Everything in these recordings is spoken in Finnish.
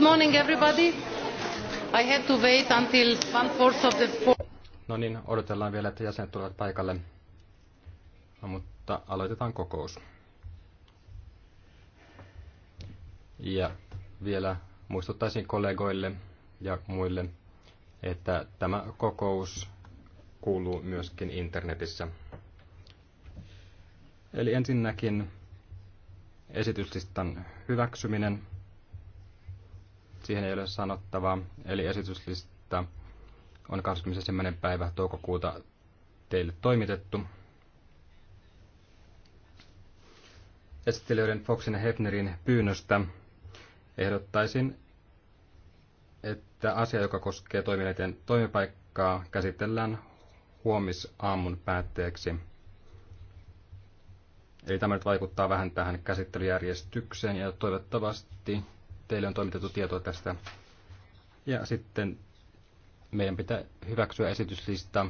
Good morning everybody. I had to wait until one fourth of the four... No niin, odotellaan vielä, että jäsenet tulevat paikalle. No, mutta aloitetaan kokous. Ja vielä muistuttaisin kollegoille ja muille, että tämä kokous kuuluu myöskin internetissä. Eli ensinnäkin esityslistan hyväksyminen. Siihen ei ole sanottavaa, eli esityslista on 21. päivä toukokuuta teille toimitettu. Esittelijöiden Foxin ja Hefnerin pyynnöstä ehdottaisin, että asia, joka koskee toimielinten toimipaikkaa, käsitellään huomisaamun päätteeksi. Eli tämä nyt vaikuttaa vähän tähän käsittelyjärjestykseen ja toivottavasti teille on toimitettu tietoa tästä. Ja sitten meidän pitää hyväksyä esityslista,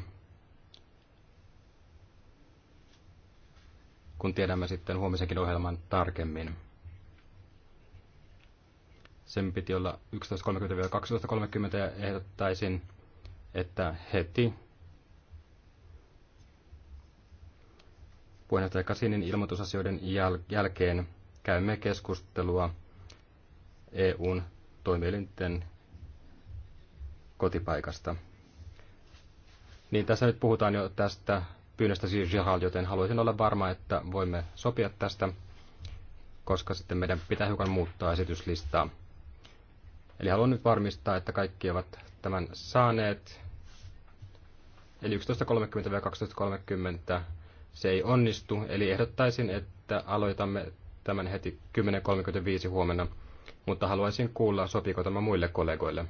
kun tiedämme sitten huomisenkin ohjelman tarkemmin. Sen piti olla 11.30-12.30 ja ehdottaisin, että heti puheenjohtaja Kasinin ilmoitusasioiden jäl- jälkeen käymme keskustelua EUn toimielinten kotipaikasta. Niin tässä nyt puhutaan jo tästä pyynnöstä siis joten haluaisin olla varma, että voimme sopia tästä, koska sitten meidän pitää hiukan muuttaa esityslistaa. Eli haluan nyt varmistaa, että kaikki ovat tämän saaneet. Eli 11.30-12.30 se ei onnistu, eli ehdottaisin, että aloitamme tämän heti 10.35 huomenna mutta haluaisin kuulla, sopiiko tämä muille kollegoille.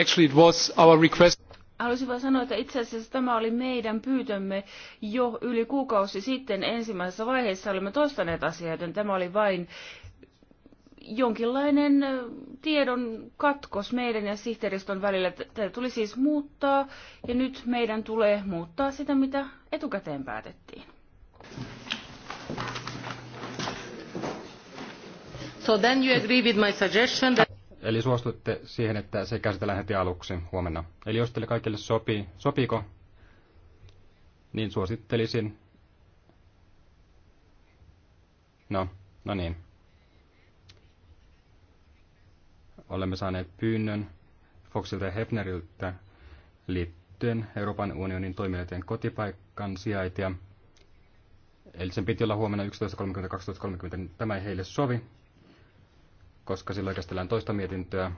Actually it was our request. Haluaisin vain sanoa, että itse asiassa tämä oli meidän pyytömme jo yli kuukausi sitten ensimmäisessä vaiheessa olimme toistaneet asiaa, joten tämä oli vain jonkinlainen tiedon katkos meidän ja sihteeristön välillä. Tätä tuli siis muuttaa ja nyt meidän tulee muuttaa sitä, mitä etukäteen päätettiin. So then you agree with my suggestion that... Eli suostutte siihen, että se käsitellään heti aluksi huomenna. Eli jos teille kaikille sopii, sopiiko, niin suosittelisin. No, no niin. Olemme saaneet pyynnön Foxilta ja Hefneriltä liittyen Euroopan unionin toimijoiden kotipaikan sijaitia. Eli sen piti olla huomenna 11.30.2030. Niin tämä ei heille sovi, koska silloin käsitellään toista mietintöä.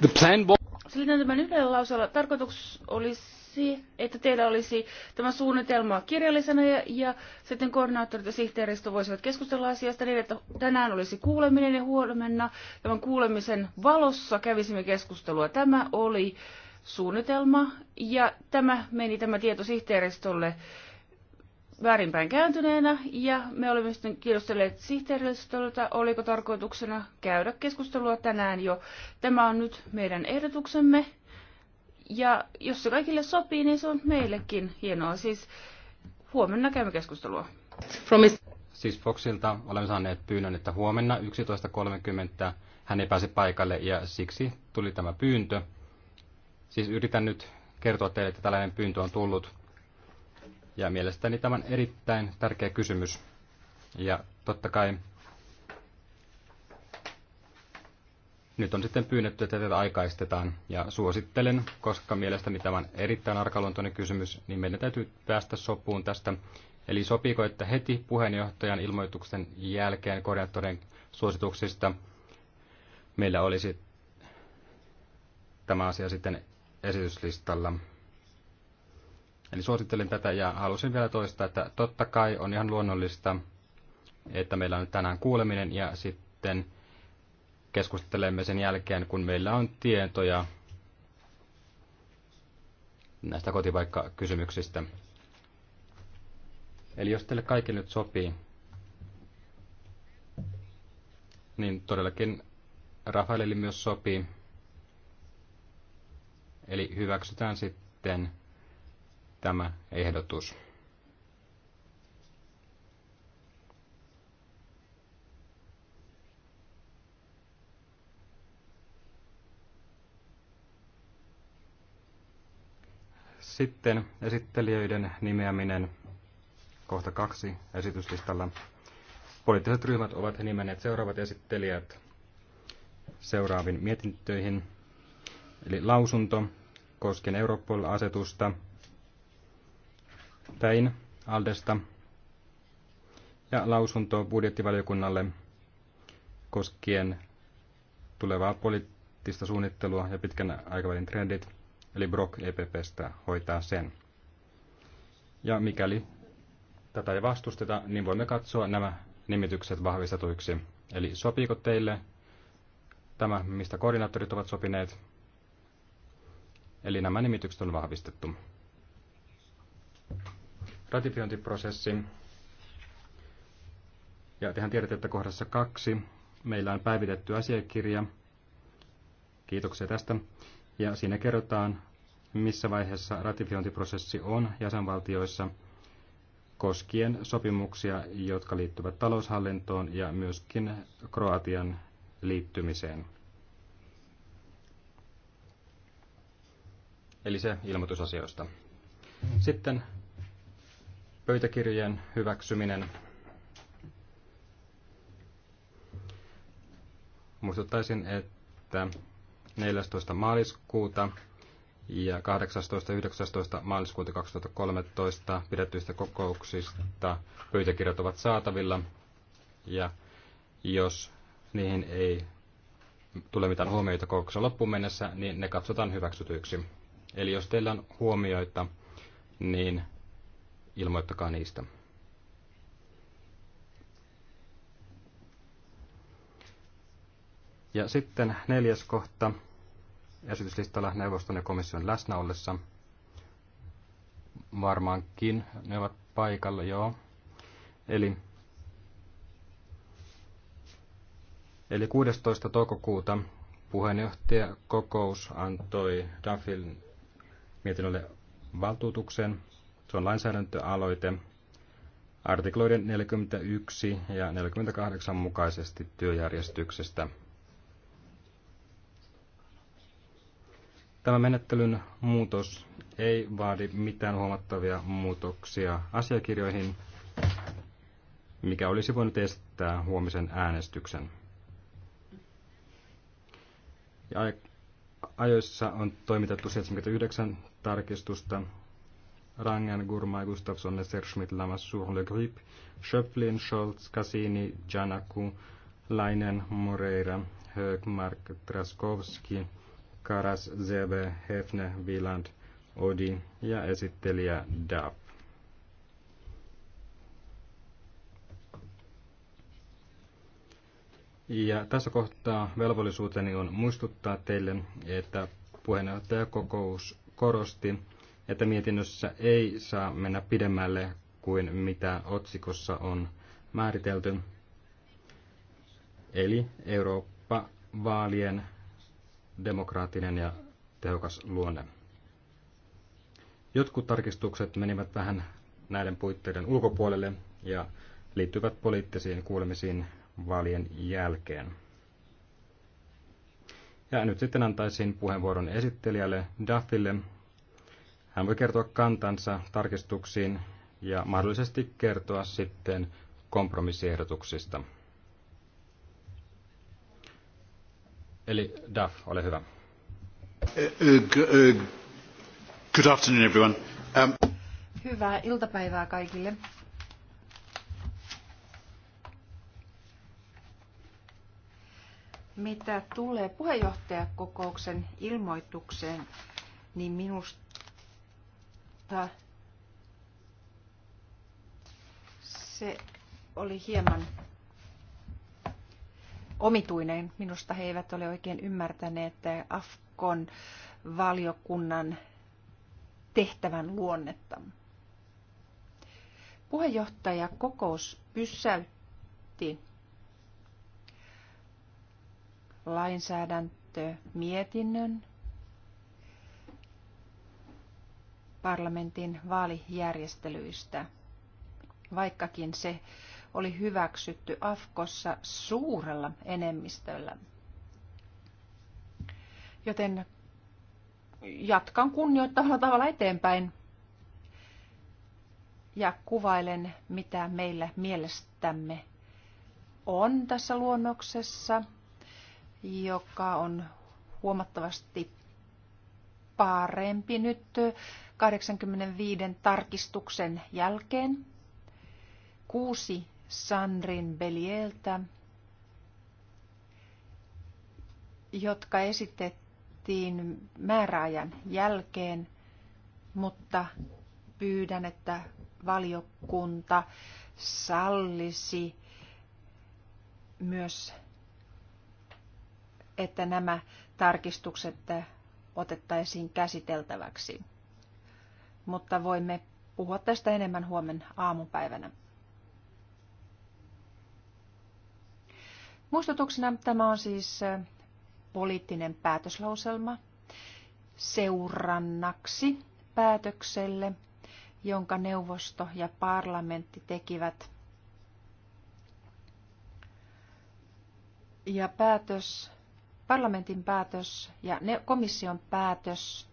The plan Selitän tämän yhdellä lauseella. Tarkoitus olisi, että teillä olisi tämä suunnitelma kirjallisena ja, ja sitten koordinaattorit ja sihteeristö voisivat keskustella asiasta niin, että tänään olisi kuuleminen ja huomenna tämän kuulemisen valossa kävisimme keskustelua. Tämä oli suunnitelma ja tämä meni tämä tieto sihteeristölle väärinpäin kääntyneenä ja me olemme sitten kiinnostelleet sihteeristöltä, oliko tarkoituksena käydä keskustelua tänään jo. Tämä on nyt meidän ehdotuksemme ja jos se kaikille sopii, niin se on meillekin hienoa. Siis huomenna käymme keskustelua. Promise. Siis Foxilta olemme saaneet pyynnön, että huomenna 11.30 hän ei pääse paikalle ja siksi tuli tämä pyyntö. Siis yritän nyt kertoa teille, että tällainen pyyntö on tullut ja mielestäni tämä on erittäin tärkeä kysymys. Ja totta kai nyt on sitten pyynnetty, että tätä aikaistetaan. Ja suosittelen, koska mielestäni tämä on erittäin arkaluontoinen kysymys, niin meidän täytyy päästä sopuun tästä. Eli sopiiko, että heti puheenjohtajan ilmoituksen jälkeen koordinaattorien suosituksista meillä olisi tämä asia sitten esityslistalla. Eli suosittelen tätä ja halusin vielä toistaa, että totta kai on ihan luonnollista, että meillä on tänään kuuleminen ja sitten keskustelemme sen jälkeen, kun meillä on tietoja näistä kotipaikkakysymyksistä. Eli jos teille kaikille nyt sopii, niin todellakin Rafaelille myös sopii. Eli hyväksytään sitten tämä ehdotus. Sitten esittelijöiden nimeäminen kohta kaksi esityslistalla. Poliittiset ryhmät ovat nimenneet seuraavat esittelijät seuraaviin mietintöihin. Eli lausunto koskien Europol-asetusta, Päin Aldesta ja lausunto budjettivaliokunnalle koskien tulevaa poliittista suunnittelua ja pitkän aikavälin trendit, eli Brock EPPstä hoitaa sen. Ja mikäli tätä ei vastusteta, niin voimme katsoa nämä nimitykset vahvistetuiksi. Eli sopiiko teille tämä, mistä koordinaattorit ovat sopineet? Eli nämä nimitykset on vahvistettu ratifiointiprosessin. Ja tehän tiedätte, että kohdassa kaksi meillä on päivitetty asiakirja. Kiitoksia tästä. Ja siinä kerrotaan, missä vaiheessa ratifiointiprosessi on jäsenvaltioissa koskien sopimuksia, jotka liittyvät taloushallintoon ja myöskin Kroatian liittymiseen. Eli se ilmoitusasioista. Sitten Pöytäkirjojen hyväksyminen. Muistuttaisin, että 14. maaliskuuta ja 18. 19. maaliskuuta 2013 pidettyistä kokouksista pöytäkirjat ovat saatavilla ja jos niihin ei tule mitään huomioita kokouksen loppuun mennessä, niin ne katsotaan hyväksytyiksi. Eli jos teillä on huomioita, niin ilmoittakaa niistä. Ja sitten neljäs kohta esityslistalla neuvoston ja komission läsnä ollessa. Varmaankin ne ovat paikalla, joo. Eli, eli 16. toukokuuta puheenjohtajakokous antoi Duffin mietinnölle valtuutuksen se on lainsäädäntöaloite artikloiden 41 ja 48 mukaisesti työjärjestyksestä. Tämä menettelyn muutos ei vaadi mitään huomattavia muutoksia asiakirjoihin, mikä olisi voinut estää huomisen äänestyksen. Ja ajoissa on toimitettu 79 tarkistusta Rangen, Gurmai, Gustafsson, Schmidt, Lamassoure, Le Grip, Schöpflin, Scholz, Cassini, Janaku, Leinen, Moreira, Högmark, Traskowski, Karas, Zebe, Hefne, Viland, Odi ja esittelijä Dab. Ja tässä kohtaa velvollisuuteni on muistuttaa teille, että puheenjohtajakokous korosti että mietinnössä ei saa mennä pidemmälle kuin mitä otsikossa on määritelty. Eli Eurooppa-vaalien demokraattinen ja tehokas luonne. Jotkut tarkistukset menivät vähän näiden puitteiden ulkopuolelle ja liittyvät poliittisiin kuulemisiin vaalien jälkeen. Ja nyt sitten antaisin puheenvuoron esittelijälle Duffille, hän voi kertoa kantansa tarkistuksiin ja mahdollisesti kertoa sitten kompromissiehdotuksista. Eli Duff, ole hyvä. Eh, eh, eh, good afternoon everyone. Um... Hyvää iltapäivää kaikille. Mitä tulee puheenjohtajakokouksen ilmoitukseen, niin minusta mutta se oli hieman omituinen. Minusta he eivät ole oikein ymmärtäneet Afkon valiokunnan tehtävän luonnetta. Puheenjohtaja kokous pysäytti lainsäädäntömietinnön parlamentin vaalijärjestelyistä, vaikkakin se oli hyväksytty Afkossa suurella enemmistöllä. Joten jatkan kunnioittavalla tavalla eteenpäin ja kuvailen, mitä meillä mielestämme on tässä luonnoksessa, joka on huomattavasti parempi nyt 85 tarkistuksen jälkeen. Kuusi Sandrin Belieltä, jotka esitettiin määräajan jälkeen, mutta pyydän, että valiokunta sallisi myös, että nämä tarkistukset otettaisiin käsiteltäväksi mutta voimme puhua tästä enemmän huomen aamupäivänä. Muistutuksena tämä on siis poliittinen päätöslauselma seurannaksi päätökselle, jonka neuvosto ja parlamentti tekivät. Ja päätös, parlamentin päätös ja komission päätös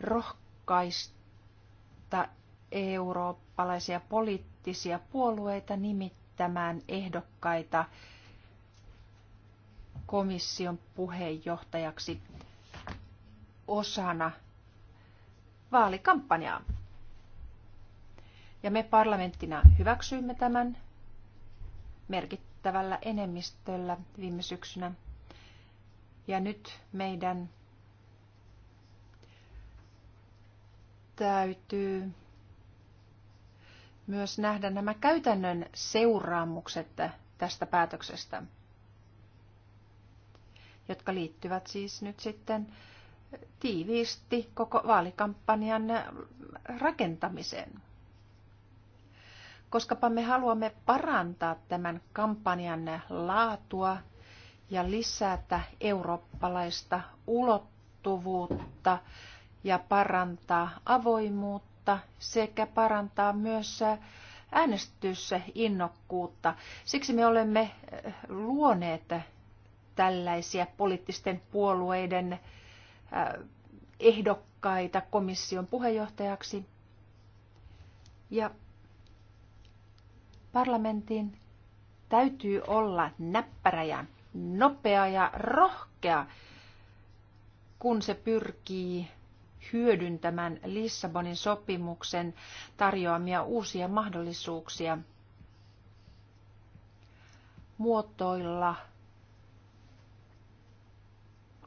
rohkaisi rohkaista eurooppalaisia poliittisia puolueita nimittämään ehdokkaita komission puheenjohtajaksi osana vaalikampanjaa. Ja me parlamenttina hyväksyimme tämän merkittävällä enemmistöllä viime syksynä. Ja nyt meidän täytyy myös nähdä nämä käytännön seuraamukset tästä päätöksestä, jotka liittyvät siis nyt sitten tiiviisti koko vaalikampanjan rakentamiseen. Koskapa me haluamme parantaa tämän kampanjan laatua ja lisätä eurooppalaista ulottuvuutta, ja parantaa avoimuutta sekä parantaa myös äänestysinnokkuutta. Siksi me olemme eh, luoneet tällaisia poliittisten puolueiden eh, ehdokkaita komission puheenjohtajaksi. Ja parlamentin täytyy olla näppärä ja nopea ja rohkea, kun se pyrkii hyödyntämään Lissabonin sopimuksen tarjoamia uusia mahdollisuuksia muotoilla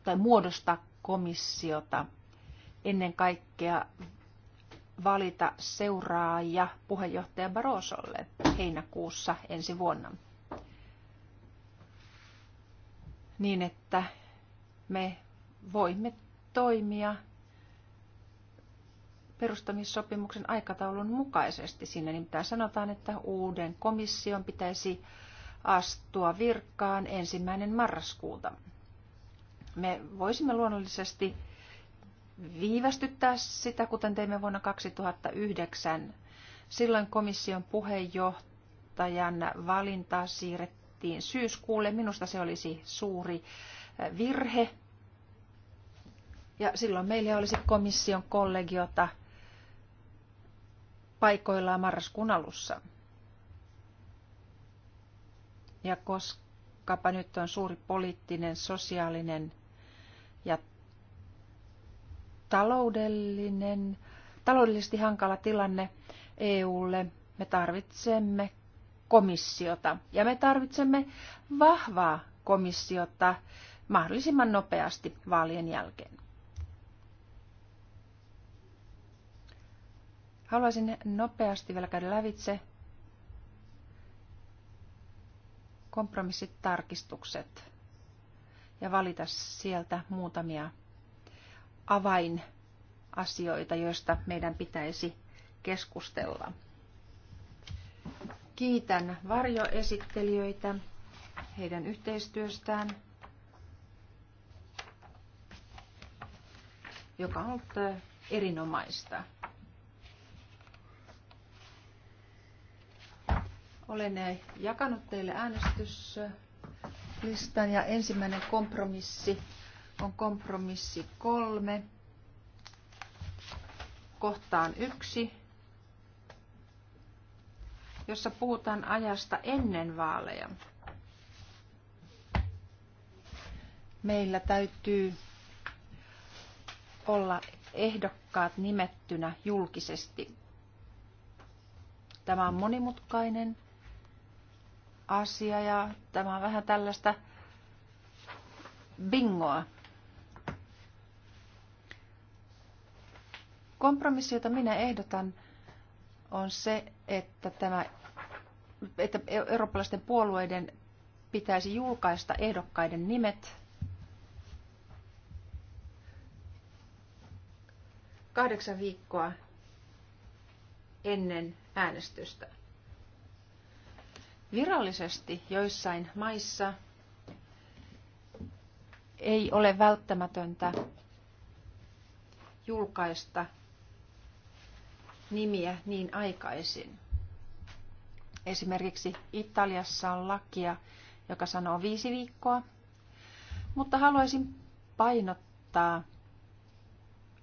tai muodostaa komissiota, ennen kaikkea valita seuraaja puheenjohtaja Barrosolle heinäkuussa ensi vuonna. Niin, että me voimme toimia perustamissopimuksen aikataulun mukaisesti. Siinä nimittäin sanotaan, että uuden komission pitäisi astua virkkaan ensimmäinen marraskuuta. Me voisimme luonnollisesti viivästyttää sitä, kuten teimme vuonna 2009. Silloin komission puheenjohtajan valinta siirrettiin syyskuulle. Minusta se olisi suuri äh, virhe. Ja silloin meillä olisi komission kollegiota paikoillaan marraskuun alussa. Ja koskapa nyt on suuri poliittinen, sosiaalinen ja taloudellinen, taloudellisesti hankala tilanne EUlle, me tarvitsemme komissiota. Ja me tarvitsemme vahvaa komissiota mahdollisimman nopeasti vaalien jälkeen. Haluaisin nopeasti vielä käydä lävitse kompromissitarkistukset ja valita sieltä muutamia avainasioita, joista meidän pitäisi keskustella. Kiitän varjoesittelijöitä heidän yhteistyöstään, joka on ollut erinomaista. Olen jakanut teille äänestyslistan ja ensimmäinen kompromissi on kompromissi kolme kohtaan yksi, jossa puhutaan ajasta ennen vaaleja. Meillä täytyy olla ehdokkaat nimettynä julkisesti. Tämä on monimutkainen asia ja tämä on vähän tällaista bingoa. Kompromissi, jota minä ehdotan, on se, että, tämä, että eurooppalaisten puolueiden pitäisi julkaista ehdokkaiden nimet kahdeksan viikkoa ennen äänestystä. Virallisesti joissain maissa ei ole välttämätöntä julkaista nimiä niin aikaisin. Esimerkiksi Italiassa on lakia, joka sanoo viisi viikkoa, mutta haluaisin painottaa,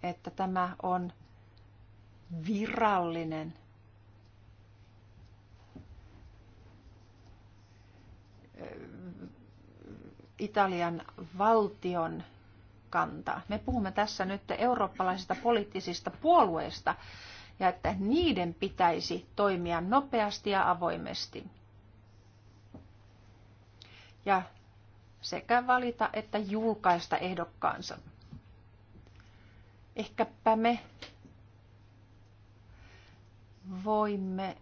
että tämä on virallinen Eh, Italian valtion kanta. Me puhumme tässä nyt eurooppalaisista poliittisista puolueista ja että niiden pitäisi toimia nopeasti ja avoimesti. Ja sekä valita että julkaista ehdokkaansa. Ehkäpä me voimme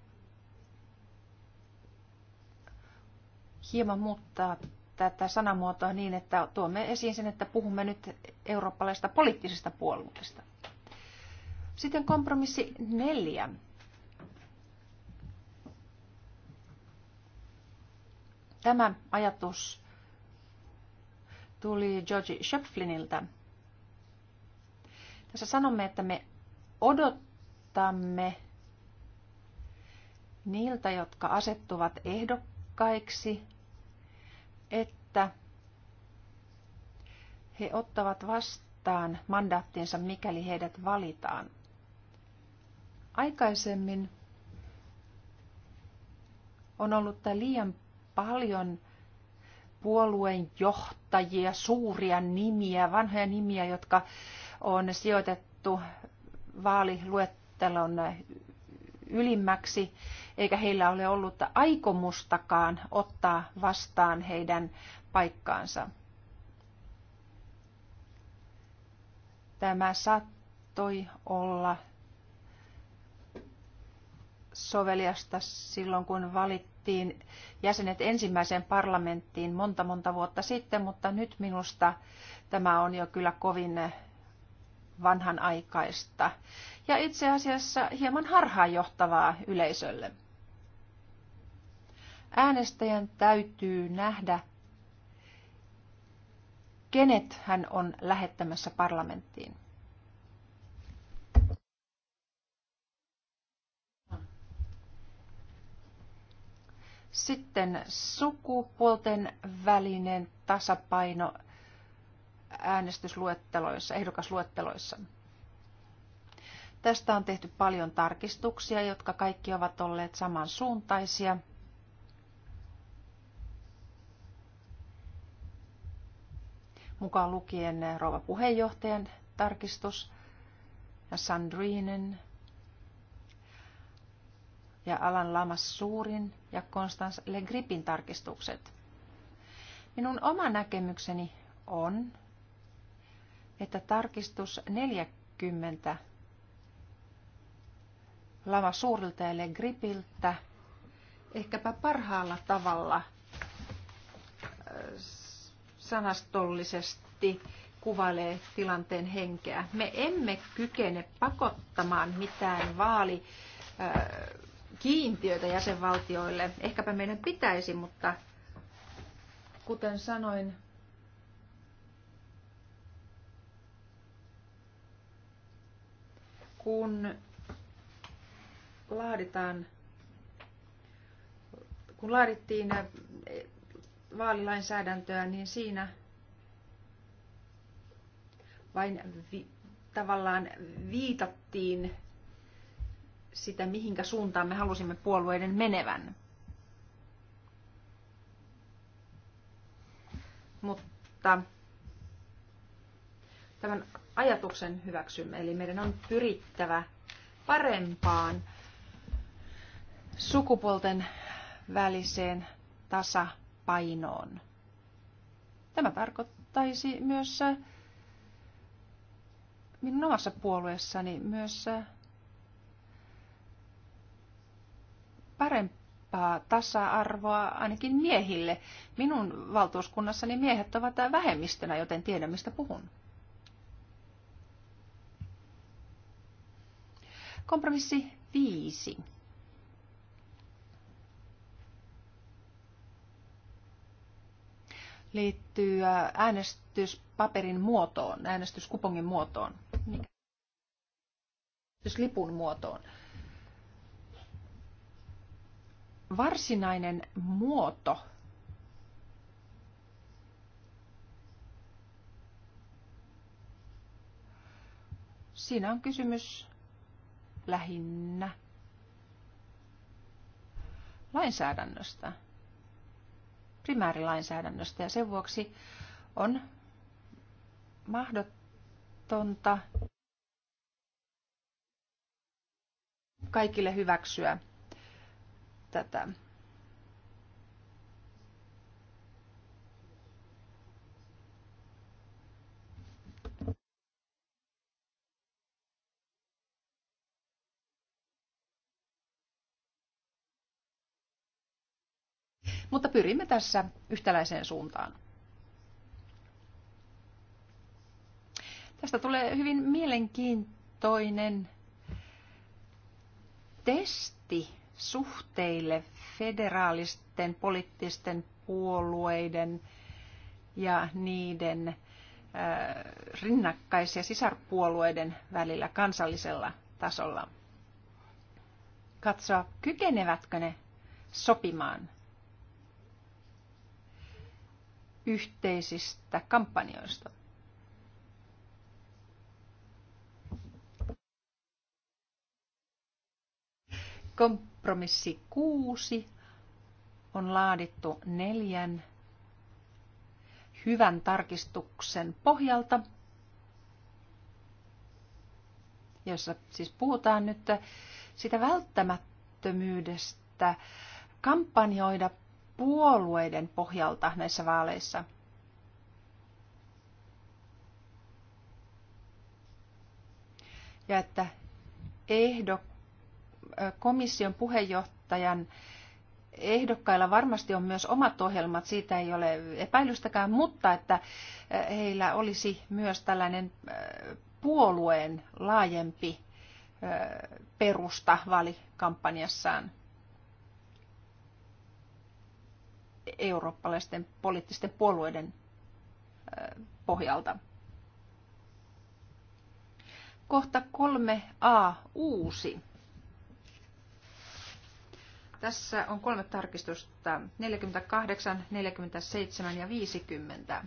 hieman muuttaa tätä sanamuotoa niin, että tuomme esiin sen, että puhumme nyt eurooppalaisesta poliittisesta puolueesta. Sitten kompromissi neljä. Tämä ajatus tuli George Schöpfliniltä. Tässä sanomme, että me odottamme niiltä, jotka asettuvat ehdokkaiksi että he ottavat vastaan mandaattinsa, mikäli heidät valitaan. Aikaisemmin on ollut liian paljon puolueen johtajia, suuria nimiä, vanhoja nimiä, jotka on sijoitettu vaaliluettelon ylimmäksi eikä heillä ole ollut aikomustakaan ottaa vastaan heidän paikkaansa. Tämä saattoi olla soveliasta silloin, kun valittiin jäsenet ensimmäiseen parlamenttiin monta monta vuotta sitten, mutta nyt minusta tämä on jo kyllä kovin vanhanaikaista ja itse asiassa hieman harhaanjohtavaa yleisölle. Äänestäjän täytyy nähdä, kenet hän on lähettämässä parlamenttiin. Sitten sukupuolten välinen tasapaino äänestysluetteloissa, ehdokasluetteloissa. Tästä on tehty paljon tarkistuksia, jotka kaikki ovat olleet samansuuntaisia. mukaan lukien rouva puheenjohtajan tarkistus ja Sandrinen ja Alan Lamas Suurin ja Konstans Le Gripin tarkistukset. Minun oma näkemykseni on, että tarkistus 40 Lama Suurilta ja Le Gripiltä ehkäpä parhaalla tavalla äh, sanastollisesti kuvailee tilanteen henkeä. Me emme kykene pakottamaan mitään vaali äh, kiintiöitä jäsenvaltioille. Ehkäpä meidän pitäisi, mutta kuten sanoin, kun laaditaan kun laadittiin äh, vaalilainsäädäntöä, niin siinä vain vi, tavallaan viitattiin sitä, mihinkä suuntaan me halusimme puolueiden menevän. Mutta tämän ajatuksen hyväksymme, eli meidän on pyrittävä parempaan sukupuolten väliseen tasa painoon. Tämä tarkoittaisi myös äh, minun omassa puolueessani myös äh, parempaa tasa-arvoa ainakin miehille. Minun valtuuskunnassani miehet ovat vähemmistönä, joten tiedän mistä puhun. Kompromissi 5. liittyy äh, äänestyspaperin muotoon, äänestyskupongin muotoon, äänestyslipun muotoon. Varsinainen muoto siinä on kysymys lähinnä lainsäädännöstä primäärilainsäädännöstä ja sen vuoksi on mahdotonta kaikille hyväksyä tätä. Mutta pyrimme tässä yhtäläiseen suuntaan. Tästä tulee hyvin mielenkiintoinen testi suhteille federaalisten poliittisten puolueiden ja niiden äh, rinnakkais- ja sisarpuolueiden välillä kansallisella tasolla. Katsoa, kykenevätkö ne sopimaan yhteisistä kampanjoista. Kompromissi kuusi on laadittu neljän hyvän tarkistuksen pohjalta, jossa siis puhutaan nyt sitä välttämättömyydestä kampanjoida puolueiden pohjalta näissä vaaleissa. Ja että ehdo, komission puheenjohtajan ehdokkailla varmasti on myös omat ohjelmat, siitä ei ole epäilystäkään, mutta että heillä olisi myös tällainen puolueen laajempi perusta vaalikampanjassaan. eurooppalaisten poliittisten puolueiden pohjalta. Kohta 3a uusi. Tässä on kolme tarkistusta, 48, 47 ja 50.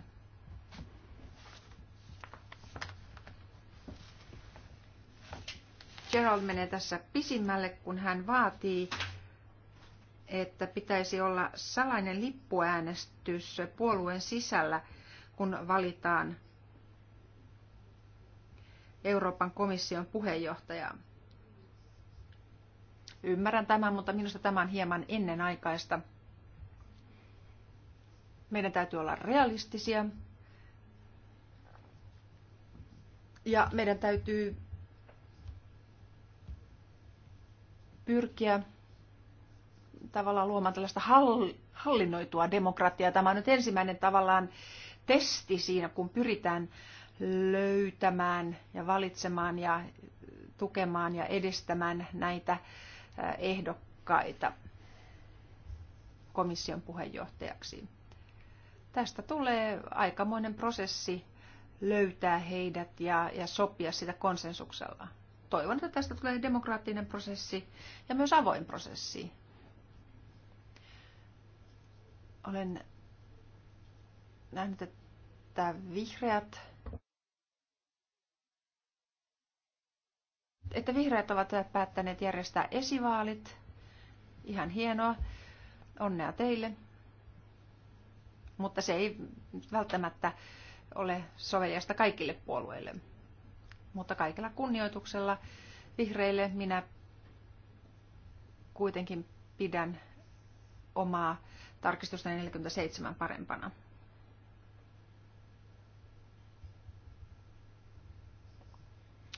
Gerald menee tässä pisimmälle, kun hän vaatii että pitäisi olla salainen lippuäänestys puolueen sisällä, kun valitaan Euroopan komission puheenjohtajaa. Ymmärrän tämän, mutta minusta tämä on hieman ennenaikaista. Meidän täytyy olla realistisia. Ja meidän täytyy pyrkiä tavallaan luomaan tällaista hallinnoitua demokratiaa. Tämä on nyt ensimmäinen tavallaan testi siinä, kun pyritään löytämään ja valitsemaan ja tukemaan ja edistämään näitä äh, ehdokkaita komission puheenjohtajaksi. Tästä tulee aikamoinen prosessi löytää heidät ja, ja sopia sitä konsensuksella. Toivon, että tästä tulee demokraattinen prosessi ja myös avoin prosessi. Olen nähnyt, että vihreät että vihreät ovat päättäneet järjestää esivaalit. Ihan hienoa. Onnea teille. Mutta se ei välttämättä ole soveliasta kaikille puolueille. Mutta kaikella kunnioituksella vihreille minä kuitenkin pidän omaa tarkistusta 47 parempana.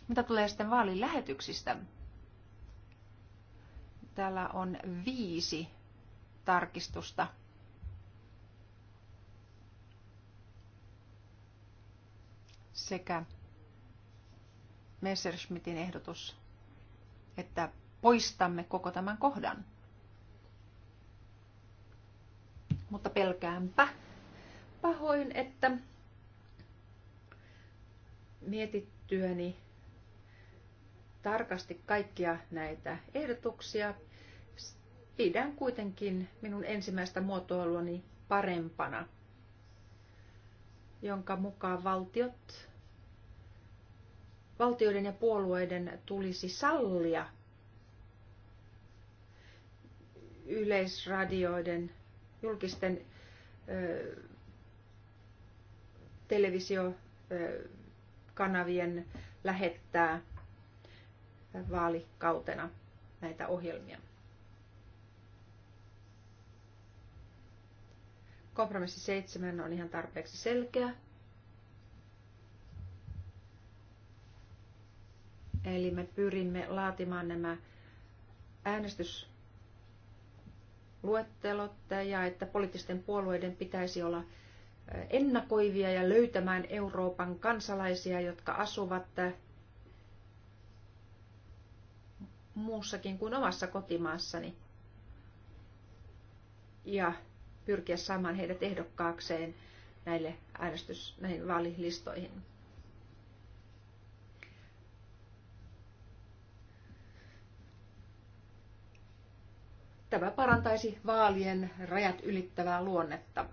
Mitä tulee sitten vaalilähetyksistä? Täällä on viisi tarkistusta. Sekä Messerschmittin ehdotus, että poistamme koko tämän kohdan. mutta pelkäänpä pahoin, että mietittyäni tarkasti kaikkia näitä ehdotuksia, pidän kuitenkin minun ensimmäistä muotoiluani parempana, jonka mukaan valtiot, valtioiden ja puolueiden tulisi sallia yleisradioiden julkisten televisiokanavien lähettää vaalikautena näitä ohjelmia. Kompromissi 7 on ihan tarpeeksi selkeä. Eli me pyrimme laatimaan nämä äänestys luettelot ja että poliittisten puolueiden pitäisi olla ennakoivia ja löytämään Euroopan kansalaisia, jotka asuvat muussakin kuin omassa kotimaassani ja pyrkiä saamaan heidät ehdokkaakseen näille äänestys, näihin vaalilistoihin. Tämä parantaisi vaalien rajat ylittävää luonnetta.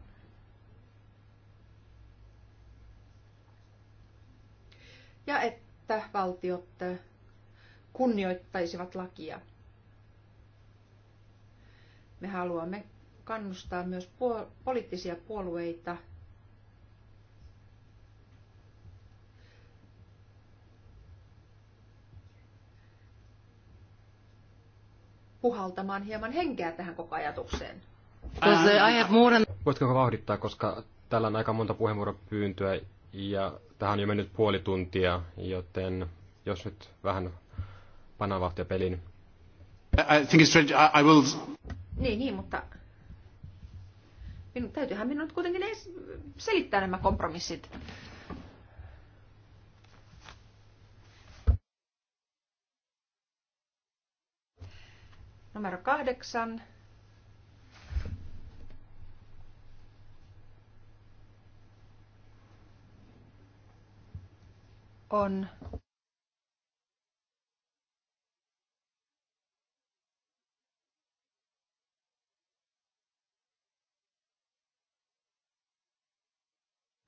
Ja että valtiot kunnioittaisivat lakia. Me haluamme kannustaa myös poliittisia puolueita puhaltamaan hieman henkeä tähän koko ajatukseen. Voitko vauhdittaa, koska täällä on aika monta puheenvuoropyyntöä ja tähän on jo mennyt puoli tuntia, joten jos nyt vähän pannaan vauhtia peliin. I think it's strange. I, I will... Niin, niin, mutta minun, täytyyhän minun nyt kuitenkin selittää nämä kompromissit. Numero kahdeksan. On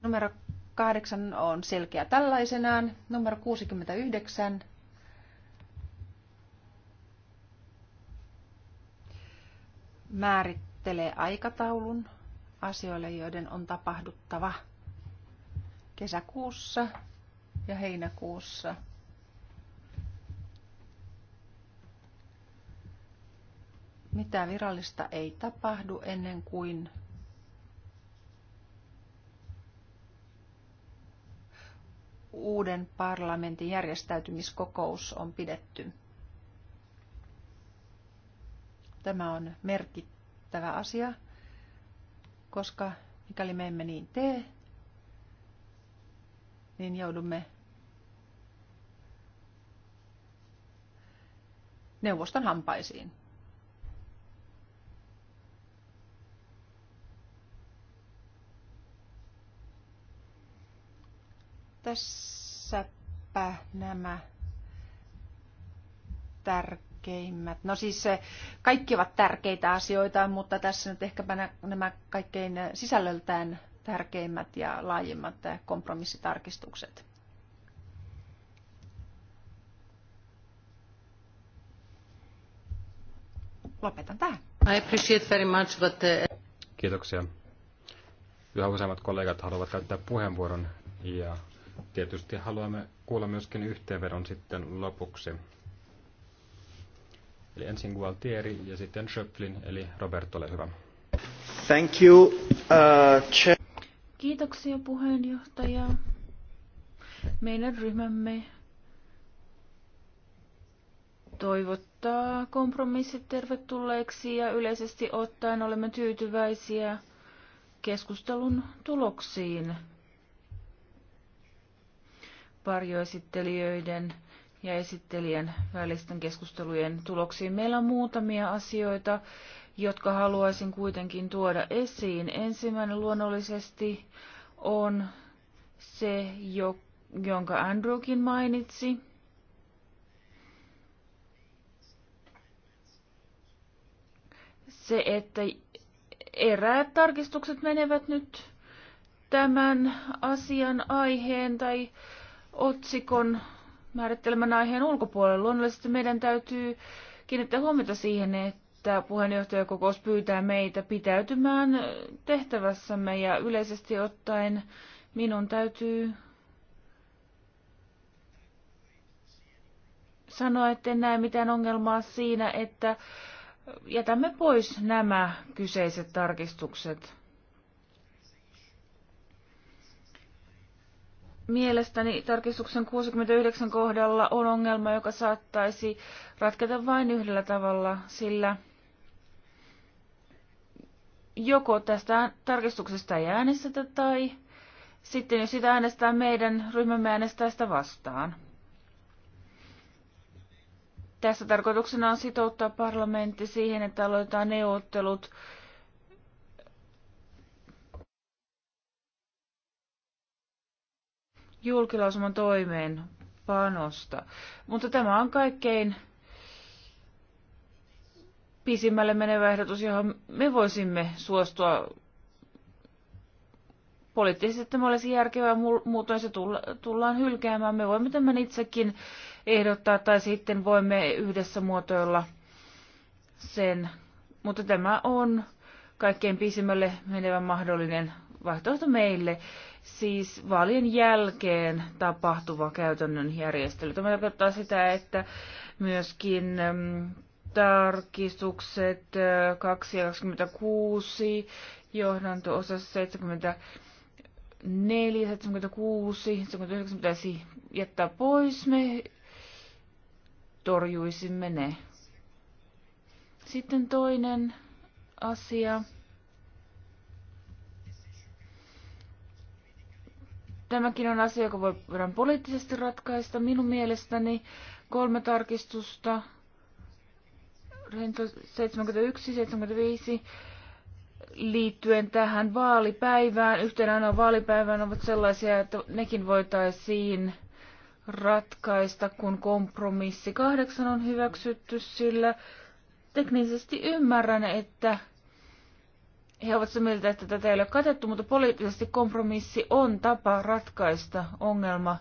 Numero kahdeksan on selkeä tällaisenaan. Numero 69 määrittelee aikataulun asioille, joiden on tapahduttava kesäkuussa ja heinäkuussa. mitä virallista ei tapahdu ennen kuin uuden parlamentin järjestäytymiskokous on pidetty. Tämä on merkittävä asia, koska mikäli me emme niin tee, niin joudumme neuvoston hampaisiin. Tässäpä nämä tärkeät tärkeimmät? No siis kaikki ovat tärkeitä asioita, mutta tässä nyt ehkä nämä kaikkein sisällöltään tärkeimmät ja laajimmat kompromissitarkistukset. Lopetan tähän. I appreciate very much but, the... Uh, Kiitoksia. Yhä useammat kollegat haluavat käyttää puheenvuoron ja tietysti haluamme kuulla myöskin yhteenvedon sitten lopuksi. Eli ensin Gualtieri ja sitten Schöpflin, eli Roberto, ole hyvä. Thank you, uh, chair. Kiitoksia puheenjohtaja. Meidän ryhmämme toivottaa kompromissit tervetulleeksi ja yleisesti ottaen olemme tyytyväisiä keskustelun tuloksiin. Varjoesittelijöiden ja esittelijän välisten keskustelujen tuloksiin. Meillä on muutamia asioita, jotka haluaisin kuitenkin tuoda esiin. Ensimmäinen luonnollisesti on se, jonka Andrewkin mainitsi. Se, että eräät tarkistukset menevät nyt tämän asian aiheen tai otsikon määrittelemän aiheen ulkopuolelle. Luonnollisesti meidän täytyy kiinnittää huomiota siihen, että puheenjohtajakokous pyytää meitä pitäytymään tehtävässämme ja yleisesti ottaen minun täytyy sanoa, että en näe mitään ongelmaa siinä, että jätämme pois nämä kyseiset tarkistukset. Mielestäni tarkistuksen 69 kohdalla on ongelma, joka saattaisi ratketa vain yhdellä tavalla, sillä joko tästä tarkistuksesta ei äänestetä tai sitten jos sitä äänestää meidän, ryhmämme äänestää sitä vastaan. Tässä tarkoituksena on sitouttaa parlamentti siihen, että aloitetaan neuvottelut julkilausuman toimeen panosta. Mutta tämä on kaikkein pisimmälle menevä ehdotus, johon me voisimme suostua poliittisesti me olisi järkevää, muutoin se tullaan hylkäämään. Me voimme tämän itsekin ehdottaa tai sitten voimme yhdessä muotoilla sen. Mutta tämä on kaikkein pisimmälle menevä mahdollinen vaihtoehto meille siis vaalien jälkeen tapahtuva käytännön järjestely. Tämä tarkoittaa sitä, että myöskin ähm, tarkistukset 226, johdanto osa 74, 76, 79 pitäisi jättää pois, me torjuisimme ne. Sitten toinen asia. tämäkin on asia, joka voidaan poliittisesti ratkaista. Minun mielestäni kolme tarkistusta, 71, 75, liittyen tähän vaalipäivään, yhtenä ainoa vaalipäivään ovat sellaisia, että nekin voitaisiin ratkaista, kun kompromissi kahdeksan on hyväksytty, sillä teknisesti ymmärrän, että he ovat sitä mieltä, että tätä ei ole katettu, mutta poliittisesti kompromissi on tapa ratkaista ongelma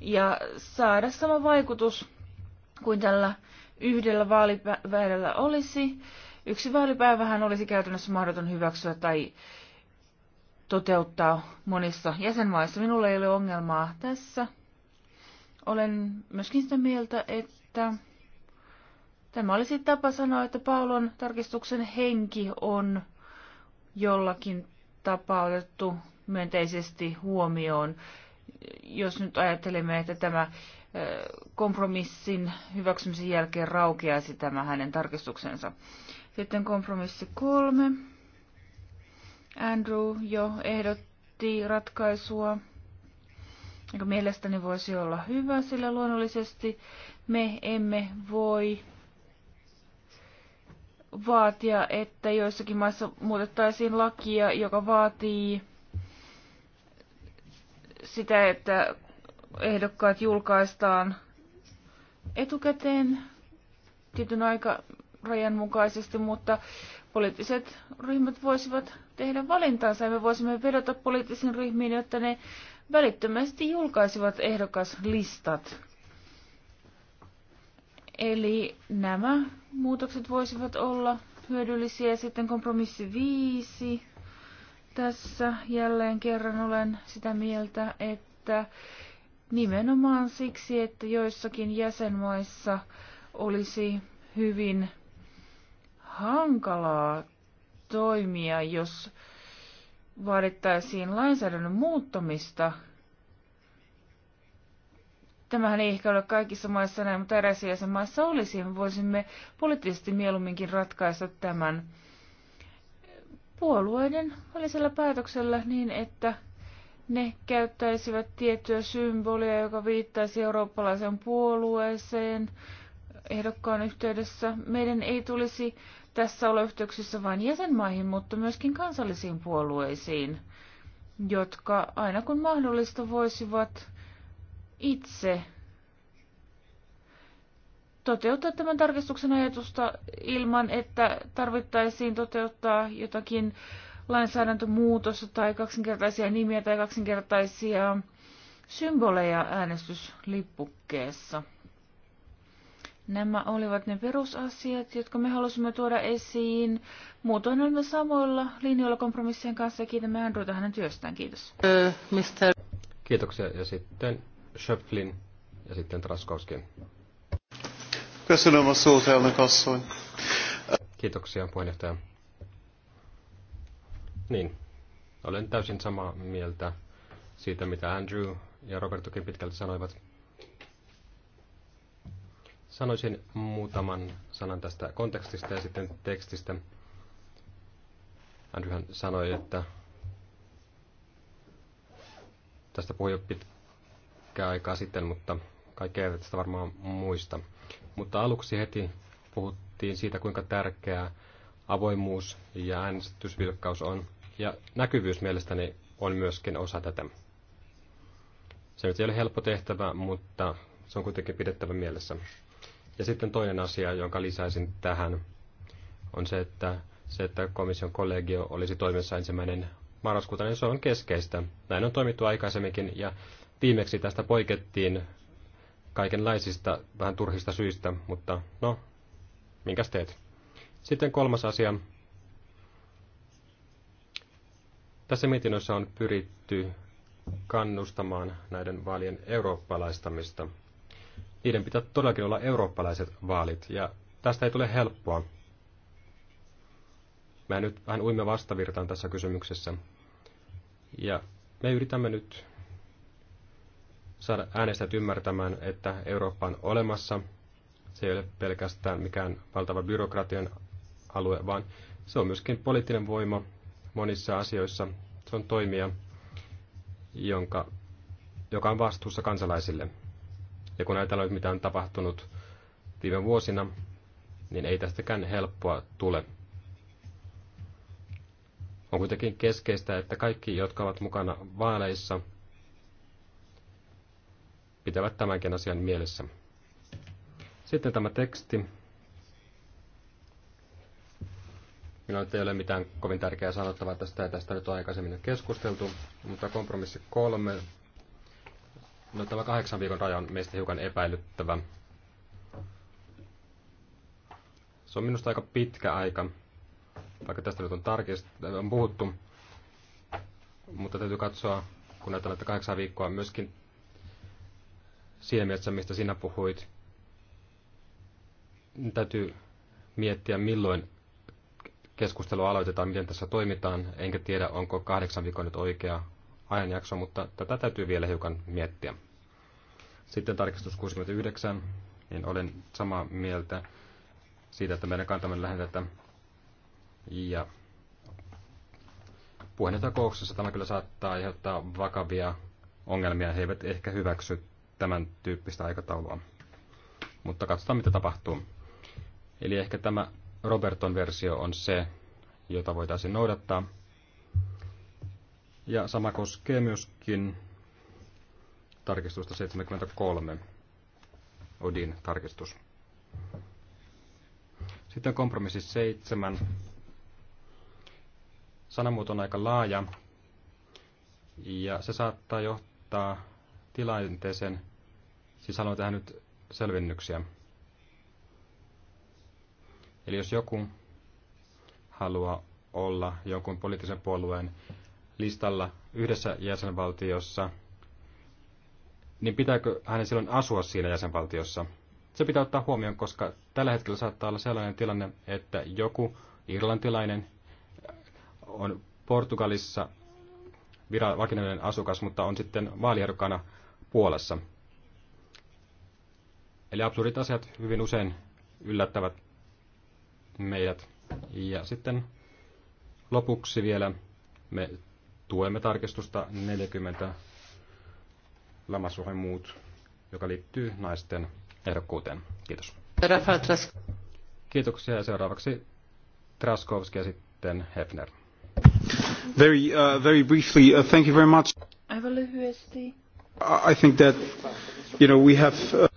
ja saada sama vaikutus kuin tällä yhdellä vaalipäivällä olisi. Yksi vaalipäivähän olisi käytännössä mahdoton hyväksyä tai toteuttaa monissa jäsenmaissa. Minulla ei ole ongelmaa tässä. Olen myöskin sitä mieltä, että tämä olisi tapa sanoa, että Paulon tarkistuksen henki on jollakin tapaa otettu myönteisesti huomioon. Jos nyt ajattelemme, että tämä kompromissin hyväksymisen jälkeen raukeaisi tämä hänen tarkistuksensa. Sitten kompromissi kolme. Andrew jo ehdotti ratkaisua, joka mielestäni voisi olla hyvä, sillä luonnollisesti me emme voi vaatia, että joissakin maissa muutettaisiin lakia, joka vaatii sitä, että ehdokkaat julkaistaan etukäteen tietyn aikarajan mukaisesti, mutta poliittiset ryhmät voisivat tehdä valintansa ja me voisimme vedota poliittisiin ryhmiin, jotta ne välittömästi julkaisivat ehdokaslistat. Eli nämä muutokset voisivat olla hyödyllisiä. Sitten kompromissi 5. Tässä jälleen kerran olen sitä mieltä, että nimenomaan siksi, että joissakin jäsenmaissa olisi hyvin hankalaa toimia, jos vaadittaisiin lainsäädännön muuttamista – Tämähän ei ehkä ole kaikissa maissa näin, mutta eräissä jäsenmaissa olisi. Voisimme poliittisesti mieluumminkin ratkaista tämän puolueiden välisellä päätöksellä niin, että ne käyttäisivät tiettyä symbolia, joka viittaisi eurooppalaisen puolueeseen ehdokkaan yhteydessä. Meidän ei tulisi tässä olla yhteyksissä vain jäsenmaihin, mutta myöskin kansallisiin puolueisiin, jotka aina kun mahdollista voisivat itse toteuttaa tämän tarkistuksen ajatusta ilman, että tarvittaisiin toteuttaa jotakin lainsäädäntömuutosta tai kaksinkertaisia nimiä tai kaksinkertaisia symboleja äänestyslippukkeessa. Nämä olivat ne perusasiat, jotka me halusimme tuoda esiin. Muutoin olemme samoilla linjoilla kompromissien kanssa ja kiitämme Andrewta hänen työstään. Kiitos. Äh, Kiitoksia. Ja sitten Schöpflin ja sitten Traskowskin. Köszönöm a szót, elnök asszony. Kiitoksia, puheenjohtaja. Niin, olen täysin samaa mieltä siitä, mitä Andrew ja Robertokin pitkälti sanoivat. Sanoisin muutaman sanan tästä kontekstista ja sitten tekstistä. Andrewhan sanoi, että tästä puhui jo pitkään pitkää aikaa sitten, mutta kaikki eivät sitä varmaan muista. Mutta aluksi heti puhuttiin siitä, kuinka tärkeää avoimuus ja äänestysvilkkaus on. Ja näkyvyys mielestäni on myöskin osa tätä. Se nyt ei ole helppo tehtävä, mutta se on kuitenkin pidettävä mielessä. Ja sitten toinen asia, jonka lisäisin tähän, on se, että se, että komission kollegio olisi toimessa ensimmäinen marraskuuta, niin se on keskeistä. Näin on toimittu aikaisemminkin ja Viimeksi tästä poikettiin kaikenlaisista vähän turhista syistä, mutta no, minkäs teet? Sitten kolmas asia. Tässä mietinnössä on pyritty kannustamaan näiden vaalien eurooppalaistamista. Niiden pitää todellakin olla eurooppalaiset vaalit, ja tästä ei tule helppoa. Mä nyt vähän uimme vastavirtaan tässä kysymyksessä. Ja me yritämme nyt saada äänestäjät ymmärtämään, että Eurooppa on olemassa. Se ei ole pelkästään mikään valtava byrokratian alue, vaan se on myöskin poliittinen voima monissa asioissa. Se on toimija, jonka, joka on vastuussa kansalaisille. Ja kun ajatellaan että mitä on tapahtunut viime vuosina, niin ei tästäkään helppoa tule. On kuitenkin keskeistä, että kaikki, jotka ovat mukana vaaleissa – pitävät tämänkin asian mielessä. Sitten tämä teksti. Minulla ei ole mitään kovin tärkeää sanottavaa tästä, ja tästä nyt on aikaisemmin keskusteltu, mutta kompromissi kolme. No tämä kahdeksan viikon raja on meistä hiukan epäilyttävä. Se on minusta aika pitkä aika, vaikka tästä nyt on, on puhuttu, mutta täytyy katsoa, kun näitä kahdeksan viikkoa myöskin siinä mielessä, mistä sinä puhuit, täytyy miettiä, milloin keskustelu aloitetaan, miten tässä toimitaan. Enkä tiedä, onko kahdeksan viikon nyt oikea ajanjakso, mutta tätä täytyy vielä hiukan miettiä. Sitten tarkistus 69, niin olen samaa mieltä siitä, että meidän kantamme lähetetään. Ja puheenjohtajakouksessa tämä kyllä saattaa aiheuttaa vakavia ongelmia. He eivät ehkä hyväksy tämän tyyppistä aikataulua. Mutta katsotaan, mitä tapahtuu. Eli ehkä tämä Roberton versio on se, jota voitaisiin noudattaa. Ja sama koskee myöskin tarkistusta 73, Odin tarkistus. Sitten kompromissi 7. Sanamuoto on aika laaja ja se saattaa johtaa tilanteeseen, Siis haluan tähän nyt selvennyksiä. Eli jos joku haluaa olla jonkun poliittisen puolueen listalla yhdessä jäsenvaltiossa, niin pitääkö hänen silloin asua siinä jäsenvaltiossa? Se pitää ottaa huomioon, koska tällä hetkellä saattaa olla sellainen tilanne, että joku irlantilainen on Portugalissa vakinainen asukas, mutta on sitten vaaliehdokkaana Puolassa. Eli absurdit asiat hyvin usein yllättävät meidät. Ja sitten lopuksi vielä me tuemme tarkistusta 40 lamassuhen muut, joka liittyy naisten ehdokkuuteen. Kiitos. Kiitoksia ja seuraavaksi Traskovski ja sitten Hefner. Very, uh, very briefly, uh, thank you very much. I think that, you know, we have... Uh...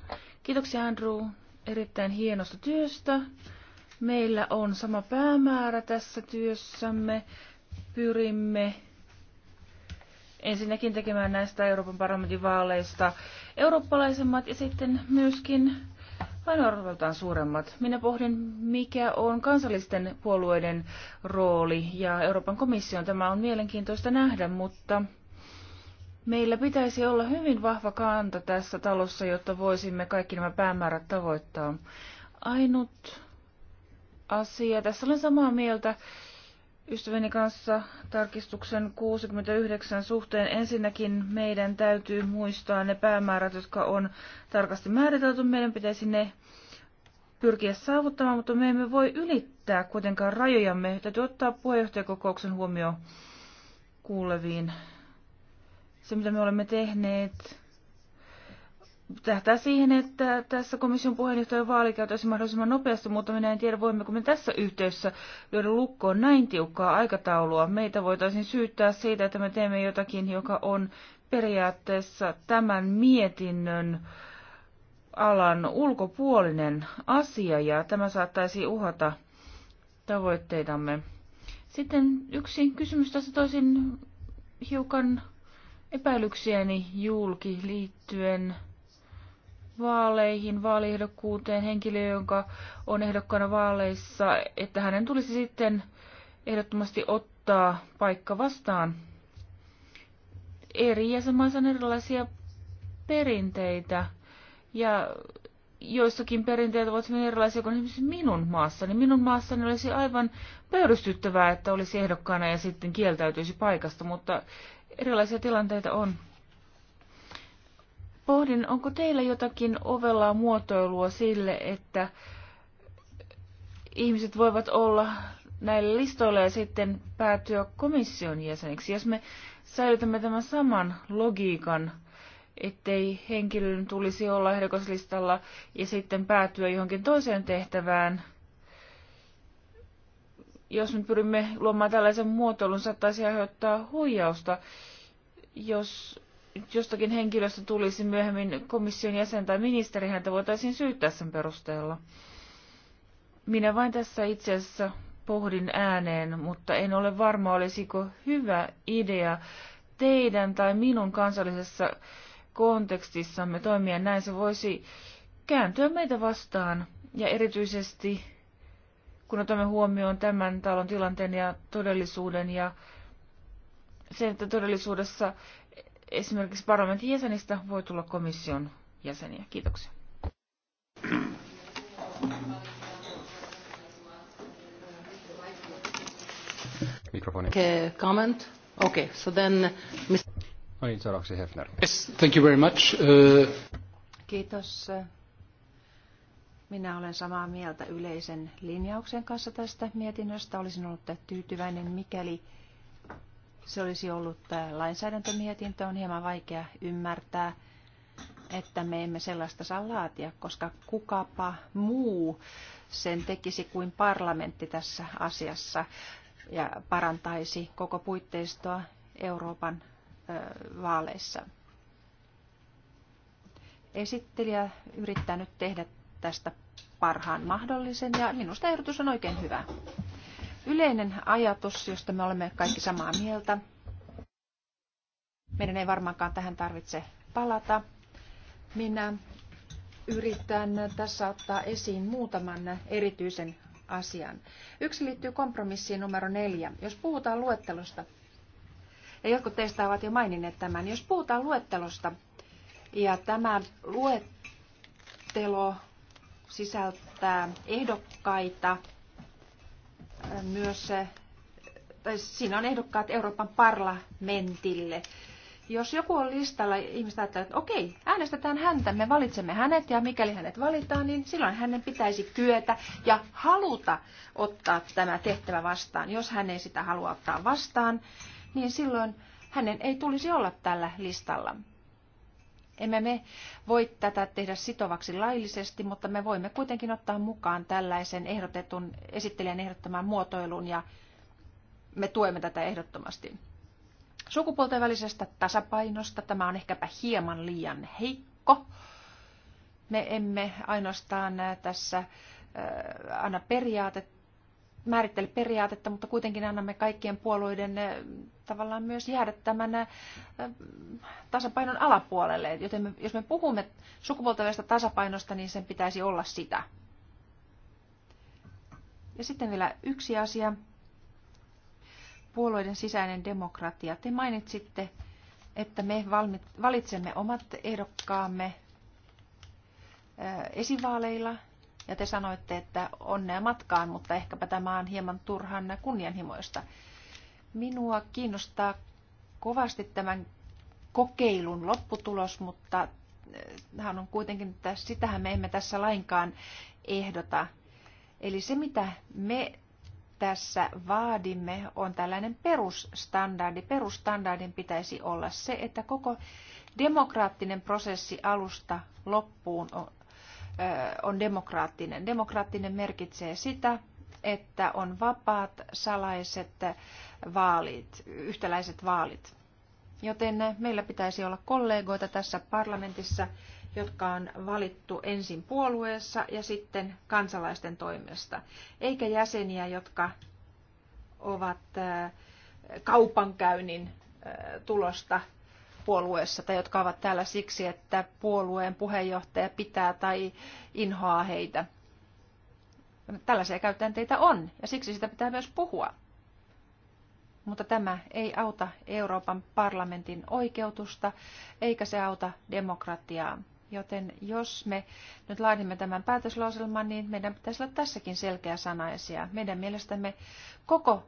Kiitoksia Andrew erittäin hienosta työstä. Meillä on sama päämäärä tässä työssämme. Pyrimme ensinnäkin tekemään näistä Euroopan parlamentin vaaleista eurooppalaisemmat ja sitten myöskin vain painoarvoltaan suuremmat. Minä pohdin, mikä on kansallisten puolueiden rooli ja Euroopan komission. Tämä on mielenkiintoista nähdä, mutta Meillä pitäisi olla hyvin vahva kanta tässä talossa, jotta voisimme kaikki nämä päämäärät tavoittaa. Ainut asia, tässä olen samaa mieltä ystäväni kanssa tarkistuksen 69 suhteen. Ensinnäkin meidän täytyy muistaa ne päämäärät, jotka on tarkasti määritelty. Meidän pitäisi ne pyrkiä saavuttamaan, mutta me emme voi ylittää kuitenkaan rajojamme. Täytyy ottaa puheenjohtajakokouksen huomioon kuuleviin se, mitä me olemme tehneet, tähtää siihen, että tässä komission puheenjohtajan vaali käytäisi mahdollisimman nopeasti, mutta minä en tiedä, voimmeko me tässä yhteydessä lyödä lukkoon näin tiukkaa aikataulua. Meitä voitaisiin syyttää siitä, että me teemme jotakin, joka on periaatteessa tämän mietinnön alan ulkopuolinen asia, ja tämä saattaisi uhata tavoitteitamme. Sitten yksi kysymys tässä toisin hiukan epäilyksiäni julki liittyen vaaleihin, vaaliehdokkuuteen, henkilö, jonka on ehdokkaana vaaleissa, että hänen tulisi sitten ehdottomasti ottaa paikka vastaan. Eri jäsenmaissa on erilaisia perinteitä ja joissakin perinteet ovat hyvin erilaisia kuin esimerkiksi minun maassa, niin Minun maassani olisi aivan pöyristyttävää, että olisi ehdokkaana ja sitten kieltäytyisi paikasta, mutta erilaisia tilanteita on. Pohdin, onko teillä jotakin ovelaa muotoilua sille, että ihmiset voivat olla näillä listoilla ja sitten päätyä komission jäseneksi. Jos me säilytämme tämän saman logiikan, ettei henkilön tulisi olla ehdokaslistalla ja sitten päätyä johonkin toiseen tehtävään, jos me pyrimme luomaan tällaisen muotoilun, saattaisi aiheuttaa huijausta, jos jostakin henkilöstä tulisi myöhemmin komission jäsen tai ministeri, häntä voitaisiin syyttää sen perusteella. Minä vain tässä itse asiassa pohdin ääneen, mutta en ole varma, olisiko hyvä idea teidän tai minun kansallisessa kontekstissamme toimia näin. Se voisi kääntyä meitä vastaan ja erityisesti kun otamme huomioon tämän talon tilanteen ja todellisuuden ja sen, että todellisuudessa esimerkiksi parlamentin jäsenistä voi tulla komission jäseniä. Kiitoksia. Mikrofoni. Okay, comment? Okay, so then... No niin, Hefner. Yes, thank you very much. Uh... Kiitos minä olen samaa mieltä yleisen linjauksen kanssa tästä mietinnöstä. Olisin ollut tyytyväinen, mikäli se olisi ollut lainsäädäntömietintö. On hieman vaikea ymmärtää, että me emme sellaista saa laatia, koska kukapa muu sen tekisi kuin parlamentti tässä asiassa ja parantaisi koko puitteistoa Euroopan vaaleissa. Esittelijä yrittää nyt tehdä tästä parhaan mahdollisen ja minusta ehdotus on oikein hyvä. Yleinen ajatus, josta me olemme kaikki samaa mieltä. Meidän ei varmaankaan tähän tarvitse palata. Minä yritän tässä ottaa esiin muutaman erityisen asian. Yksi liittyy kompromissiin numero neljä. Jos puhutaan luettelosta, ja jotkut teistä ovat jo maininneet tämän, jos puhutaan luettelosta, ja tämä luettelo sisältää ehdokkaita myös, tai siinä on ehdokkaat Euroopan parlamentille. Jos joku on listalla, ihmiset ajattelee, että okei, äänestetään häntä, me valitsemme hänet ja mikäli hänet valitaan, niin silloin hänen pitäisi kyetä ja haluta ottaa tämä tehtävä vastaan. Jos hän ei sitä halua ottaa vastaan, niin silloin hänen ei tulisi olla tällä listalla. Emme me voi tätä tehdä sitovaksi laillisesti, mutta me voimme kuitenkin ottaa mukaan tällaisen ehdotetun esittelijän ehdottaman muotoilun ja me tuemme tätä ehdottomasti. Sukupuolten välisestä tasapainosta tämä on ehkäpä hieman liian heikko. Me emme ainoastaan tässä anna periaatetta, määrittele periaatetta, mutta kuitenkin annamme kaikkien puolueiden eh, tavallaan myös jäädä tämän eh, tasapainon alapuolelle. Joten me, jos me puhumme sukupuolten tasapainosta, niin sen pitäisi olla sitä. Ja sitten vielä yksi asia. Puolueiden sisäinen demokratia. Te mainitsitte, että me valitsemme omat ehdokkaamme eh, esivaaleilla – ja te sanoitte, että onnea matkaan, mutta ehkäpä tämä on hieman turhan kunnianhimoista. Minua kiinnostaa kovasti tämän kokeilun lopputulos, mutta eh, hän on kuitenkin, että sitähän me emme tässä lainkaan ehdota. Eli se, mitä me tässä vaadimme, on tällainen perusstandardi. Perusstandardin pitäisi olla se, että koko demokraattinen prosessi alusta loppuun on demokraattinen. Demokraattinen merkitsee sitä, että on vapaat, salaiset vaalit, yhtäläiset vaalit. Joten meillä pitäisi olla kollegoita tässä parlamentissa, jotka on valittu ensin puolueessa ja sitten kansalaisten toimesta, eikä jäseniä, jotka ovat kaupankäynnin tulosta puolueessa tai jotka ovat täällä siksi, että puolueen puheenjohtaja pitää tai inhoaa heitä. Tällaisia käytänteitä on ja siksi sitä pitää myös puhua. Mutta tämä ei auta Euroopan parlamentin oikeutusta eikä se auta demokratiaa. Joten jos me nyt laadimme tämän päätöslauselman, niin meidän pitäisi olla tässäkin selkeä sanaisia. Meidän mielestämme koko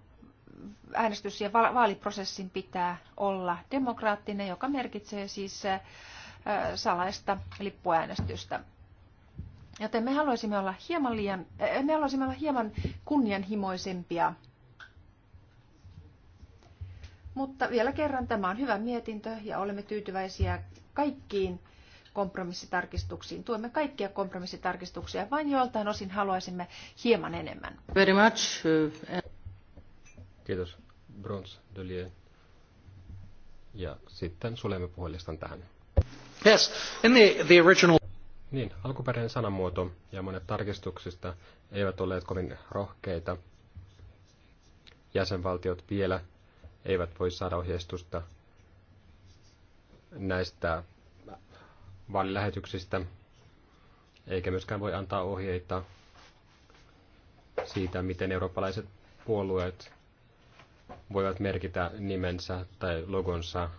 äänestys- ja vaaliprosessin pitää olla demokraattinen, joka merkitsee siis äh, salaista lippuäänestystä. Joten me haluaisimme olla hieman, liian, äh, me haluaisimme olla hieman kunnianhimoisempia. Mutta vielä kerran tämä on hyvä mietintö ja olemme tyytyväisiä kaikkiin kompromissitarkistuksiin. Tuemme kaikkia kompromissitarkistuksia, vain joiltain osin haluaisimme hieman enemmän. Very much. Uh, Kiitos, Brons Delier. Ja sitten sulemme puhelistan tähän. Yes, in the, the original... Niin, alkuperäinen sanamuoto ja monet tarkistuksista eivät olleet kovin rohkeita. Jäsenvaltiot vielä eivät voi saada ohjeistusta näistä vaalilähetyksistä, eikä myöskään voi antaa ohjeita siitä, miten eurooppalaiset puolueet voivat merkitä nimensä tai logonsa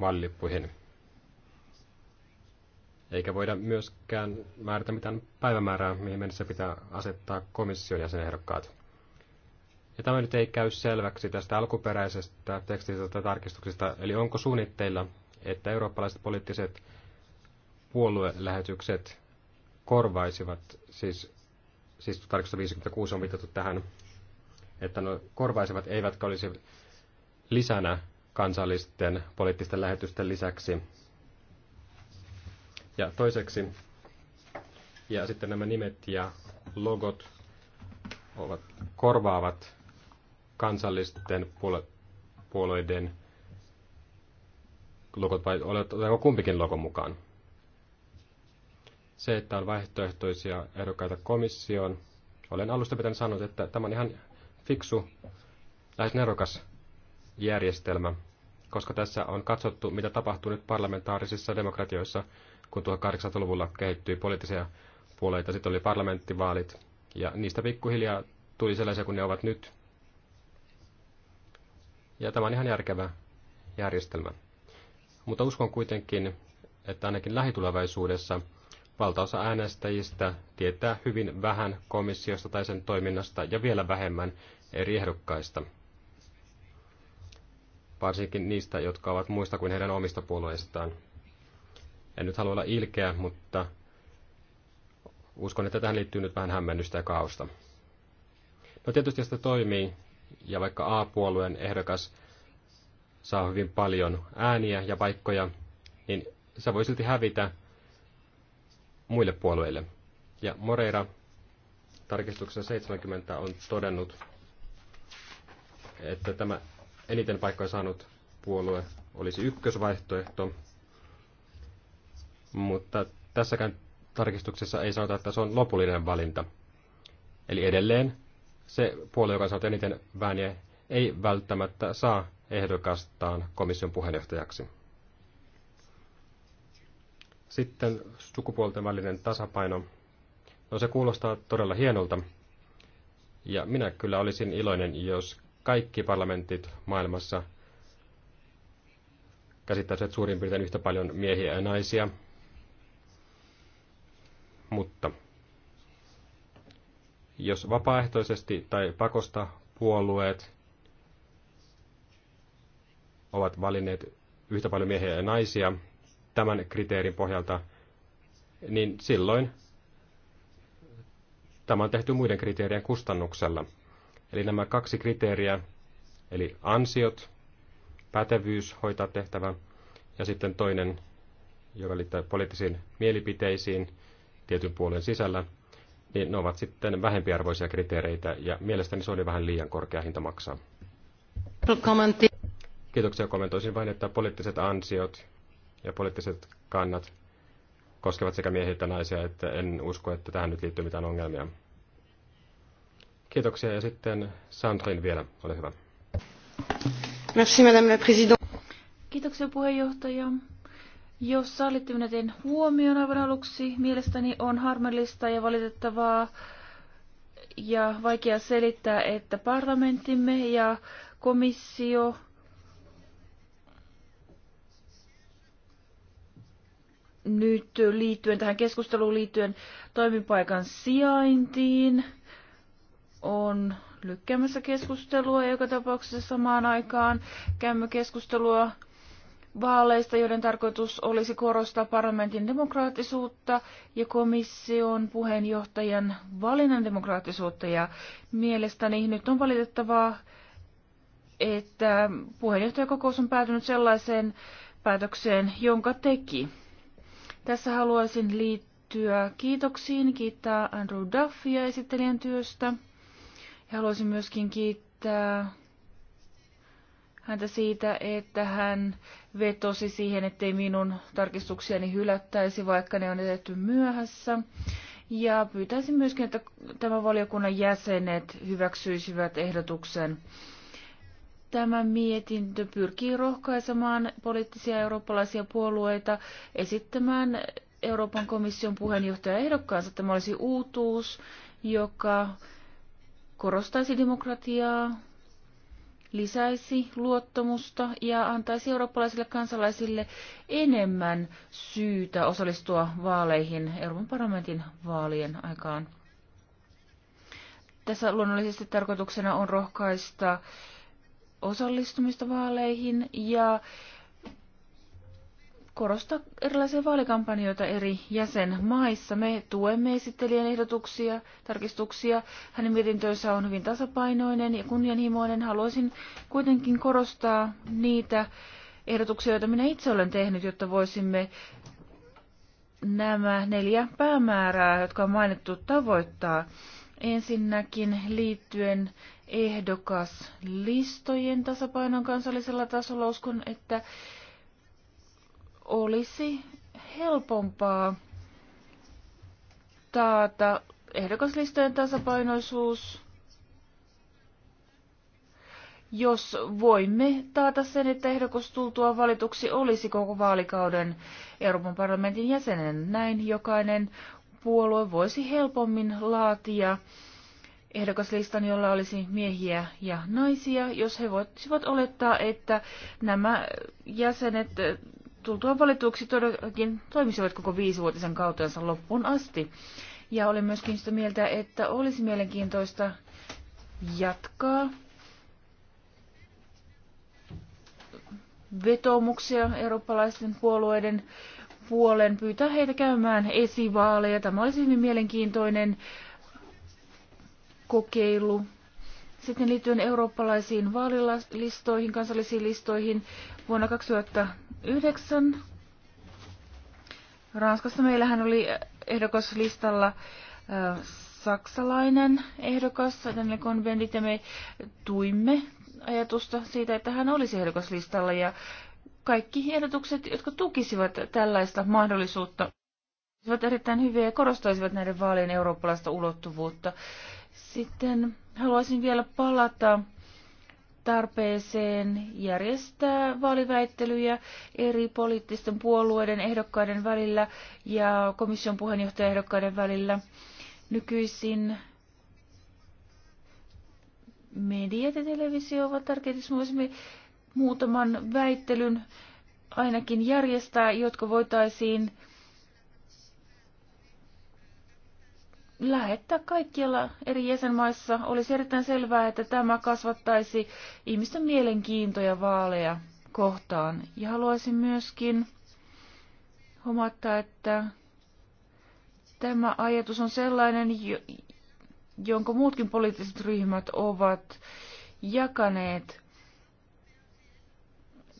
vallippuihin. Eikä voida myöskään määrätä mitään päivämäärää, mihin mennessä pitää asettaa komission jäsenehdokkaat. Ja tämä nyt ei käy selväksi tästä alkuperäisestä tekstistä tai tarkistuksesta, eli onko suunnitteilla, että eurooppalaiset poliittiset puoluelähetykset korvaisivat, siis, siis 856 on viitattu tähän että no, korvaisivat eivätkä olisi lisänä kansallisten poliittisten lähetysten lisäksi. Ja toiseksi, ja sitten nämä nimet ja logot ovat, korvaavat kansallisten puolue- puolueiden logot vai oletko kumpikin logon mukaan? Se, että on vaihtoehtoisia ehdokkaita komissioon, olen alusta pitänyt sanonut, että tämä on ihan fiksu, lähes nerokas järjestelmä, koska tässä on katsottu, mitä tapahtuu nyt parlamentaarisissa demokratioissa, kun 1800-luvulla kehittyi poliittisia puoleita, sitten oli parlamenttivaalit, ja niistä pikkuhiljaa tuli sellaisia kuin ne ovat nyt. Ja tämä on ihan järkevä järjestelmä. Mutta uskon kuitenkin, että ainakin lähitulevaisuudessa valtaosa äänestäjistä tietää hyvin vähän komissiosta tai sen toiminnasta ja vielä vähemmän eri ehdokkaista, varsinkin niistä, jotka ovat muista kuin heidän omista puolueistaan. En nyt halua olla ilkeä, mutta uskon, että tähän liittyy nyt vähän hämmennystä ja kaosta. No tietysti jos se toimii, ja vaikka A-puolueen ehdokas saa hyvin paljon ääniä ja paikkoja, niin se voi silti hävitä muille puolueille. Ja Moreira tarkistuksessa 70 on todennut, että tämä eniten paikkoja saanut puolue olisi ykkösvaihtoehto, mutta tässäkään tarkistuksessa ei sanota, että se on lopullinen valinta. Eli edelleen se puolue, joka saa eniten vääniä, ei välttämättä saa ehdokastaan komission puheenjohtajaksi. Sitten sukupuolten välinen tasapaino. No se kuulostaa todella hienolta. Ja minä kyllä olisin iloinen, jos kaikki parlamentit maailmassa käsittäisivät suurin piirtein yhtä paljon miehiä ja naisia. Mutta jos vapaaehtoisesti tai pakosta puolueet ovat valinneet yhtä paljon miehiä ja naisia tämän kriteerin pohjalta, niin silloin tämä on tehty muiden kriteerien kustannuksella. Eli nämä kaksi kriteeriä, eli ansiot, pätevyys hoitaa tehtävä, ja sitten toinen, joka liittyy poliittisiin mielipiteisiin tietyn puolen sisällä, niin ne ovat sitten vähempiarvoisia kriteereitä, ja mielestäni se oli vähän liian korkea hinta maksaa. Kiitoksia. Kommentoisin vain, että poliittiset ansiot ja poliittiset kannat koskevat sekä miehiä että naisia, että en usko, että tähän nyt liittyy mitään ongelmia. Kiitoksia ja sitten Sandrin vielä, ole hyvä. Merci, madame la Kiitoksia puheenjohtaja. Jos sallitte, minä teen huomioon aivan aluksi. Mielestäni on harmillista ja valitettavaa ja vaikea selittää, että parlamenttimme ja komissio nyt liittyen tähän keskusteluun liittyen toimipaikan sijaintiin on lykkäämässä keskustelua ja joka tapauksessa samaan aikaan käymme keskustelua vaaleista, joiden tarkoitus olisi korostaa parlamentin demokraattisuutta ja komission puheenjohtajan valinnan demokraattisuutta. Ja mielestäni nyt on valitettavaa, että puheenjohtajakokous on päätynyt sellaiseen päätökseen, jonka teki. Tässä haluaisin liittyä kiitoksiin, kiittää Andrew Duffia esittelijän työstä. Ja haluaisin myöskin kiittää häntä siitä, että hän vetosi siihen, ettei minun tarkistuksiani hylättäisi, vaikka ne on edetty myöhässä. Ja pyytäisin myöskin, että tämän valiokunnan jäsenet hyväksyisivät ehdotuksen. Tämä mietintö pyrkii rohkaisemaan poliittisia eurooppalaisia puolueita esittämään Euroopan komission puheenjohtaja ehdokkaansa. Tämä olisi uutuus, joka korostaisi demokratiaa, lisäisi luottamusta ja antaisi eurooppalaisille kansalaisille enemmän syytä osallistua vaaleihin Euroopan parlamentin vaalien aikaan. Tässä luonnollisesti tarkoituksena on rohkaista osallistumista vaaleihin ja korostaa erilaisia vaalikampanjoita eri jäsenmaissa. Me tuemme esittelijän ehdotuksia, tarkistuksia. Hänen mietintönsä on hyvin tasapainoinen ja kunnianhimoinen. Haluaisin kuitenkin korostaa niitä ehdotuksia, joita minä itse olen tehnyt, jotta voisimme nämä neljä päämäärää, jotka on mainittu, tavoittaa. Ensinnäkin liittyen ehdokaslistojen tasapainon kansallisella tasolla uskon, että olisi helpompaa taata ehdokaslistojen tasapainoisuus, jos voimme taata sen, että ehdokas tultua valituksi olisi koko vaalikauden Euroopan parlamentin jäsenen. Näin jokainen puolue voisi helpommin laatia ehdokaslistan, jolla olisi miehiä ja naisia, jos he voisivat olettaa, että nämä jäsenet tultua valituksi todellakin toimisivat koko viisivuotisen kautensa loppuun asti. Ja olen myöskin sitä mieltä, että olisi mielenkiintoista jatkaa vetomuksia eurooppalaisten puolueiden puolen, pyytää heitä käymään esivaaleja. Tämä olisi hyvin mielenkiintoinen kokeilu sitten liittyen eurooppalaisiin vaalilistoihin, kansallisiin listoihin vuonna 2009. Ranskassa meillähän oli ehdokaslistalla saksalainen ehdokas, Daniel Convendit, ja me tuimme ajatusta siitä, että hän olisi ehdokaslistalla, ja kaikki ehdotukset, jotka tukisivat tällaista mahdollisuutta, ovat erittäin hyviä ja korostaisivat näiden vaalien eurooppalaista ulottuvuutta. Sitten Haluaisin vielä palata tarpeeseen järjestää vaaliväittelyjä eri poliittisten puolueiden ehdokkaiden välillä ja komission puheenjohtajaehdokkaiden välillä. Nykyisin mediat ja televisio ovat tärkeitä, jos voisimme muutaman väittelyn ainakin järjestää, jotka voitaisiin lähettää kaikkialla eri jäsenmaissa. Olisi erittäin selvää, että tämä kasvattaisi ihmisten mielenkiintoja vaaleja kohtaan. Ja haluaisin myöskin huomata, että tämä ajatus on sellainen, jonka muutkin poliittiset ryhmät ovat jakaneet.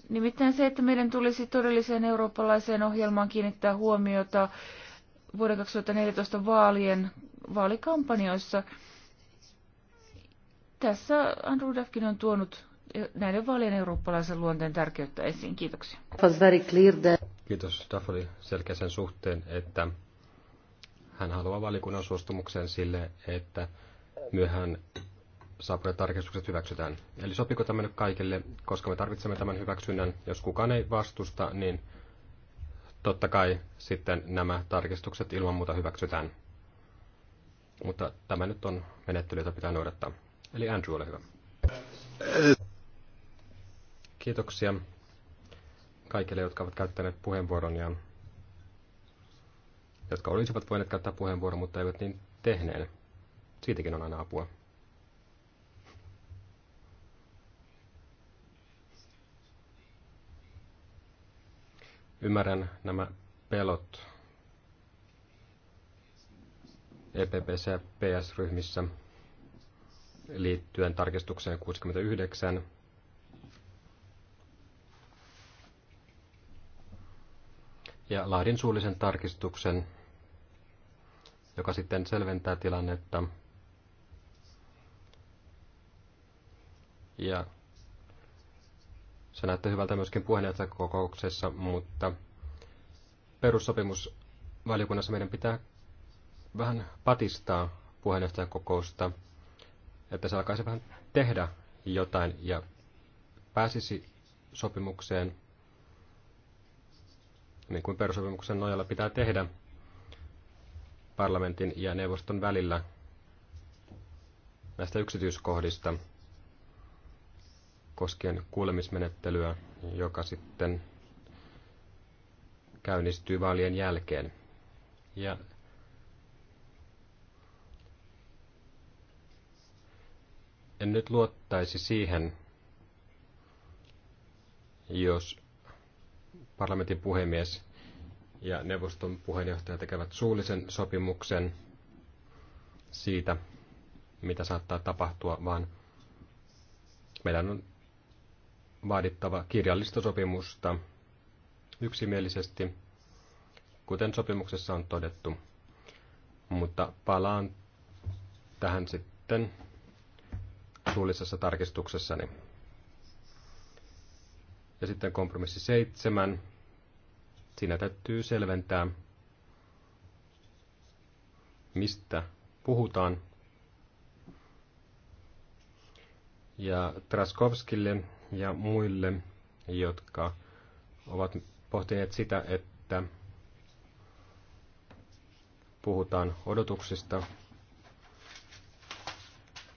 Nimittäin se, että meidän tulisi todelliseen eurooppalaiseen ohjelmaan kiinnittää huomiota vuoden 2014 vaalien vaalikampanjoissa. Tässä Andrew Duffkin on tuonut näiden vaalien eurooppalaisen luonteen tärkeyttä esiin. Kiitoksia. Kiitos. Duff oli selkeä sen suhteen, että hän haluaa valikunnan suostumuksen sille, että myöhään saapuneet tarkistukset hyväksytään. Eli sopiko tämä nyt kaikille, koska me tarvitsemme tämän hyväksynnän. Jos kukaan ei vastusta, niin totta kai sitten nämä tarkistukset ilman muuta hyväksytään. Mutta tämä nyt on menettely, jota pitää noudattaa. Eli Andrew, ole hyvä. Kiitoksia kaikille, jotka ovat käyttäneet puheenvuoron ja jotka olisivat voineet käyttää puheenvuoron, mutta eivät niin tehneen. Siitäkin on aina apua. Ymmärrän nämä pelot EPPC- ja PS-ryhmissä liittyen tarkistukseen 69. Ja laadin suullisen tarkistuksen, joka sitten selventää tilannetta ja se näyttää hyvältä myöskin puheenjohtajakokouksessa, mutta perussopimusvaliokunnassa meidän pitää vähän patistaa puheenjohtajakokousta, että se alkaisi vähän tehdä jotain ja pääsisi sopimukseen, niin kuin perussopimuksen nojalla pitää tehdä parlamentin ja neuvoston välillä näistä yksityiskohdista – koskien kuulemismenettelyä, joka sitten käynnistyy vaalien jälkeen. Ja en nyt luottaisi siihen, jos parlamentin puhemies ja neuvoston puheenjohtaja tekevät suullisen sopimuksen siitä, mitä saattaa tapahtua, vaan meidän on vaadittava kirjallista sopimusta yksimielisesti, kuten sopimuksessa on todettu. Mutta palaan tähän sitten suullisessa tarkistuksessani. Ja sitten kompromissi seitsemän. Siinä täytyy selventää, mistä puhutaan. Ja Traskovskille ja muille, jotka ovat pohtineet sitä, että puhutaan odotuksista.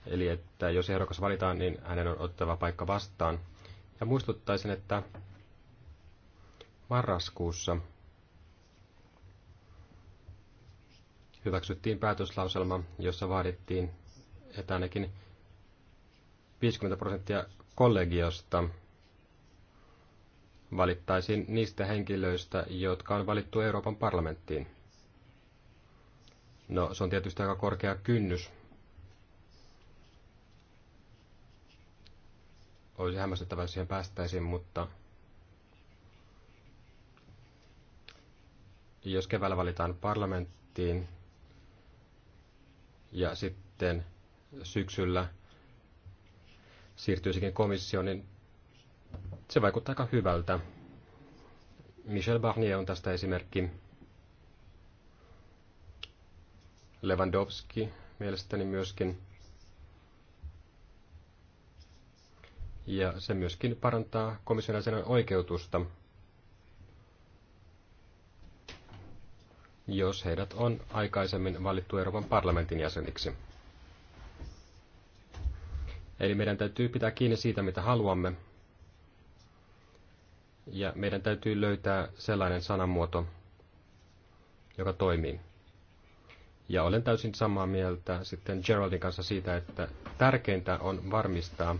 Eli että jos ehdokas valitaan, niin hänen on ottava paikka vastaan. Ja muistuttaisin, että marraskuussa hyväksyttiin päätöslauselma, jossa vaadittiin, että ainakin 50 prosenttia kollegiosta valittaisiin niistä henkilöistä, jotka on valittu Euroopan parlamenttiin. No, se on tietysti aika korkea kynnys. Olisi hämmästyttävää, jos siihen päästäisiin, mutta jos keväällä valitaan parlamenttiin ja sitten syksyllä – siirtyisikin komissioon, niin se vaikuttaa aika hyvältä. Michel Barnier on tästä esimerkki. Lewandowski mielestäni myöskin. Ja se myöskin parantaa komission jäsenen oikeutusta, jos heidät on aikaisemmin valittu Euroopan parlamentin jäseniksi. Eli meidän täytyy pitää kiinni siitä, mitä haluamme. Ja meidän täytyy löytää sellainen sanamuoto, joka toimii. Ja olen täysin samaa mieltä sitten Geraldin kanssa siitä, että tärkeintä on varmistaa,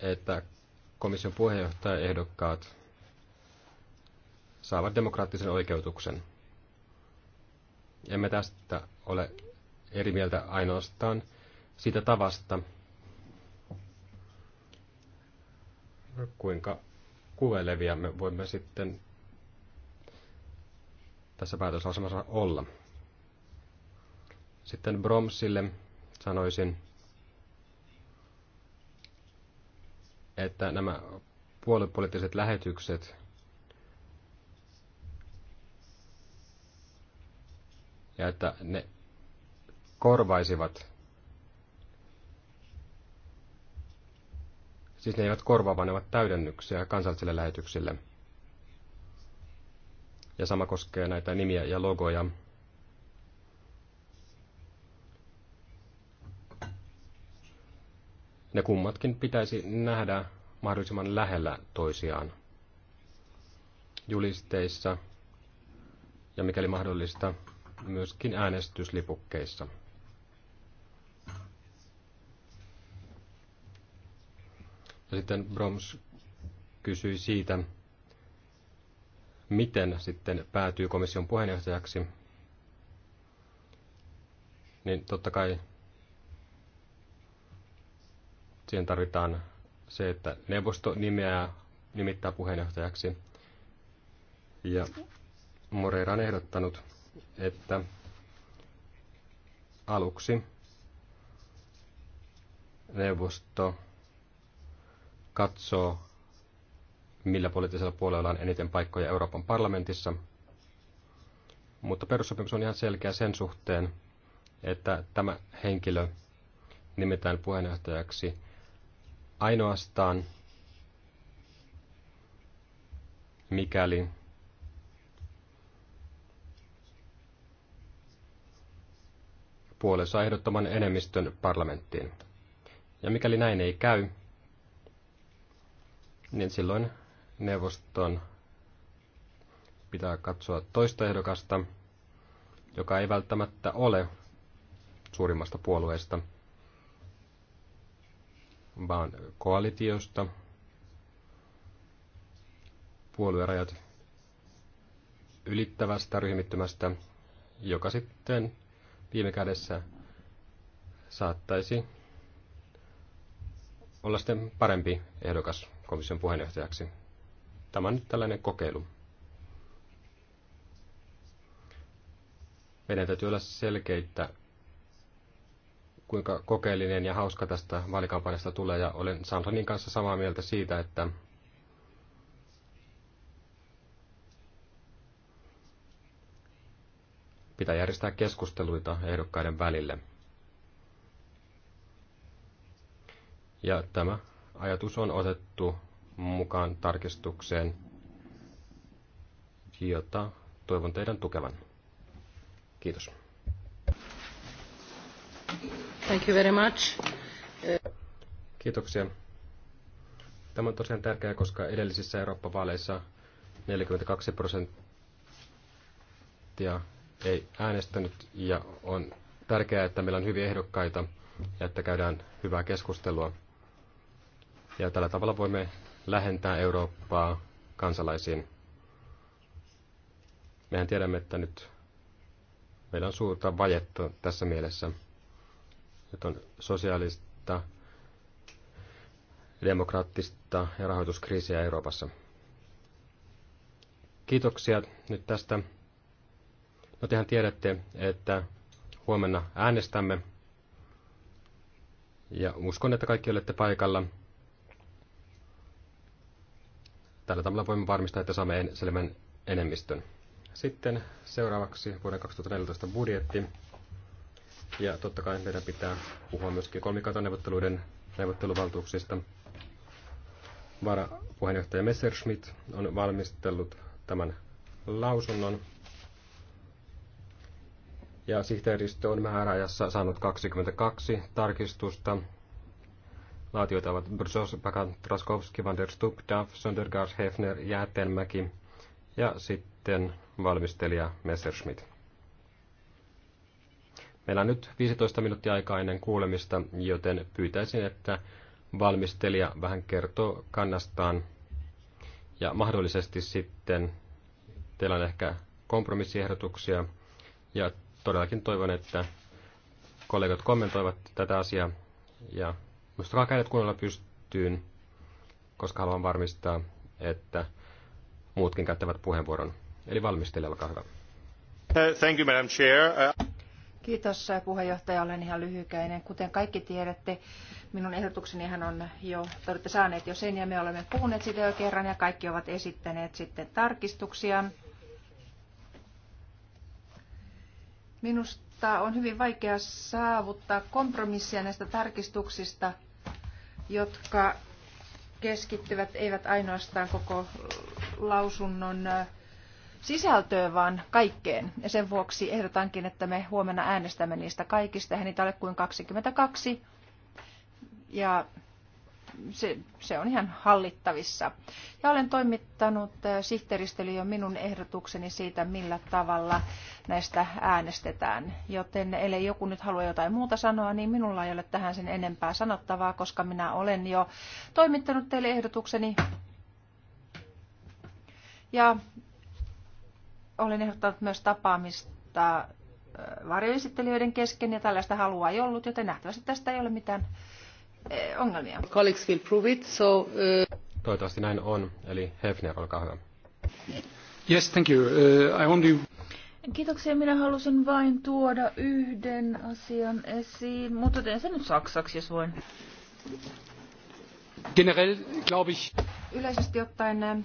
että komission puheenjohtajaehdokkaat saavat demokraattisen oikeutuksen. Emme tästä ole eri mieltä ainoastaan siitä tavasta, kuinka kuvelevia me voimme sitten tässä päätösasemassa olla. Sitten Bromsille sanoisin, että nämä puoluepoliittiset lähetykset ja että ne korvaisivat Siis ne eivät korvaa, vaan ne ovat täydennyksiä kansallisille lähetyksille. Ja sama koskee näitä nimiä ja logoja. Ne kummatkin pitäisi nähdä mahdollisimman lähellä toisiaan. Julisteissa ja mikäli mahdollista, myöskin äänestyslipukkeissa. Ja sitten Broms kysyi siitä, miten sitten päätyy komission puheenjohtajaksi. Niin totta kai siihen tarvitaan se, että neuvosto nimeää, nimittää puheenjohtajaksi. Ja Moreira on ehdottanut, että aluksi neuvosto katsoo, millä poliittisella puolella on eniten paikkoja Euroopan parlamentissa. Mutta perussopimus on ihan selkeä sen suhteen, että tämä henkilö nimetään puheenjohtajaksi ainoastaan, mikäli puolessa ehdottoman enemmistön parlamenttiin. Ja mikäli näin ei käy, niin silloin neuvoston pitää katsoa toista ehdokasta, joka ei välttämättä ole suurimmasta puolueesta, vaan koalitiosta, puoluerajat ylittävästä ryhmittymästä, joka sitten viime kädessä saattaisi olla sitten parempi ehdokas komission puheenjohtajaksi. Tämä on nyt tällainen kokeilu. Meidän täytyy olla selkeitä, kuinka kokeellinen ja hauska tästä vaalikampanjasta tulee, ja olen Sandronin kanssa samaa mieltä siitä, että pitää järjestää keskusteluita ehdokkaiden välille. Ja tämä ajatus on otettu mukaan tarkistukseen, jota toivon teidän tukevan. Kiitos. Thank you very much. Kiitoksia. Tämä on tosiaan tärkeää, koska edellisissä Eurooppa-vaaleissa 42 prosenttia ei äänestänyt ja on tärkeää, että meillä on hyviä ehdokkaita ja että käydään hyvää keskustelua. Ja tällä tavalla voimme lähentää Eurooppaa kansalaisiin. Mehän tiedämme, että nyt meillä on suurta vajetta tässä mielessä. Nyt on sosiaalista, demokraattista ja rahoituskriisiä Euroopassa. Kiitoksia nyt tästä. No tehän tiedätte, että huomenna äänestämme. Ja uskon, että kaikki olette paikalla. Tällä tavalla voimme varmistaa, että saamme selvän enemmistön. Sitten seuraavaksi vuoden 2014 budjetti. Ja totta kai meidän pitää puhua myöskin kolmikantaneuvotteluiden neuvotteluvaltuuksista. Varapuheenjohtaja Messerschmidt on valmistellut tämän lausunnon. Ja sihteeristö on määräajassa saanut 22 tarkistusta Laatioita ovat Brzos, Bakan, Traskowski, Van der Stubb, Duff, Sondergaard, Hefner, Jäätelmäki ja sitten valmistelija Messerschmidt. Meillä on nyt 15 minuuttia aikaa ennen kuulemista, joten pyytäisin, että valmistelija vähän kertoo kannastaan ja mahdollisesti sitten teillä on ehkä kompromissiehdotuksia ja todellakin toivon, että kollegat kommentoivat tätä asiaa ja Nostakaa kädet kunnolla pystyyn, koska haluan varmistaa, että muutkin käyttävät puheenvuoron. Eli valmistele, olkaa hyvä. Thank you, Madam Chair. Kiitos puheenjohtaja, olen ihan lyhykäinen. Kuten kaikki tiedätte, minun ehdotukseni on jo, te olette saaneet jo sen ja me olemme puhuneet sitä jo kerran ja kaikki ovat esittäneet sitten tarkistuksia. Minusta mutta on hyvin vaikea saavuttaa kompromissia näistä tarkistuksista, jotka keskittyvät eivät ainoastaan koko lausunnon sisältöön, vaan kaikkeen. Ja sen vuoksi ehdotankin, että me huomenna äänestämme niistä kaikista. Eihän niitä ole kuin 22. Ja se, se on ihan hallittavissa. Ja olen toimittanut äh, sihteeristölle jo minun ehdotukseni siitä, millä tavalla näistä äänestetään. Joten ellei joku nyt halua jotain muuta sanoa, niin minulla ei ole tähän sen enempää sanottavaa, koska minä olen jo toimittanut teille ehdotukseni. Ja olen ehdottanut myös tapaamista äh, varjoesittelijöiden kesken ja tällaista halua ei ollut, joten nähtävästi tästä ei ole mitään Eh, ongelmia. Eh, Toivottavasti näin on. Eli Hefner, olkaa hyvä. Yes, thank you. Uh, I only... Kiitoksia. Minä halusin vain tuoda yhden asian esiin, mutta teen sen nyt saksaksi, jos voin. Generell, glaube ich... Yleisesti ottaen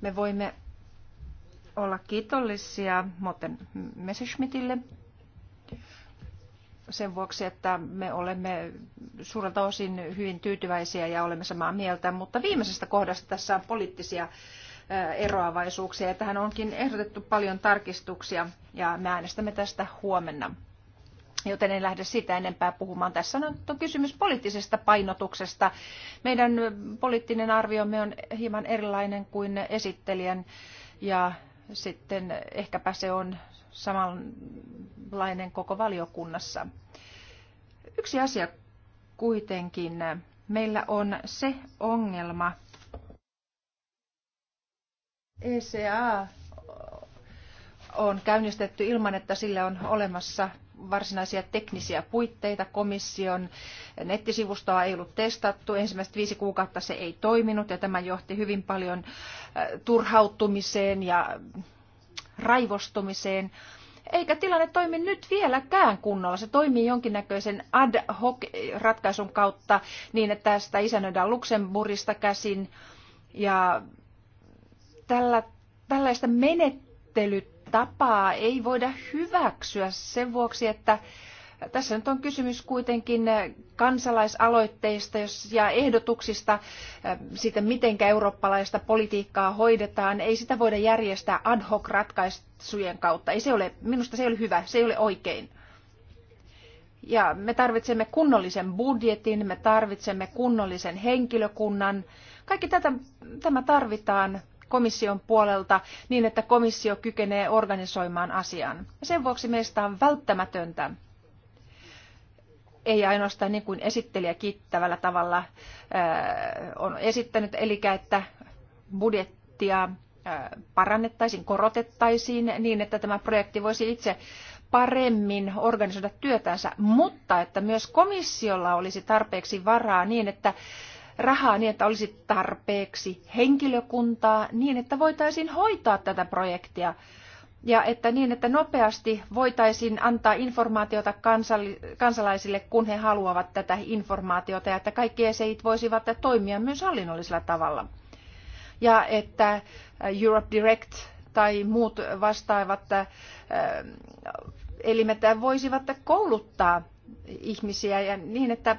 me voimme olla kiitollisia Motten Messerschmittille sen vuoksi, että me olemme suurelta osin hyvin tyytyväisiä ja olemme samaa mieltä, mutta viimeisestä kohdasta tässä on poliittisia eroavaisuuksia ja tähän onkin ehdotettu paljon tarkistuksia ja me äänestämme tästä huomenna. Joten en lähde sitä enempää puhumaan. Tässä on kysymys poliittisesta painotuksesta. Meidän poliittinen arviomme on hieman erilainen kuin esittelijän ja sitten ehkäpä se on samanlainen koko valiokunnassa. Yksi asia kuitenkin. Meillä on se ongelma, ECA on käynnistetty ilman, että sillä on olemassa varsinaisia teknisiä puitteita. Komission nettisivustoa ei ollut testattu. Ensimmäiset viisi kuukautta se ei toiminut ja tämä johti hyvin paljon äh, turhautumiseen ja raivostumiseen. Eikä tilanne toimi nyt vieläkään kunnolla. Se toimii jonkinnäköisen ad hoc ratkaisun kautta niin, että tästä isännöidään Luxemburgista käsin. Ja tällä, tällaista menettelytapaa ei voida hyväksyä sen vuoksi, että tässä nyt on kysymys kuitenkin eh, kansalaisaloitteista ja ehdotuksista eh, siitä, miten eurooppalaista politiikkaa hoidetaan. Ei sitä voida järjestää ad hoc ratkaisujen kautta. Ei se ole, minusta se ei ole hyvä, se ei ole oikein. Ja me tarvitsemme kunnollisen budjetin, me tarvitsemme kunnollisen henkilökunnan. Kaikki tätä, tämä tarvitaan komission puolelta niin, että komissio kykenee organisoimaan asian. Ja sen vuoksi meistä on välttämätöntä, ei ainoastaan niin kuin esittelijä kiittävällä tavalla äh, on esittänyt, eli että budjettia äh, parannettaisiin, korotettaisiin niin, että tämä projekti voisi itse paremmin organisoida työtänsä, mutta että myös komissiolla olisi tarpeeksi varaa niin, että rahaa niin, että olisi tarpeeksi henkilökuntaa niin, että voitaisiin hoitaa tätä projektia ja että niin, että nopeasti voitaisiin antaa informaatiota kansalaisille, kun he haluavat tätä informaatiota, ja että kaikki eseit voisivat toimia myös hallinnollisella tavalla. Ja että Europe Direct tai muut vastaavat elimet voisivat kouluttaa ihmisiä ja niin, että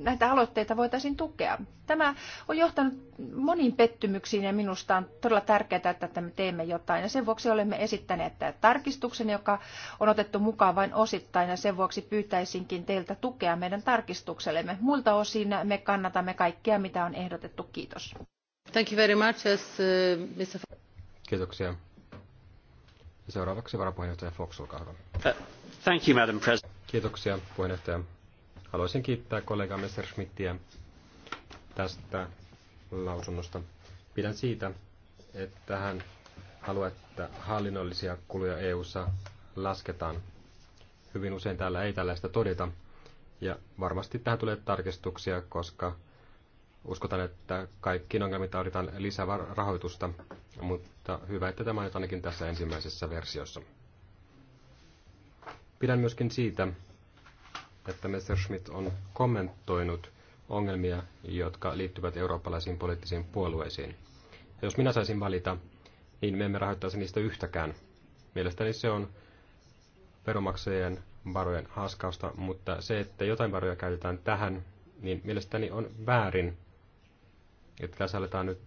näitä aloitteita voitaisiin tukea. Tämä on johtanut moniin pettymyksiin ja minusta on todella tärkeää, että me teemme jotain. Ja sen vuoksi olemme esittäneet tarkistuksen, joka on otettu mukaan vain osittain ja sen vuoksi pyytäisinkin teiltä tukea meidän tarkistuksellemme. Muilta osin me kannatamme kaikkea, mitä on ehdotettu. Kiitos. Thank you very much, as, uh, Mr. Kiitoksia. Seuraavaksi varapuheenjohtaja Fox, olkaa hyvä. Uh, thank you, Madam President. Kiitoksia, puheenjohtaja. Haluaisin kiittää kollega Messerschmittiä tästä lausunnosta. Pidän siitä, että hän haluaa, että hallinnollisia kuluja EU:ssa lasketaan. Hyvin usein täällä ei tällaista todeta. Ja varmasti tähän tulee tarkistuksia, koska uskotaan, että kaikkiin ongelmiin tarvitaan lisää rahoitusta, mutta hyvä, että tämä on ainakin tässä ensimmäisessä versiossa. Pidän myöskin siitä, että Messerschmitt on kommentoinut ongelmia, jotka liittyvät eurooppalaisiin poliittisiin puolueisiin. Ja jos minä saisin valita, niin me emme rahoittaisi niistä yhtäkään. Mielestäni se on veromaksajien varojen haaskausta, mutta se, että jotain varoja käytetään tähän, niin mielestäni on väärin, että tässä aletaan nyt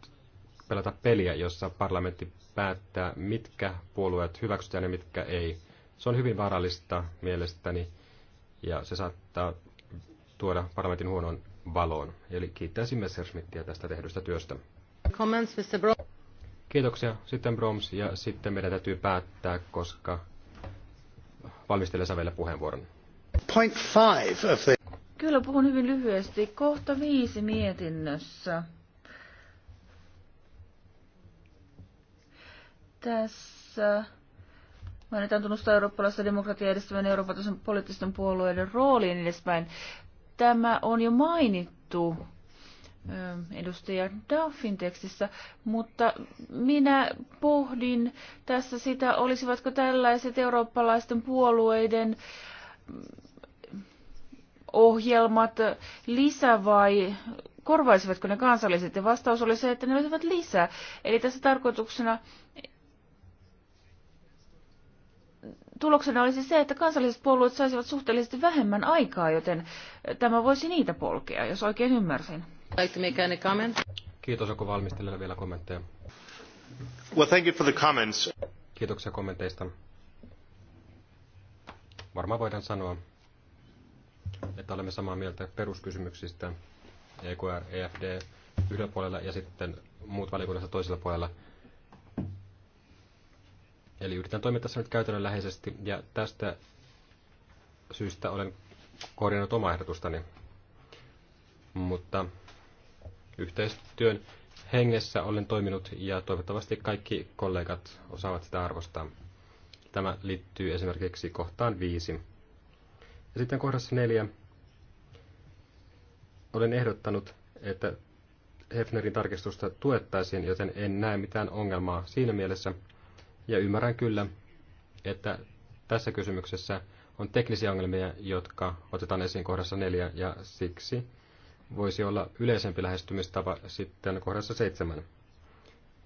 pelata peliä, jossa parlamentti päättää, mitkä puolueet hyväksytään ja mitkä ei. Se on hyvin vaarallista mielestäni ja se saattaa tuoda parlamentin huonoon valoon. Eli kiittäisin Messerschmittiä tästä tehdystä työstä. Comments, Mr. Kiitoksia. Sitten Broms ja sitten meidän täytyy päättää, koska valmistelija vielä puheenvuoron. Point five of the... Kyllä puhun hyvin lyhyesti. Kohta viisi mietinnössä. Tässä Mainitaan tunnustaa eurooppalaista demokratiaa edistävän Euroopan tason poliittisten puolueiden rooliin niin edespäin. Tämä on jo mainittu ähm, edustaja Duffin tekstissä, mutta minä pohdin tässä sitä, olisivatko tällaiset eurooppalaisten puolueiden ähm, ohjelmat lisä vai korvaisivatko ne kansalliset? Ja vastaus oli se, että ne olisivat lisää. Eli tässä tarkoituksena tuloksena olisi se, että kansalliset puolueet saisivat suhteellisesti vähemmän aikaa, joten tämä voisi niitä polkea, jos oikein ymmärsin. Kiitos, onko valmistelijalle vielä kommentteja? Well, thank you for the comments. Kiitoksia kommenteista. Varmaan voidaan sanoa, että olemme samaa mieltä peruskysymyksistä EKR, EFD yhdellä puolella ja sitten muut valiokunnassa toisella puolella – Eli yritän toimia tässä nyt käytännönläheisesti ja tästä syystä olen korjannut omaa ehdotustani. Mutta yhteistyön hengessä olen toiminut ja toivottavasti kaikki kollegat osaavat sitä arvostaa. Tämä liittyy esimerkiksi kohtaan viisi. Ja sitten kohdassa neljä olen ehdottanut, että Hefnerin tarkistusta tuettaisiin, joten en näe mitään ongelmaa siinä mielessä, ja ymmärrän kyllä, että tässä kysymyksessä on teknisiä ongelmia, jotka otetaan esiin kohdassa neljä, ja siksi voisi olla yleisempi lähestymistapa sitten kohdassa seitsemän.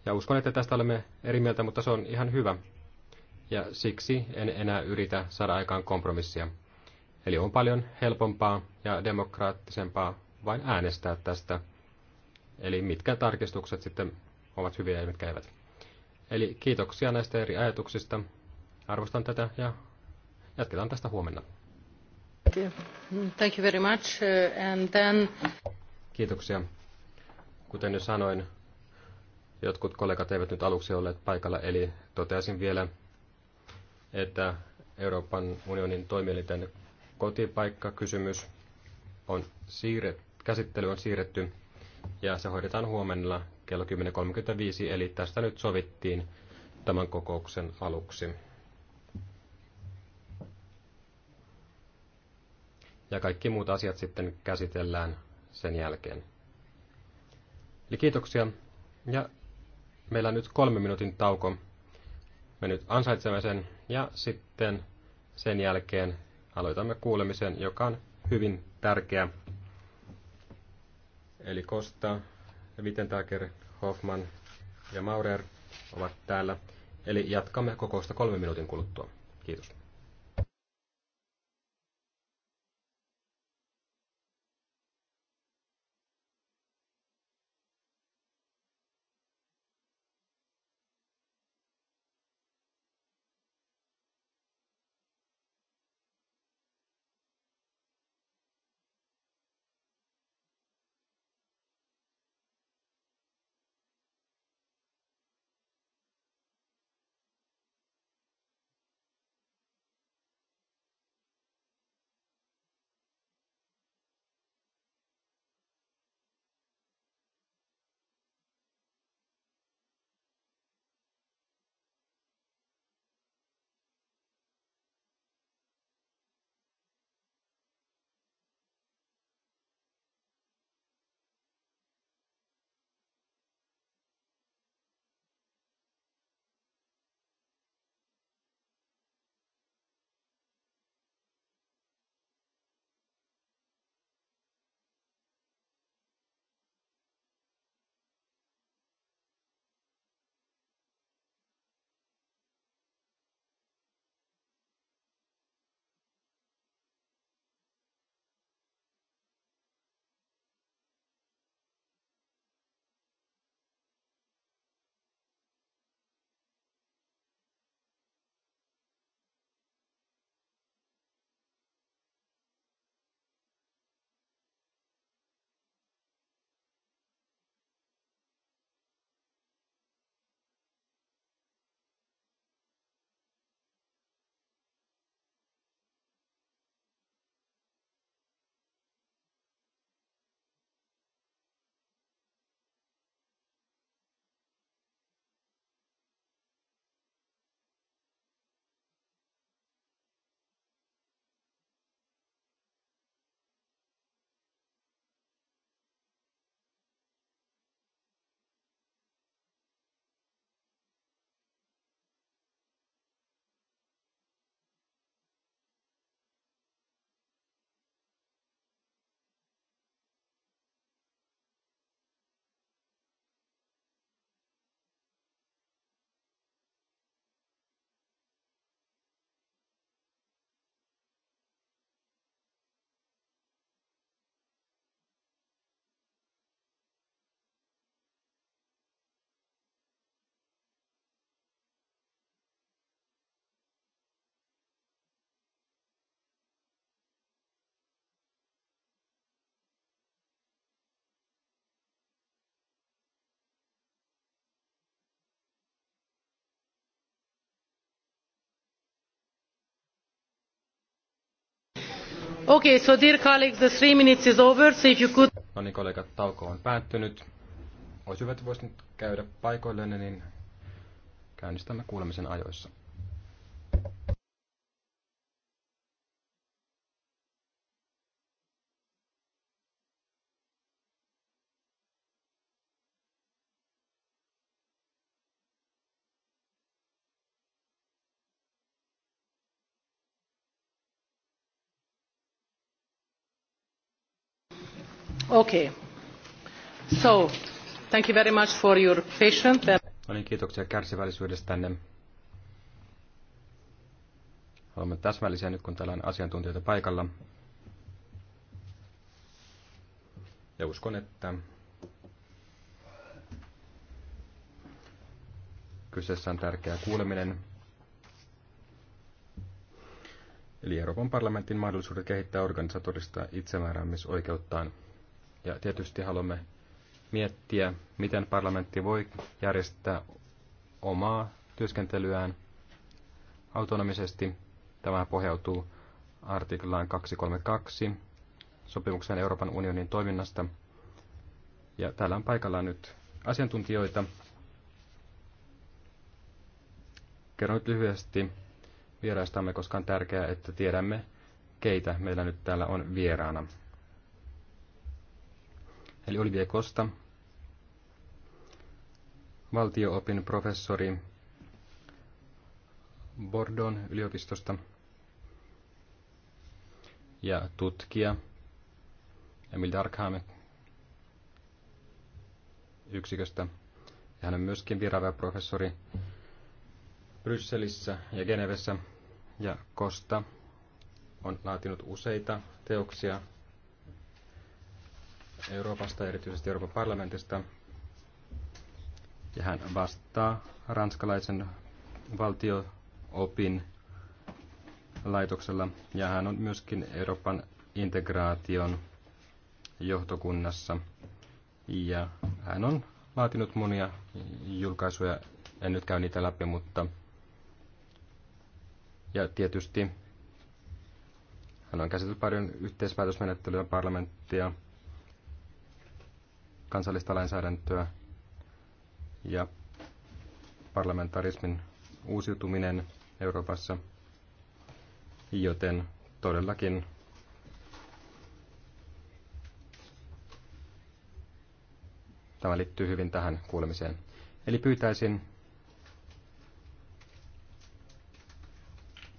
Ja uskon, että tästä olemme eri mieltä, mutta se on ihan hyvä. Ja siksi en enää yritä saada aikaan kompromissia. Eli on paljon helpompaa ja demokraattisempaa vain äänestää tästä. Eli mitkä tarkistukset sitten ovat hyviä ja mitkä eivät. Eli kiitoksia näistä eri ajatuksista. Arvostan tätä ja jatketaan tästä huomenna. Thank you very much. Uh, and then... Kiitoksia. Kuten jo sanoin, jotkut kollegat eivät nyt aluksi olleet paikalla, eli toteaisin vielä, että Euroopan unionin toimielinten kotipaikkakysymys on siirretty, käsittely on siirretty ja se hoidetaan huomenna kello 10.35, eli tästä nyt sovittiin tämän kokouksen aluksi. Ja kaikki muut asiat sitten käsitellään sen jälkeen. Eli kiitoksia. Ja meillä on nyt kolme minuutin tauko. Me nyt ansaitsemme sen ja sitten sen jälkeen aloitamme kuulemisen, joka on hyvin tärkeä. Eli kostaa. Vitentaker, Hoffman ja Maurer ovat täällä. Eli jatkamme kokousta kolmen minuutin kuluttua. Kiitos. Okay, so dear colleagues, the three minutes is over, so if you could... No niin, kollegat, tauko on päättynyt. Olisi hyvä, että voisin käydä paikoilleen, niin käynnistämme kuulemisen ajoissa. Okay. So, thank you very much for your patience. No niin, kiitoksia kärsivällisyydestänne. Olemme täsmällisiä nyt, kun täällä on asiantuntijoita paikalla. Ja uskon, että kyseessä on tärkeä kuuleminen. Eli Euroopan parlamentin mahdollisuudet kehittää organisatorista itsemääräämisoikeuttaan ja tietysti haluamme miettiä, miten parlamentti voi järjestää omaa työskentelyään autonomisesti. Tämä pohjautuu artiklaan 232 sopimuksen Euroopan unionin toiminnasta. Ja täällä on paikalla nyt asiantuntijoita. Kerron nyt lyhyesti vieraistamme, koska on tärkeää, että tiedämme, keitä meillä nyt täällä on vieraana eli Olivier Costa, valtioopin professori Bordon yliopistosta ja tutkija Emil Darkhame yksiköstä. Ja hän on myöskin virava professori Brysselissä ja Genevessä. Ja Kosta on laatinut useita teoksia Euroopasta, erityisesti Euroopan parlamentista. Ja hän vastaa ranskalaisen valtioopin laitoksella ja hän on myöskin Euroopan integraation johtokunnassa. Ja hän on laatinut monia julkaisuja, en nyt käy niitä läpi, mutta ja tietysti hän on käsitellyt paljon yhteispäätösmenettelyä parlamenttia, kansallista lainsäädäntöä ja parlamentarismin uusiutuminen Euroopassa, joten todellakin tämä liittyy hyvin tähän kuulemiseen. Eli pyytäisin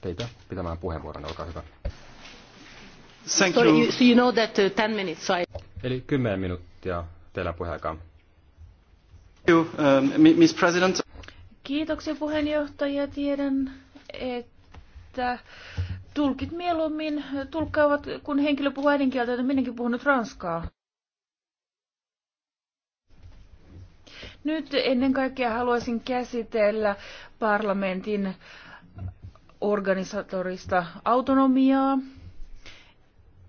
teitä pitämään puheenvuoron, olkaa hyvä. Thank you. So you know that 10 uh, minutes, so I... Eli 10 minuuttia Teillä puheenjohtaja. Kiitoksia puheenjohtaja. Tiedän, että tulkit mieluummin tulkkaavat, kun henkilö puhuu äidinkieltä, että minäkin puhun nyt ranskaa. Nyt ennen kaikkea haluaisin käsitellä parlamentin organisatorista autonomiaa.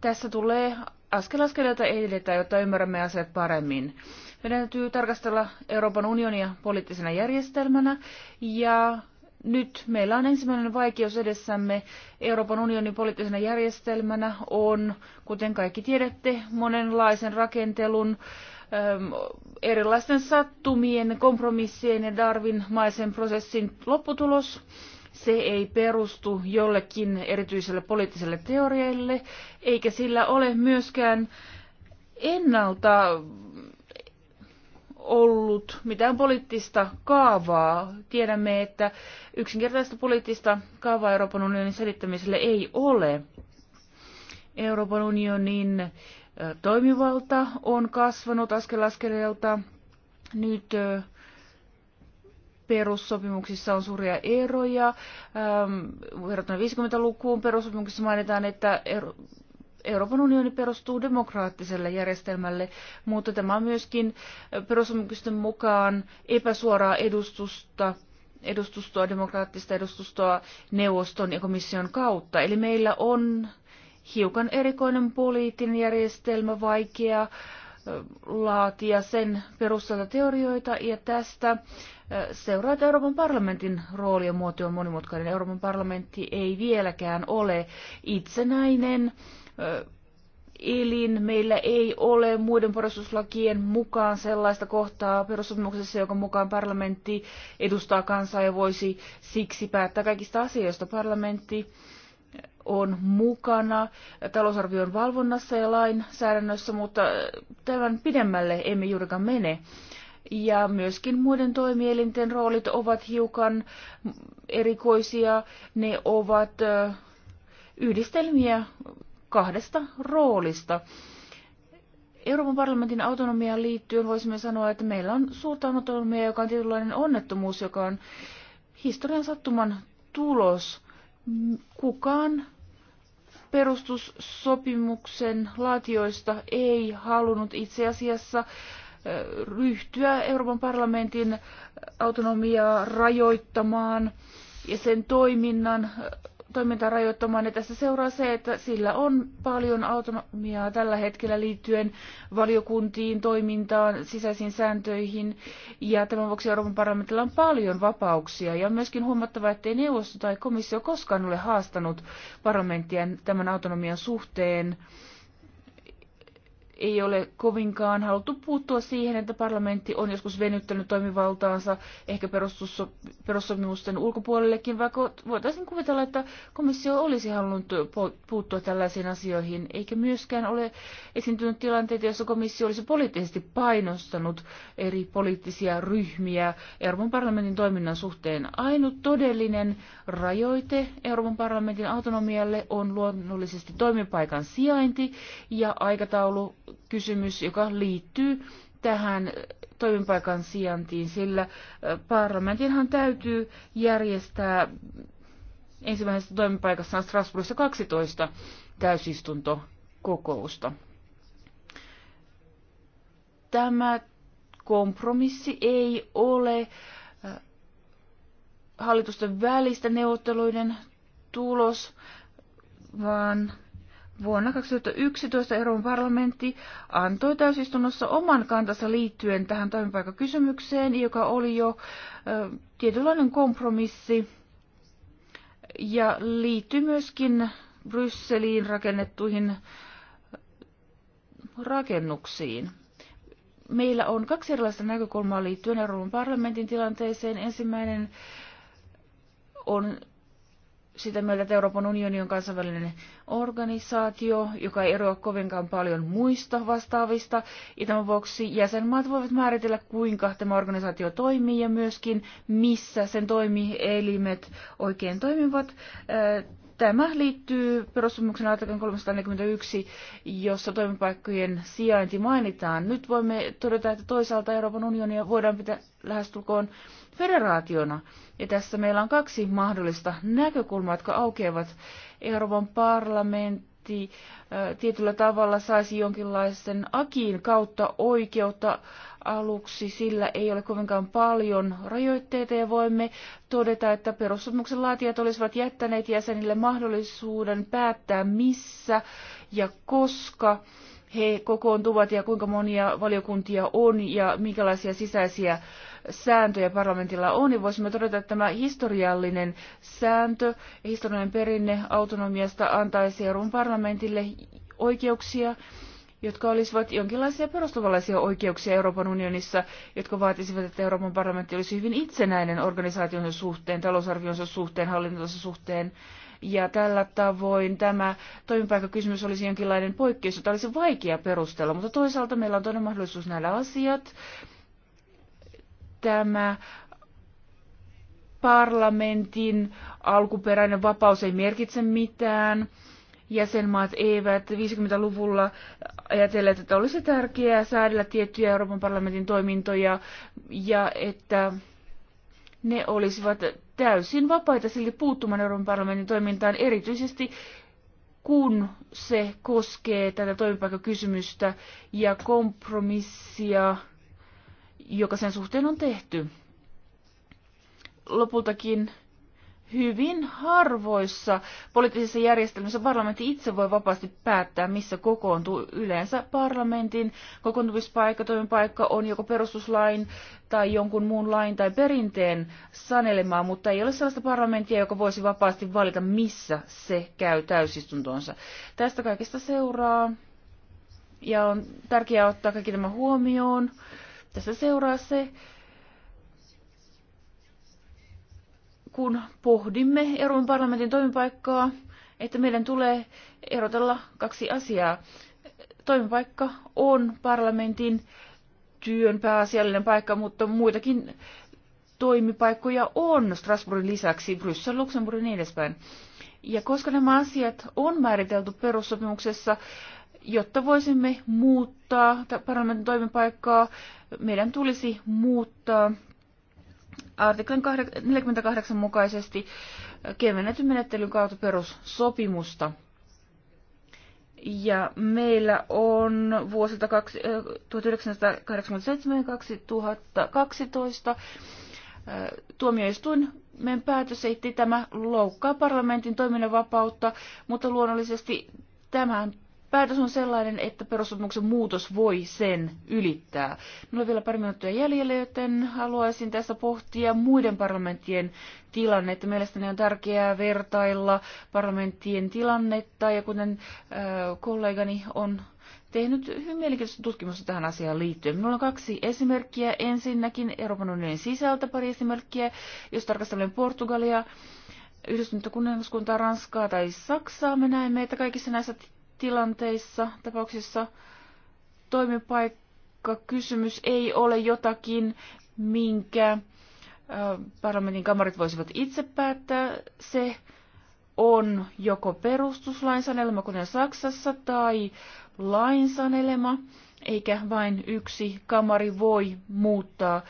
Tässä tulee askel askeleelta edetään, jotta ymmärrämme asiat paremmin. Meidän täytyy tarkastella Euroopan unionia poliittisena järjestelmänä ja nyt meillä on ensimmäinen vaikeus edessämme. Euroopan unionin poliittisena järjestelmänä on, kuten kaikki tiedätte, monenlaisen rakentelun, ähm, erilaisten sattumien, kompromissien ja darwinmaisen prosessin lopputulos. Se ei perustu jollekin erityiselle poliittiselle teorialle, eikä sillä ole myöskään ennalta ollut mitään poliittista kaavaa. Tiedämme, että yksinkertaista poliittista kaavaa Euroopan unionin selittämiselle ei ole. Euroopan unionin toimivalta on kasvanut askel askeleelta. Nyt perussopimuksissa on suuria eroja. Verrattuna 50-lukuun perussopimuksissa mainitaan, että Euroopan unioni perustuu demokraattiselle järjestelmälle, mutta tämä on myöskin perussopimusten mukaan epäsuoraa edustusta edustustoa, demokraattista edustustoa neuvoston ja komission kautta. Eli meillä on hiukan erikoinen poliittinen järjestelmä, vaikea äh, laatia sen perusteella teorioita ja tästä seuraa, että Euroopan parlamentin rooli ja muoto on monimutkainen. Euroopan parlamentti ei vieläkään ole itsenäinen elin. Meillä ei ole muiden perustuslakien mukaan sellaista kohtaa perussopimuksessa, joka mukaan parlamentti edustaa kansaa ja voisi siksi päättää kaikista asioista. Parlamentti on mukana talousarvion valvonnassa ja lainsäädännössä, mutta tämän pidemmälle emme juurikaan mene. Ja myöskin muiden toimielinten roolit ovat hiukan erikoisia. Ne ovat yhdistelmiä kahdesta roolista. Euroopan parlamentin autonomiaan liittyen voisimme sanoa, että meillä on suurta autonomiaa, joka on tietynlainen onnettomuus, joka on historian sattuman tulos. Kukaan perustussopimuksen laatioista ei halunnut itse asiassa äh, ryhtyä Euroopan parlamentin autonomiaa rajoittamaan ja sen toiminnan toimintaa rajoittamaan. Ja niin tässä seuraa se, että sillä on paljon autonomiaa tällä hetkellä liittyen valiokuntiin, toimintaan, sisäisiin sääntöihin. Ja tämän vuoksi Euroopan parlamentilla on paljon vapauksia. Ja on myöskin huomattava, ei neuvosto tai komissio koskaan ole haastanut parlamenttia tämän autonomian suhteen ei ole kovinkaan haluttu puuttua siihen, että parlamentti on joskus venyttänyt toimivaltaansa ehkä perussopimusten ulkopuolellekin, vaikka voitaisiin kuvitella, että komissio olisi halunnut puuttua tällaisiin asioihin, eikä myöskään ole esiintynyt tilanteita, jossa komissio olisi poliittisesti painostanut eri poliittisia ryhmiä Euroopan parlamentin toiminnan suhteen. Ainut todellinen rajoite Euroopan parlamentin autonomialle on luonnollisesti toimipaikan sijainti ja aikataulu kysymys, joka liittyy tähän toimipaikan sijaintiin, sillä parlamentinhan täytyy järjestää ensimmäisessä toimipaikassaan Strasbourgissa 12 täysistuntokokousta. Tämä kompromissi ei ole hallitusten välistä neuvotteluiden tulos, vaan Vuonna 2011 Euroopan parlamentti antoi täysistunnossa oman kantansa liittyen tähän toimipaikkakysymykseen, joka oli jo ö, tietynlainen kompromissi ja liittyi myöskin Brysseliin rakennettuihin rakennuksiin. Meillä on kaksi erilaista näkökulmaa liittyen Euroopan parlamentin tilanteeseen. Ensimmäinen on sitä mieltä, että Euroopan unioni on kansainvälinen organisaatio, joka ei eroa kovinkaan paljon muista vastaavista. Ja tämän vuoksi jäsenmaat voivat määritellä, kuinka tämä organisaatio toimii ja myöskin missä sen toimielimet oikein toimivat. Tämä liittyy perussopimuksen artiklan 341, jossa toimipaikkojen sijainti mainitaan. Nyt voimme todeta, että toisaalta Euroopan unionia voidaan pitää lähestulkoon federaationa. Ja tässä meillä on kaksi mahdollista näkökulmaa, jotka aukeavat Euroopan parlamentti parlamentti tietyllä tavalla saisi jonkinlaisen akiin kautta oikeutta aluksi, sillä ei ole kovinkaan paljon rajoitteita ja voimme todeta, että perussopimuksen laatijat olisivat jättäneet jäsenille mahdollisuuden päättää missä ja koska he kokoontuvat ja kuinka monia valiokuntia on ja minkälaisia sisäisiä sääntöjä parlamentilla on, niin voisimme todeta, että tämä historiallinen sääntö, historiallinen perinne autonomiasta antaisi Euroopan parlamentille oikeuksia, jotka olisivat jonkinlaisia perustuvallaisia oikeuksia Euroopan unionissa, jotka vaatisivat, että Euroopan parlamentti olisi hyvin itsenäinen organisaationsa suhteen, talousarvionsa suhteen, hallintonsa suhteen. Ja tällä tavoin tämä toimipaikkakysymys olisi jonkinlainen poikkeus, jota olisi vaikea perustella, mutta toisaalta meillä on toinen mahdollisuus nähdä asiat tämä parlamentin alkuperäinen vapaus ei merkitse mitään. Jäsenmaat eivät 50-luvulla ajatelleet, että olisi tärkeää säädellä tiettyjä Euroopan parlamentin toimintoja ja että ne olisivat täysin vapaita silti puuttumaan Euroopan parlamentin toimintaan, erityisesti kun se koskee tätä toimipaikkakysymystä ja kompromissia joka sen suhteen on tehty. Lopultakin hyvin harvoissa poliittisissa järjestelmissä parlamentti itse voi vapaasti päättää, missä kokoontuu. Yleensä parlamentin kokoontumispaikka, toimipaikka on joko perustuslain tai jonkun muun lain tai perinteen sanelemaa, mutta ei ole sellaista parlamenttia, joka voisi vapaasti valita, missä se käy täysistuntonsa. Tästä kaikesta seuraa, ja on tärkeää ottaa kaikki tämä huomioon, tässä seuraa se, kun pohdimme Euroopan parlamentin toimipaikkaa, että meidän tulee erotella kaksi asiaa. Toimipaikka on parlamentin työn pääasiallinen paikka, mutta muitakin toimipaikkoja on Strasbourgin lisäksi, Bryssel, Luxemburg ja niin edespäin. Ja koska nämä asiat on määritelty perussopimuksessa, jotta voisimme muuttaa parlamentin toimipaikkaa, meidän tulisi muuttaa artiklan 48 mukaisesti kevennetyn menettelyn kautta perussopimusta. Ja meillä on vuosilta 1987-2012 tuomioistuimen päätös että tämä loukkaa parlamentin toiminnan vapautta, mutta luonnollisesti tämän päätös on sellainen, että perussopimuksen muutos voi sen ylittää. Minulla on vielä pari minuuttia jäljellä, joten haluaisin tässä pohtia muiden parlamenttien tilannetta. Mielestäni on tärkeää vertailla parlamenttien tilannetta ja kuten äh, kollegani on tehnyt hyvin mielenkiintoista tutkimusta tähän asiaan liittyen. Minulla on kaksi esimerkkiä. Ensinnäkin Euroopan unionin sisältä pari esimerkkiä, jos tarkastelen Portugalia. Yhdistynyttä kuningaskuntaa, Ranskaa tai Saksaa me näemme, että kaikissa näissä tilanteissa, tapauksissa toimipaikkakysymys ei ole jotakin, minkä parlamentin kamarit voisivat itse päättää. Se on joko perustuslainsanelma, kuten Saksassa, tai lainsanelma, eikä vain yksi kamari voi muuttaa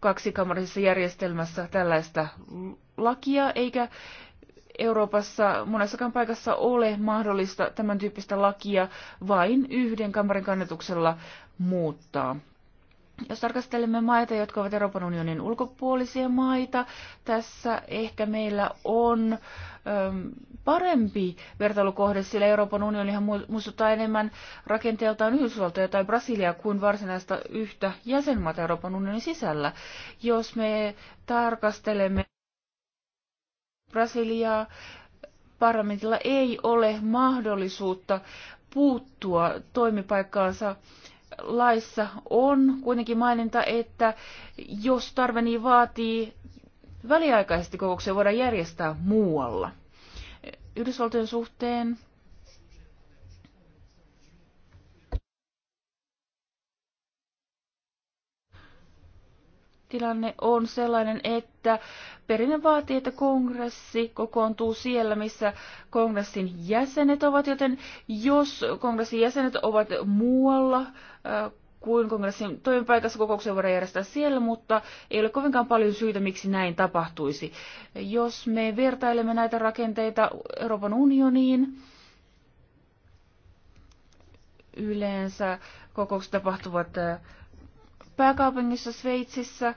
kaksikamarisessa järjestelmässä tällaista lakia, eikä Euroopassa monessakaan paikassa ole mahdollista tämän tyyppistä lakia vain yhden kamarin kannatuksella muuttaa. Jos tarkastelemme maita, jotka ovat Euroopan unionin ulkopuolisia maita, tässä ehkä meillä on äm, parempi vertailukohde, sillä Euroopan unionihan muistuttaa enemmän rakenteeltaan Yhdysvaltoja tai Brasiliaa kuin varsinaista yhtä jäsenmaata Euroopan unionin sisällä. Jos me tarkastelemme Brasiliaa parlamentilla ei ole mahdollisuutta puuttua toimipaikkaansa laissa on kuitenkin maininta, että jos tarve niin vaatii, väliaikaisesti kokouksia voidaan järjestää muualla. Yhdysvaltojen suhteen tilanne on sellainen, että perinne vaatii, että kongressi kokoontuu siellä, missä kongressin jäsenet ovat, joten jos kongressin jäsenet ovat muualla äh, kuin kongressin toimipaikassa kokouksen voidaan järjestää siellä, mutta ei ole kovinkaan paljon syytä, miksi näin tapahtuisi. Jos me vertailemme näitä rakenteita Euroopan unioniin, yleensä kokoukset tapahtuvat äh, Pääkaupungissa Sveitsissä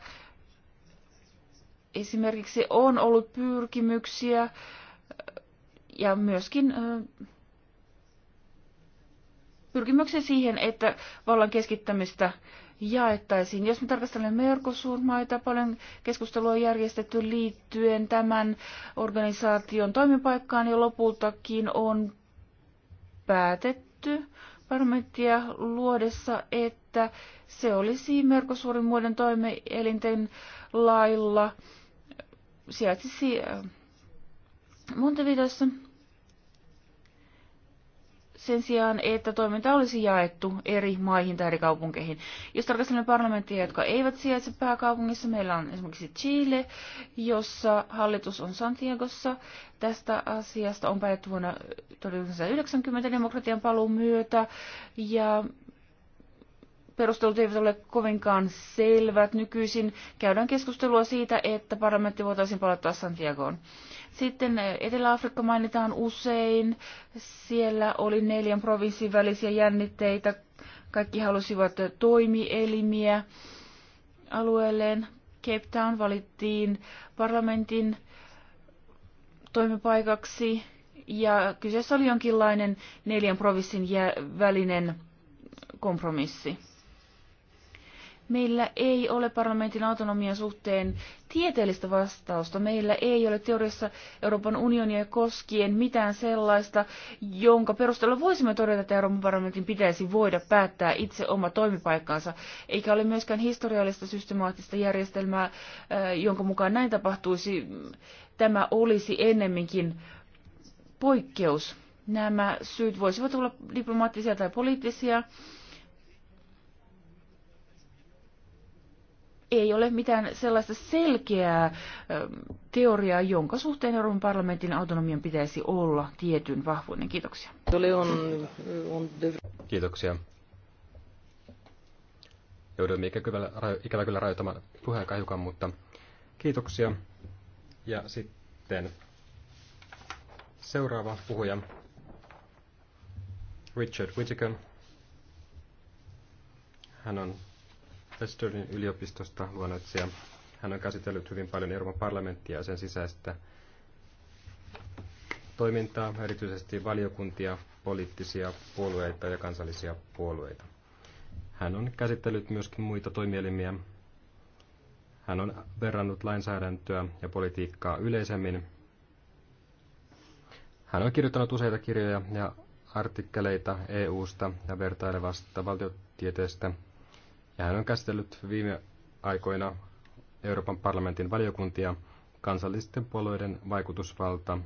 esimerkiksi on ollut pyrkimyksiä ja myöskin pyrkimyksiä siihen, että vallan keskittämistä jaettaisiin. Jos me tarkastelemme Mercosur-maita, paljon keskustelua on järjestetty liittyen tämän organisaation toimipaikkaan ja lopultakin on päätetty parlamenttia luodessa, että se olisi Merkosuurin muiden toimielinten lailla sijaitsisi äh, Montevideossa sen sijaan, että toiminta olisi jaettu eri maihin tai eri kaupunkeihin. Jos tarkastelemme parlamenttia, jotka eivät sijaitse pääkaupungissa, meillä on esimerkiksi Chile, jossa hallitus on Santiagossa. Tästä asiasta on päätetty vuonna 1990 demokratian paluun myötä, ja perustelut eivät ole kovinkaan selvät. Nykyisin käydään keskustelua siitä, että parlamentti voitaisiin palauttaa Santiagoon. Sitten Etelä-Afrikka mainitaan usein. Siellä oli neljän provinssin välisiä jännitteitä. Kaikki halusivat toimielimiä alueelleen. Cape Town valittiin parlamentin toimipaikaksi ja kyseessä oli jonkinlainen neljän provinssin välinen kompromissi. Meillä ei ole parlamentin autonomian suhteen tieteellistä vastausta. Meillä ei ole teoriassa Euroopan unionia koskien mitään sellaista, jonka perusteella voisimme todeta, että Euroopan parlamentin pitäisi voida päättää itse oma toimipaikkansa. Eikä ole myöskään historiallista systemaattista järjestelmää, äh, jonka mukaan näin tapahtuisi. Tämä olisi ennemminkin poikkeus. Nämä syyt voisivat olla diplomaattisia tai poliittisia ei ole mitään sellaista selkeää teoriaa, jonka suhteen Euroopan parlamentin autonomian pitäisi olla tietyn vahvuinen. Kiitoksia. Kiitoksia. Joudumme ikävä kyllä rajoittamaan puheenjohtaja hiukan, mutta kiitoksia. Ja sitten seuraava puhuja, Richard Whittaker. Hän on Leicesterin yliopistosta luonnoitsija. Hän on käsitellyt hyvin paljon Euroopan parlamenttia ja sen sisäistä toimintaa, erityisesti valiokuntia, poliittisia puolueita ja kansallisia puolueita. Hän on käsitellyt myöskin muita toimielimiä. Hän on verrannut lainsäädäntöä ja politiikkaa yleisemmin. Hän on kirjoittanut useita kirjoja ja artikkeleita EU-sta ja vertailevasta valtiotieteestä – ja hän on käsitellyt viime aikoina Euroopan parlamentin valiokuntia kansallisten puolueiden vaikutusvalta.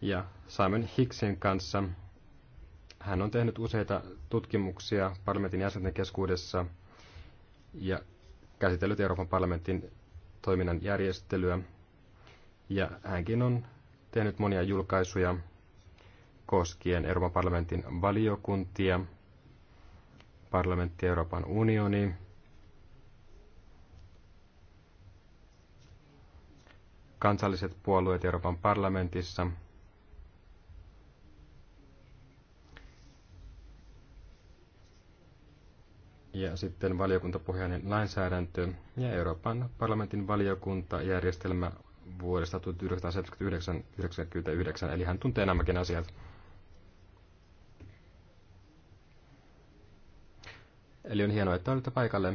Ja Simon Hicksin kanssa hän on tehnyt useita tutkimuksia parlamentin jäsenten keskuudessa ja käsitellyt Euroopan parlamentin toiminnan järjestelyä. Ja hänkin on tehnyt monia julkaisuja koskien Euroopan parlamentin valiokuntia parlamentti Euroopan unioni. kansalliset puolueet Euroopan parlamentissa. Ja sitten valiokuntapohjainen lainsäädäntö ja Euroopan parlamentin valiokuntajärjestelmä vuodesta 1979, eli hän tuntee nämäkin asiat. Eli on hienoa, että olette paikalle.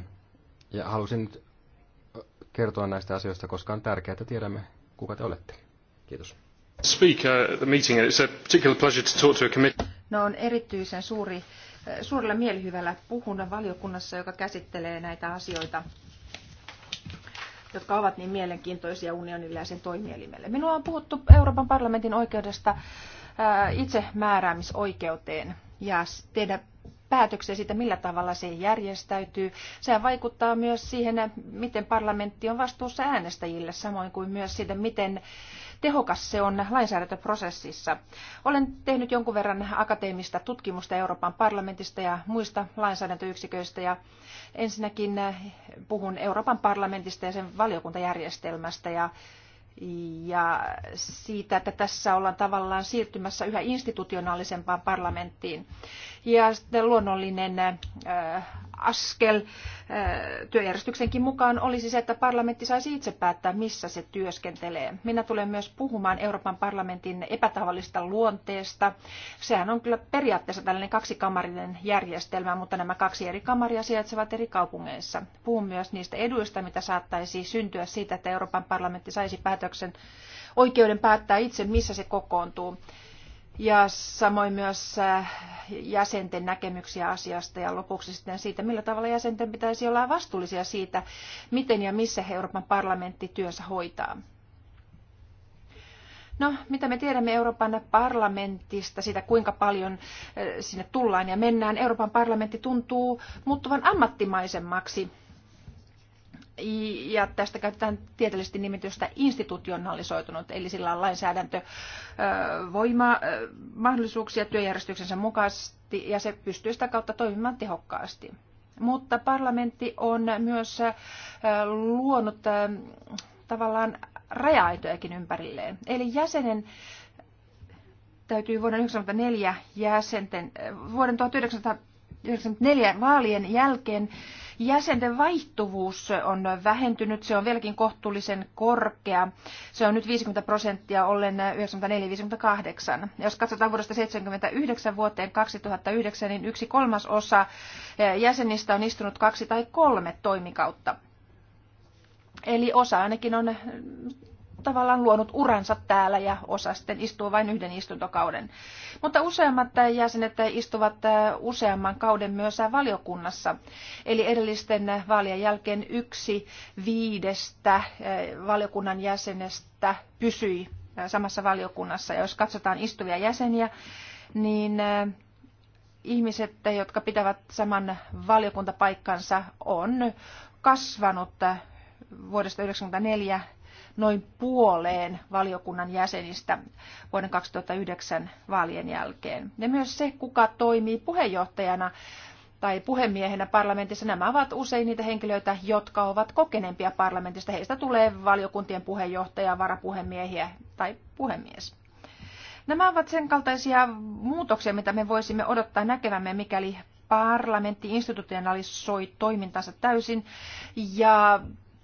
Ja halusin nyt kertoa näistä asioista, koska on tärkeää, että tiedämme, kuka te olette. Kiitos. Uh, no on erityisen suuri, suurella mielihyvällä puhun valiokunnassa, joka käsittelee näitä asioita, jotka ovat niin mielenkiintoisia unionille ja sen toimielimelle. Minua on puhuttu Euroopan parlamentin oikeudesta itsemääräämisoikeuteen ja tehdä päätöksiä siitä, millä tavalla se järjestäytyy. Se vaikuttaa myös siihen, miten parlamentti on vastuussa äänestäjille, samoin kuin myös siitä, miten tehokas se on lainsäädäntöprosessissa. Olen tehnyt jonkun verran akateemista tutkimusta Euroopan parlamentista ja muista lainsäädäntöyksiköistä ja ensinnäkin puhun Euroopan parlamentista ja sen valiokuntajärjestelmästä ja ja siitä, että tässä ollaan tavallaan siirtymässä yhä institutionaalisempaan parlamenttiin. Ja sitten luonnollinen äh, askel äh, työjärjestyksenkin mukaan olisi se, että parlamentti saisi itse päättää, missä se työskentelee. Minä tulen myös puhumaan Euroopan parlamentin epätavallisesta luonteesta. Sehän on kyllä periaatteessa tällainen kaksikamarinen järjestelmä, mutta nämä kaksi eri kamaria sijaitsevat eri kaupungeissa. Puhun myös niistä eduista, mitä saattaisi syntyä siitä, että Euroopan parlamentti saisi päätöksen oikeuden päättää itse, missä se kokoontuu ja samoin myös äh, jäsenten näkemyksiä asiasta ja lopuksi sitten siitä, millä tavalla jäsenten pitäisi olla vastuullisia siitä, miten ja missä Euroopan parlamentti työnsä hoitaa. No, mitä me tiedämme Euroopan parlamentista, siitä kuinka paljon äh, sinne tullaan ja mennään, Euroopan parlamentti tuntuu muuttuvan ammattimaisemmaksi ja tästä käytetään tieteellisesti nimitystä institutionalisoitunut, eli sillä on lainsäädäntö voima, mahdollisuuksia työjärjestyksensä mukaisesti ja se pystyy sitä kautta toimimaan tehokkaasti. Mutta parlamentti on myös luonut tavallaan raja-aitojakin ympärilleen. Eli jäsenen täytyy vuoden 1994 jäsenten, vuoden 1994 vaalien jälkeen Jäsenten vaihtuvuus on vähentynyt, se on vieläkin kohtuullisen korkea. Se on nyt 50 prosenttia ollen 94-58. Jos katsotaan vuodesta 1979 vuoteen 2009, niin yksi kolmas osa eh, jäsenistä on istunut kaksi tai kolme toimikautta. Eli osa ainakin on tavallaan luonut uransa täällä ja osa sitten istuu vain yhden istuntokauden. Mutta useammat jäsenet istuvat useamman kauden myös valiokunnassa. Eli edellisten vaalien jälkeen yksi viidestä valiokunnan jäsenestä pysyi samassa valiokunnassa. Ja jos katsotaan istuvia jäseniä, niin ihmiset, jotka pitävät saman valiokuntapaikkansa, on kasvanut vuodesta 1994 noin puoleen valiokunnan jäsenistä vuoden 2009 vaalien jälkeen. Ja myös se, kuka toimii puheenjohtajana tai puhemiehenä parlamentissa, nämä ovat usein niitä henkilöitä, jotka ovat kokeneempia parlamentista. Heistä tulee valiokuntien puheenjohtaja, varapuhemiehiä tai puhemies. Nämä ovat sen kaltaisia muutoksia, mitä me voisimme odottaa näkevämme, mikäli parlamentti institutionalisoi toimintansa täysin ja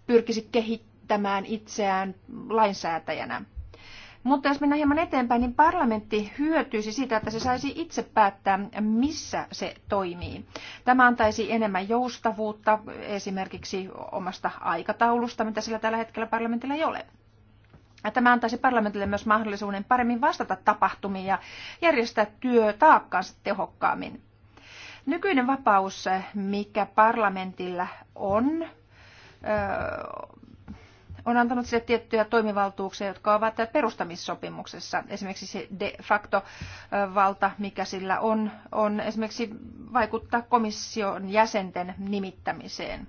pyrkisi kehittämään esittämään itseään lainsäätäjänä. Mutta jos mennään hieman eteenpäin, niin parlamentti hyötyisi siitä, että se saisi itse päättää, missä se toimii. Tämä antaisi enemmän joustavuutta esimerkiksi omasta aikataulusta, mitä sillä tällä hetkellä parlamentilla ei ole. Tämä antaisi parlamentille myös mahdollisuuden paremmin vastata tapahtumiin ja järjestää työtaakkaansa tehokkaammin. Nykyinen vapaus, mikä parlamentilla on, on antanut sille tiettyjä toimivaltuuksia, jotka ovat perustamissopimuksessa. Esimerkiksi se de facto valta, mikä sillä on, on esimerkiksi vaikuttaa komission jäsenten nimittämiseen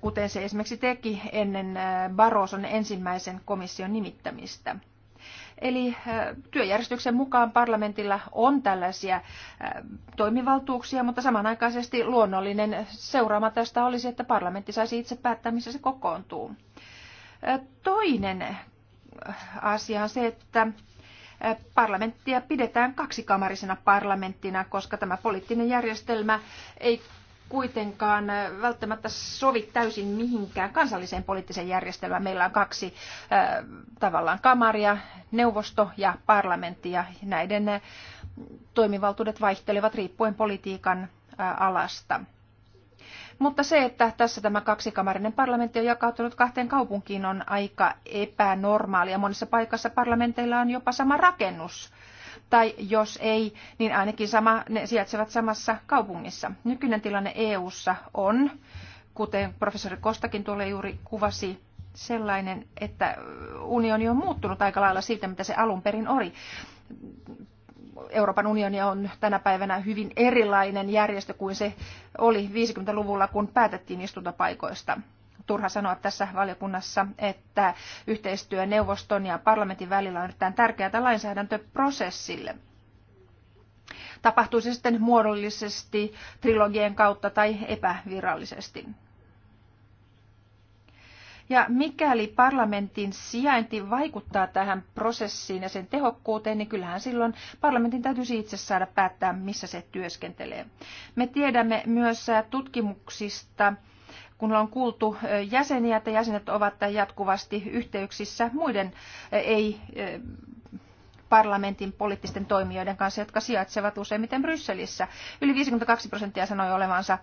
kuten se esimerkiksi teki ennen Barroson ensimmäisen komission nimittämistä. Eli työjärjestyksen mukaan parlamentilla on tällaisia toimivaltuuksia, mutta samanaikaisesti luonnollinen seuraama tästä olisi, että parlamentti saisi itse päättää, missä se kokoontuu. Toinen asia on se, että parlamenttia pidetään kaksikamarisena parlamenttina, koska tämä poliittinen järjestelmä ei kuitenkaan äh, välttämättä sovi täysin mihinkään kansalliseen poliittiseen järjestelmään. Meillä on kaksi äh, tavallaan kamaria, neuvosto ja parlamentti ja näiden äh, toimivaltuudet vaihtelevat riippuen politiikan alasta. Mutta se, että tässä tämä kaksikamarinen parlamentti on jakautunut kahteen kaupunkiin, on aika epänormaalia. Monessa paikassa parlamenteilla on jopa sama rakennus tai jos ei, niin ainakin sama, ne sijaitsevat samassa kaupungissa. Nykyinen tilanne EU:ssa on, kuten professori Kostakin tuolle juuri kuvasi, sellainen, että unioni on muuttunut aika lailla siitä, mitä se alun perin oli. Euroopan unioni on tänä päivänä hyvin erilainen järjestö kuin se oli 50-luvulla, kun päätettiin istuntopaikoista turha sanoa tässä valiokunnassa, että yhteistyö neuvoston ja parlamentin välillä on erittäin tärkeää lainsäädäntöprosessille. Tapahtuu se sitten muodollisesti, trilogien kautta tai epävirallisesti. Ja mikäli parlamentin sijainti vaikuttaa tähän prosessiin ja sen tehokkuuteen, niin kyllähän silloin parlamentin täytyisi itse saada päättää, missä se työskentelee. Me tiedämme myös tutkimuksista, kun on kuultu jäseniä, että jäsenet ovat jatkuvasti yhteyksissä muiden ei parlamentin poliittisten toimijoiden kanssa, jotka sijaitsevat useimmiten Brysselissä. Yli 52 prosenttia sanoi olevansa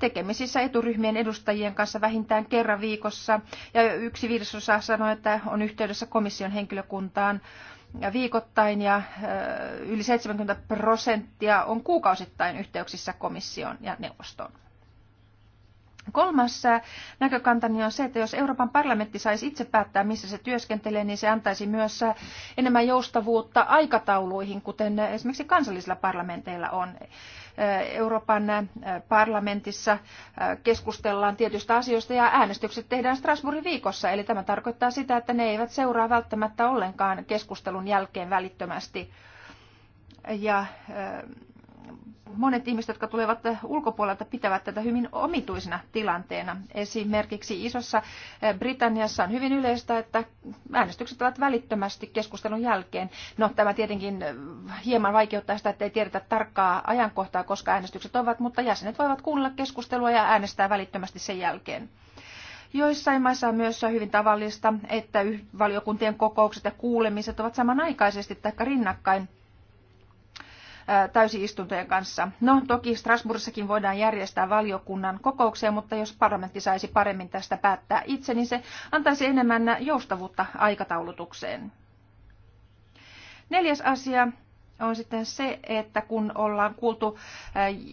tekemisissä eturyhmien edustajien kanssa vähintään kerran viikossa, ja yksi viidesosa sanoi, että on yhteydessä komission henkilökuntaan viikoittain ja yli 70 prosenttia on kuukausittain yhteyksissä komission ja neuvostoon. Kolmas äh, näkökantani on se, että jos Euroopan parlamentti saisi itse päättää, missä se työskentelee, niin se antaisi myös äh, enemmän joustavuutta aikatauluihin, kuten äh, esimerkiksi kansallisilla parlamenteilla on. Euroopan parlamentissa keskustellaan tietystä asioista ja äänestykset tehdään Strasbourgin viikossa, eli tämä tarkoittaa sitä, että ne eivät seuraa välttämättä ollenkaan keskustelun jälkeen välittömästi. Ja monet ihmiset, jotka tulevat ulkopuolelta, pitävät tätä hyvin omituisena tilanteena. Esimerkiksi Isossa eh, Britanniassa on hyvin yleistä, että äänestykset ovat välittömästi keskustelun jälkeen. No, tämä tietenkin eh, hieman vaikeuttaa sitä, että ei tiedetä tarkkaa ajankohtaa, koska äänestykset ovat, mutta jäsenet voivat kuunnella keskustelua ja äänestää välittömästi sen jälkeen. Joissain maissa on myös hyvin tavallista, että valiokuntien kokoukset ja kuulemiset ovat samanaikaisesti tai rinnakkain täysistuntojen kanssa. No, toki Strasbourgissakin voidaan järjestää valiokunnan kokouksia, mutta jos parlamentti saisi paremmin tästä päättää itse, niin se antaisi enemmän joustavuutta aikataulutukseen. Neljäs asia on sitten se, että kun ollaan kuultu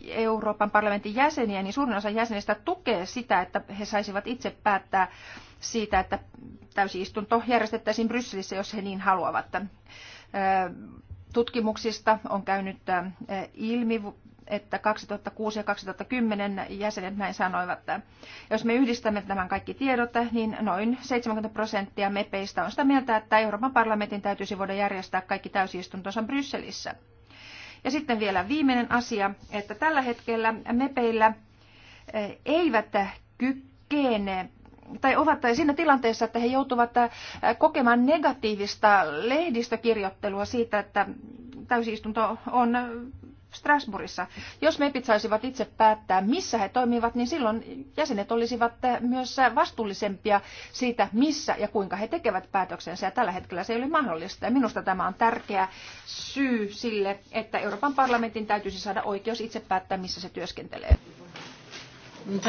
Euroopan parlamentin jäseniä, niin suurin osa jäsenistä tukee sitä, että he saisivat itse päättää siitä, että täysistunto järjestettäisiin Brysselissä, jos he niin haluavat tutkimuksista on käynyt äh, ilmi, että 2006 ja 2010 jäsenet näin sanoivat. että Jos me yhdistämme tämän kaikki tiedot, niin noin 70 prosenttia mepeistä on sitä mieltä, että Euroopan parlamentin täytyisi voida järjestää kaikki täysistuntonsa Brysselissä. Ja sitten vielä viimeinen asia, että tällä hetkellä mepeillä äh, eivät kykene tai ovat siinä tilanteessa, että he joutuvat äh, kokemaan negatiivista lehdistökirjoittelua siitä, että täysistunto on äh, Strasbourgissa. Jos mepit saisivat itse päättää, missä he toimivat, niin silloin jäsenet olisivat äh, myös vastuullisempia siitä, missä ja kuinka he tekevät päätöksensä. Ja tällä hetkellä se ei ole mahdollista. Ja minusta tämä on tärkeä syy sille, että Euroopan parlamentin täytyisi saada oikeus itse päättää, missä se työskentelee. Uh,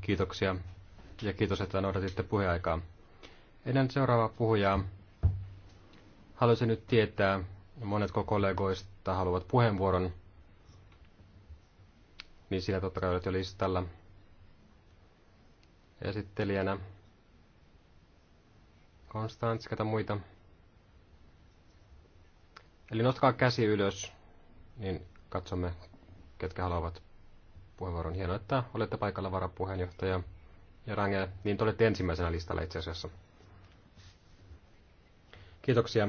Kiitoksia ja kiitos, että noudatitte puheaikaa. Ennen seuraavaa puhujaa haluaisin nyt tietää, monetko kollegoista haluavat puheenvuoron, niin siinä totta kai olet jo listalla esittelijänä. Konstantsi, ketä muita? Eli nostakaa käsi ylös, niin katsomme, ketkä haluavat puheenvuoron. Hienoa, että olette paikalla varapuheenjohtaja ja Range, Niin te olette ensimmäisenä listalla itse asiassa. Kiitoksia.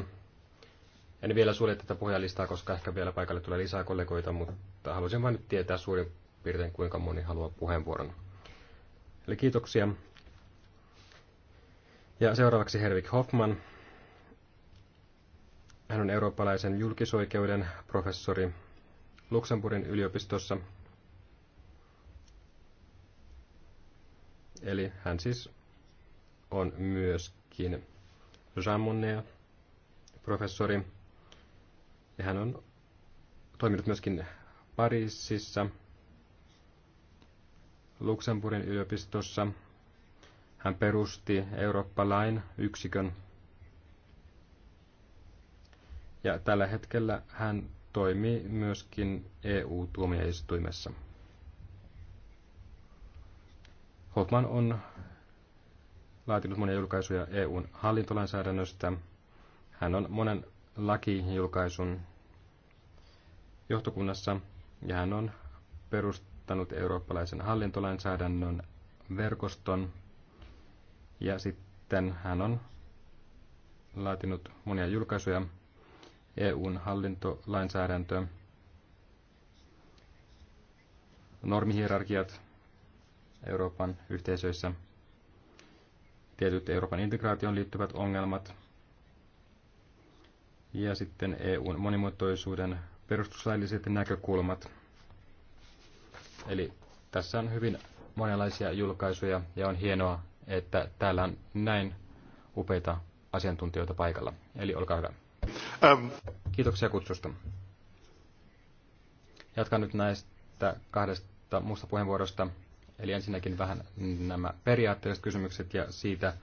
En vielä sulje tätä puheenlistaa, koska ehkä vielä paikalle tulee lisää kollegoita, mutta haluaisin vain nyt tietää suurin piirtein, kuinka moni haluaa puheenvuoron. Eli kiitoksia. Ja seuraavaksi Hervik Hoffman. Hän on eurooppalaisen julkisoikeuden professori Luxemburgin yliopistossa. Eli hän siis on myöskin Jean Monnet, professori, ja hän on toiminut myöskin Pariisissa, Luxemburgin yliopistossa. Hän perusti Eurooppalain yksikön. Ja tällä hetkellä hän toimii myöskin EU-tuomioistuimessa. Hoffman on laatinut monia julkaisuja EUn hallintolainsäädännöstä. Hän on monen lakijulkaisun johtokunnassa ja hän on perustanut eurooppalaisen hallintolainsäädännön verkoston. Ja sitten hän on laatinut monia julkaisuja EUn hallintolainsäädäntö, normihierarkiat Euroopan yhteisöissä, tietyt Euroopan integraation liittyvät ongelmat ja sitten EUn monimuotoisuuden perustuslailliset näkökulmat. Eli tässä on hyvin monenlaisia julkaisuja ja on hienoa, että täällä on näin upeita asiantuntijoita paikalla. Eli olkaa hyvä. Ähm. Kiitoksia kutsusta. Jatkan nyt näistä kahdesta muusta puheenvuorosta. Eli ensinnäkin vähän nämä periaatteelliset kysymykset ja siitä,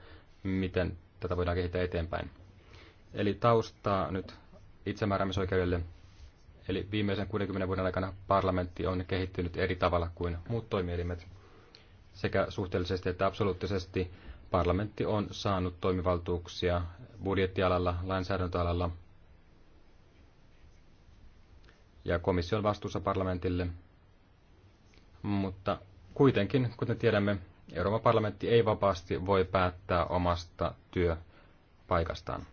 miten tätä voidaan kehittää eteenpäin. Eli taustaa nyt itsemääräämisoikeudelle. Eli viimeisen 60 vuoden aikana parlamentti on kehittynyt eri tavalla kuin muut toimielimet sekä suhteellisesti että absoluuttisesti parlamentti on saanut toimivaltuuksia budjettialalla, lainsäädäntöalalla ja komission vastuussa parlamentille. Mutta kuitenkin, kuten tiedämme, Euroopan parlamentti ei vapaasti voi päättää omasta työpaikastaan.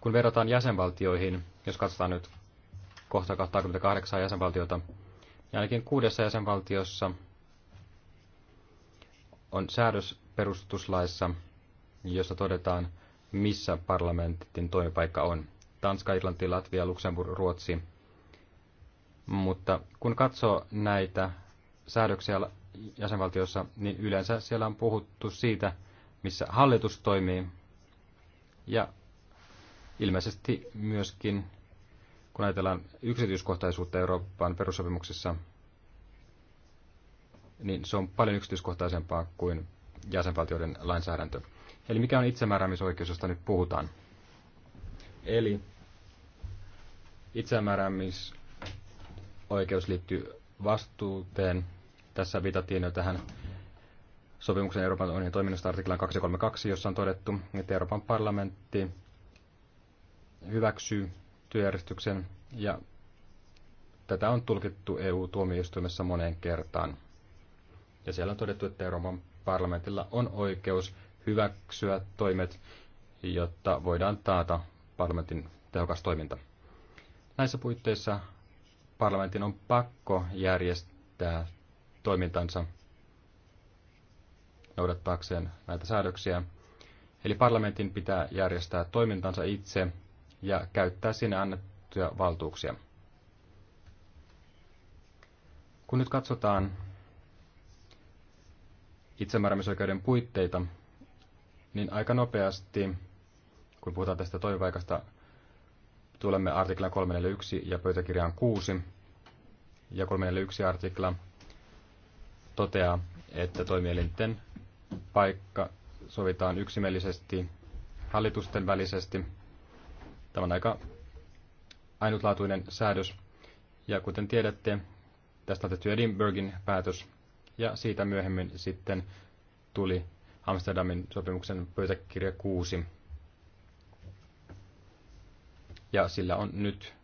Kun verrataan jäsenvaltioihin, jos katsotaan nyt kohta 28 jäsenvaltiota, niin ainakin kuudessa jäsenvaltiossa – on säädös perustuslaissa, jossa todetaan, missä parlamentin toimipaikka on. Tanska, Irlanti, Latvia, Luxemburg, Ruotsi. Mutta kun katsoo näitä säädöksiä jäsenvaltiossa, niin yleensä siellä on puhuttu siitä, missä hallitus toimii. Ja ilmeisesti myöskin, kun ajatellaan yksityiskohtaisuutta Euroopan perussopimuksessa, niin se on paljon yksityiskohtaisempaa kuin jäsenvaltioiden lainsäädäntö. Eli mikä on itsemääräämisoikeus, josta nyt puhutaan? Eli itsemääräämisoikeus liittyy vastuuteen. Tässä viitattiin jo tähän sopimuksen Euroopan unionin toiminnasta artiklaan 232, jossa on todettu, että Euroopan parlamentti hyväksyy työjärjestyksen ja tätä on tulkittu EU-tuomioistuimessa moneen kertaan. Ja siellä on todettu, että Euroopan parlamentilla on oikeus hyväksyä toimet, jotta voidaan taata parlamentin tehokas toiminta. Näissä puitteissa parlamentin on pakko järjestää toimintansa noudattaakseen näitä säädöksiä. Eli parlamentin pitää järjestää toimintansa itse ja käyttää sinne annettuja valtuuksia. Kun nyt katsotaan itsemääräämisoikeuden puitteita, niin aika nopeasti, kun puhutaan tästä toivaikasta, tulemme artiklan 341 ja pöytäkirjaan 6. Ja 341 artikla toteaa, että toimielinten paikka sovitaan yksimielisesti hallitusten välisesti. Tämä on aika ainutlaatuinen säädös. Ja kuten tiedätte, tästä on tehty Edinburghin päätös ja siitä myöhemmin sitten tuli Amsterdamin sopimuksen pöytäkirja 6. Ja sillä on nyt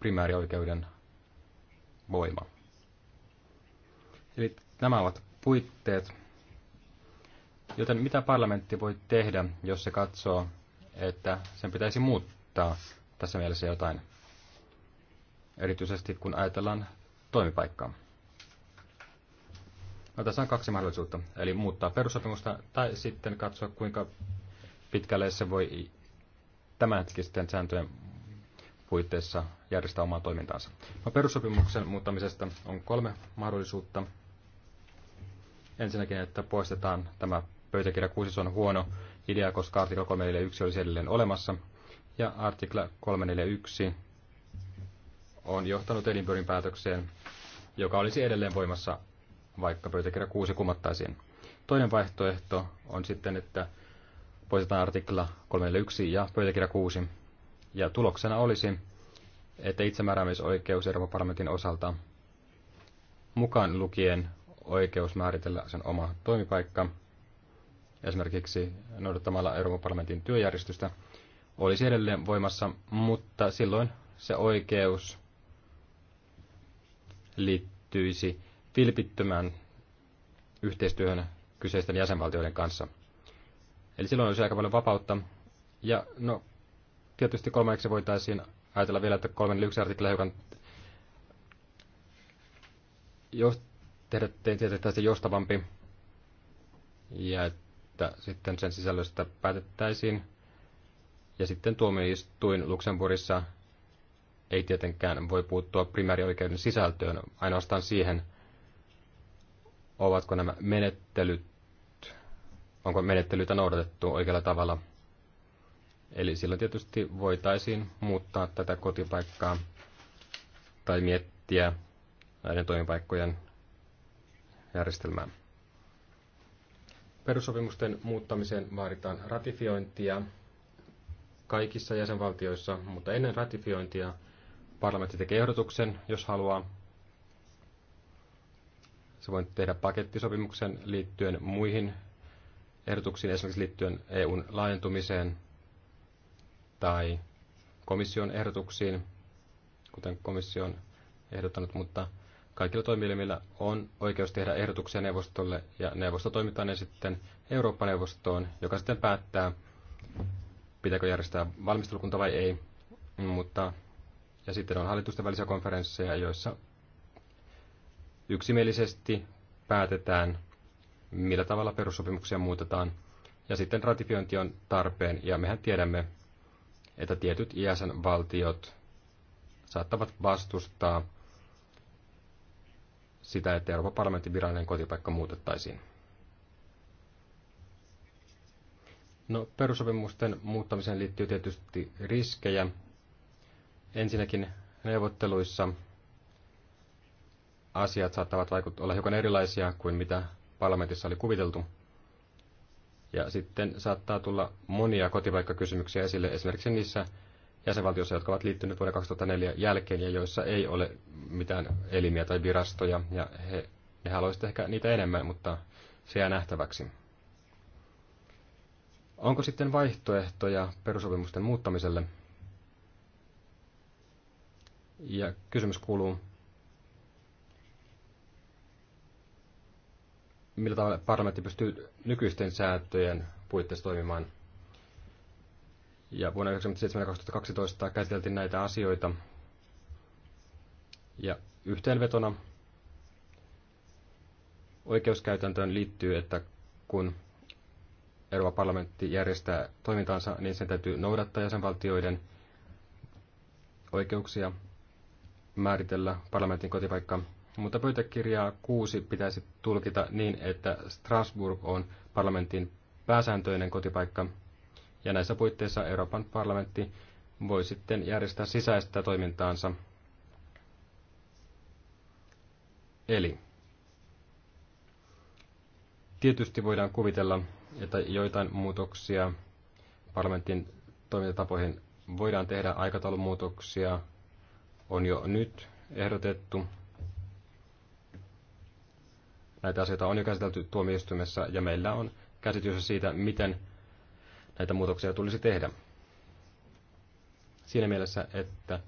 primäärioikeuden voima. Eli nämä ovat puitteet. Joten mitä parlamentti voi tehdä, jos se katsoo, että sen pitäisi muuttaa tässä mielessä jotain? Erityisesti kun ajatellaan toimipaikkaa. No tässä on kaksi mahdollisuutta, eli muuttaa perussopimusta tai sitten katsoa, kuinka pitkälle se voi tämänhetkisten sääntöjen puitteissa järjestää omaa toimintaansa. No, perussopimuksen muuttamisesta on kolme mahdollisuutta. Ensinnäkin, että poistetaan tämä pöytäkirja 6, se on huono idea, koska artikla 341 olisi edelleen olemassa. Ja artikla 341 on johtanut Edinburghin päätökseen, joka olisi edelleen voimassa vaikka pöytäkirja 6 kumottaisiin. Toinen vaihtoehto on sitten, että poistetaan artikla 341 ja pöytäkirja 6. Ja tuloksena olisi, että itsemääräämisoikeus Euroopan parlamentin osalta mukaan lukien oikeus määritellä sen oma toimipaikka, esimerkiksi noudattamalla Euroopan parlamentin työjärjestystä, olisi edelleen voimassa, mutta silloin se oikeus liittyisi vilpittömään yhteistyöhön kyseisten jäsenvaltioiden kanssa. Eli silloin olisi aika paljon vapautta. Ja no, tietysti kolmanneksi voitaisiin ajatella vielä, että kolmen yksi artikla hiukan jos tehdä tästä joustavampi ja että sitten sen sisällöstä päätettäisiin. Ja sitten tuomioistuin Luxemburgissa ei tietenkään voi puuttua primäärioikeuden sisältöön, ainoastaan siihen, ovatko nämä menettelyt, onko menettelyitä noudatettu oikealla tavalla. Eli silloin tietysti voitaisiin muuttaa tätä kotipaikkaa tai miettiä näiden toimipaikkojen järjestelmää. Perussopimusten muuttamiseen vaaditaan ratifiointia kaikissa jäsenvaltioissa, mutta ennen ratifiointia parlamentti tekee ehdotuksen, jos haluaa se voi tehdä pakettisopimuksen liittyen muihin ehdotuksiin, esimerkiksi liittyen EUn laajentumiseen tai komission ehdotuksiin, kuten komissio on ehdottanut, mutta kaikilla toimielimillä on oikeus tehdä ehdotuksia neuvostolle ja neuvosto toimitaan ne sitten Eurooppa-neuvostoon, joka sitten päättää, pitääkö järjestää valmistelukunta vai ei. Mutta, ja sitten on hallitusten välisiä konferensseja, joissa yksimielisesti päätetään, millä tavalla perussopimuksia muutetaan, ja sitten ratifiointi on tarpeen, ja mehän tiedämme, että tietyt ISN-valtiot saattavat vastustaa sitä, että Euroopan parlamentin virallinen kotipaikka muutettaisiin. No, perussopimusten muuttamiseen liittyy tietysti riskejä. Ensinnäkin neuvotteluissa asiat saattavat vaikuttaa olla hiukan erilaisia kuin mitä parlamentissa oli kuviteltu. Ja sitten saattaa tulla monia kotipaikkakysymyksiä esille esimerkiksi niissä jäsenvaltioissa, jotka ovat liittyneet vuoden 2004 jälkeen ja joissa ei ole mitään elimiä tai virastoja. Ja he, he haluaisivat ehkä niitä enemmän, mutta se jää nähtäväksi. Onko sitten vaihtoehtoja perusopimusten muuttamiselle? Ja kysymys kuuluu, millä tavalla parlamentti pystyy nykyisten sääntöjen puitteissa toimimaan. Ja vuonna 1997-2012 käsiteltiin näitä asioita. Ja yhteenvetona oikeuskäytäntöön liittyy, että kun Euroopan parlamentti järjestää toimintansa, niin sen täytyy noudattaa jäsenvaltioiden oikeuksia määritellä parlamentin kotipaikka mutta pöytäkirjaa kuusi pitäisi tulkita niin, että Strasbourg on parlamentin pääsääntöinen kotipaikka, ja näissä puitteissa Euroopan parlamentti voi sitten järjestää sisäistä toimintaansa. Eli tietysti voidaan kuvitella, että joitain muutoksia parlamentin toimintatapoihin voidaan tehdä, aikataulumuutoksia on jo nyt ehdotettu, Näitä asioita on jo käsitelty tuomioistuimessa ja meillä on käsitys siitä, miten näitä muutoksia tulisi tehdä. Siinä mielessä, että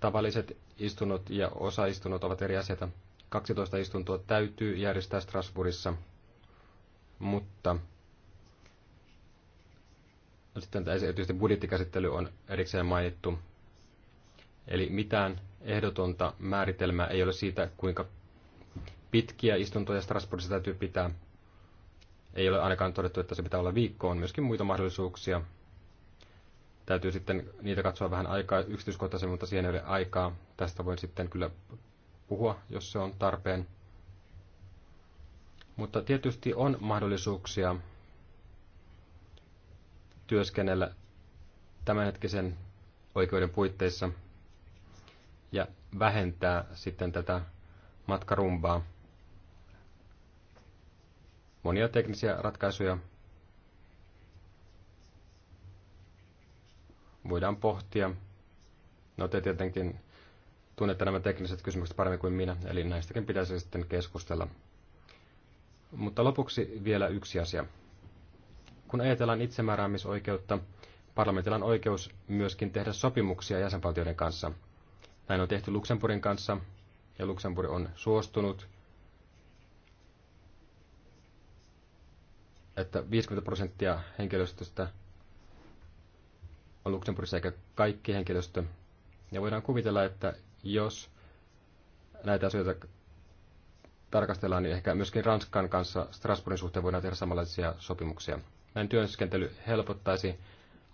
tavalliset istunnot ja osaistunnot ovat eri asioita. 12 istuntoa täytyy järjestää Strasbourgissa, mutta sitten tietysti budjettikäsittely on erikseen mainittu. Eli mitään ehdotonta määritelmää ei ole siitä, kuinka pitkiä istuntoja Strasbourgissa täytyy pitää. Ei ole ainakaan todettu, että se pitää olla viikkoon. Myöskin muita mahdollisuuksia. Täytyy sitten niitä katsoa vähän aikaa yksityiskohtaisemmin, mutta siihen ei ole aikaa. Tästä voin sitten kyllä puhua, jos se on tarpeen. Mutta tietysti on mahdollisuuksia työskennellä tämänhetkisen oikeuden puitteissa ja vähentää sitten tätä matkarumbaa monia teknisiä ratkaisuja. Voidaan pohtia. No te tietenkin tunnette nämä tekniset kysymykset paremmin kuin minä, eli näistäkin pitäisi sitten keskustella. Mutta lopuksi vielä yksi asia. Kun ajatellaan itsemääräämisoikeutta, parlamentilla on oikeus myöskin tehdä sopimuksia jäsenvaltioiden kanssa. Näin on tehty Luxemburgin kanssa, ja Luxemburg on suostunut että 50 prosenttia henkilöstöstä on Luxemburgissa eikä kaikki henkilöstö. Ja voidaan kuvitella, että jos näitä asioita tarkastellaan, niin ehkä myöskin Ranskan kanssa Strasbourgin suhteen voidaan tehdä samanlaisia sopimuksia. Näin työskentely helpottaisi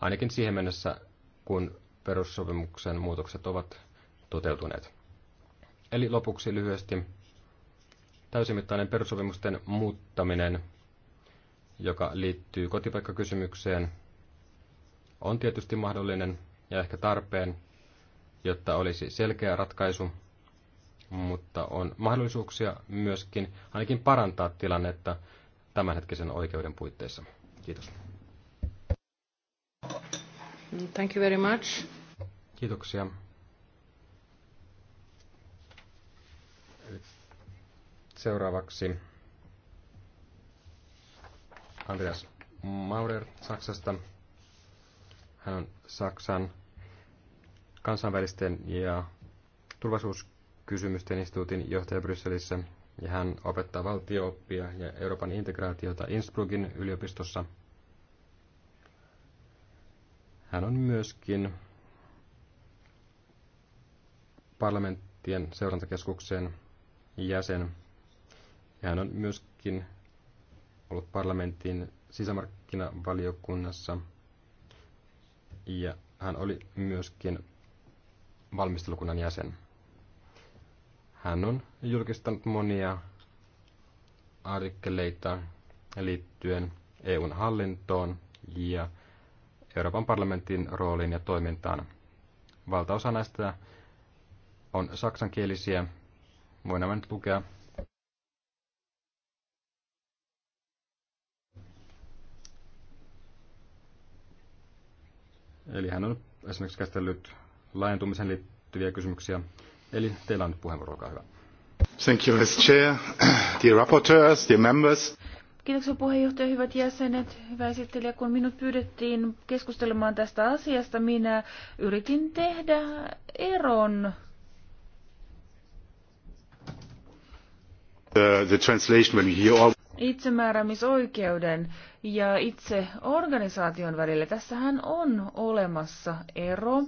ainakin siihen mennessä, kun perussopimuksen muutokset ovat toteutuneet. Eli lopuksi lyhyesti täysimittainen perussopimusten muuttaminen joka liittyy kotipaikkakysymykseen, on tietysti mahdollinen ja ehkä tarpeen, jotta olisi selkeä ratkaisu, mutta on mahdollisuuksia myöskin ainakin parantaa tilannetta tämänhetkisen oikeuden puitteissa. Kiitos. Thank you very much. Kiitoksia. Seuraavaksi Andreas Maurer Saksasta. Hän on Saksan kansainvälisten ja turvallisuuskysymysten instituutin johtaja Brysselissä ja hän opettaa valtiooppia ja Euroopan integraatiota Innsbruckin yliopistossa. Hän on myöskin parlamenttien seurantakeskuksen jäsen ja hän on myöskin ollut parlamentin sisämarkkinavaliokunnassa ja hän oli myöskin valmistelukunnan jäsen. Hän on julkistanut monia artikkeleita liittyen EUn hallintoon ja Euroopan parlamentin rooliin ja toimintaan. Valtaosa näistä on saksankielisiä. Voin vain lukea Eli hän on esimerkiksi käsitellyt laajentumisen liittyviä kysymyksiä. Eli teillä on nyt puheenvuoro, olkaa hyvä. Thank you, Mr. Chair, the rapporteurs, the members. Kiitoksia puheenjohtaja, hyvät jäsenet, hyvä esittelijä. Kun minut pyydettiin keskustelemaan tästä asiasta, minä yritin tehdä eron the, the translation when you hear all itsemääräämisoikeuden ja itse organisaation välillä. Tässähän on olemassa ero.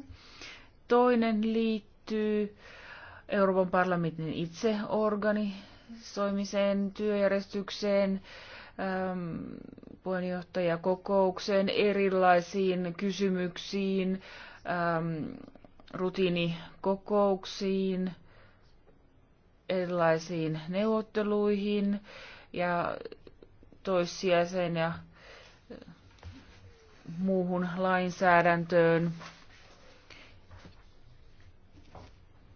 Toinen liittyy Euroopan parlamentin itseorganisoimiseen, työjärjestykseen, ähm, puheenjohtajakokoukseen, erilaisiin kysymyksiin, ähm, rutiinikokouksiin, erilaisiin neuvotteluihin ja toissijaiseen ja muuhun lainsäädäntöön.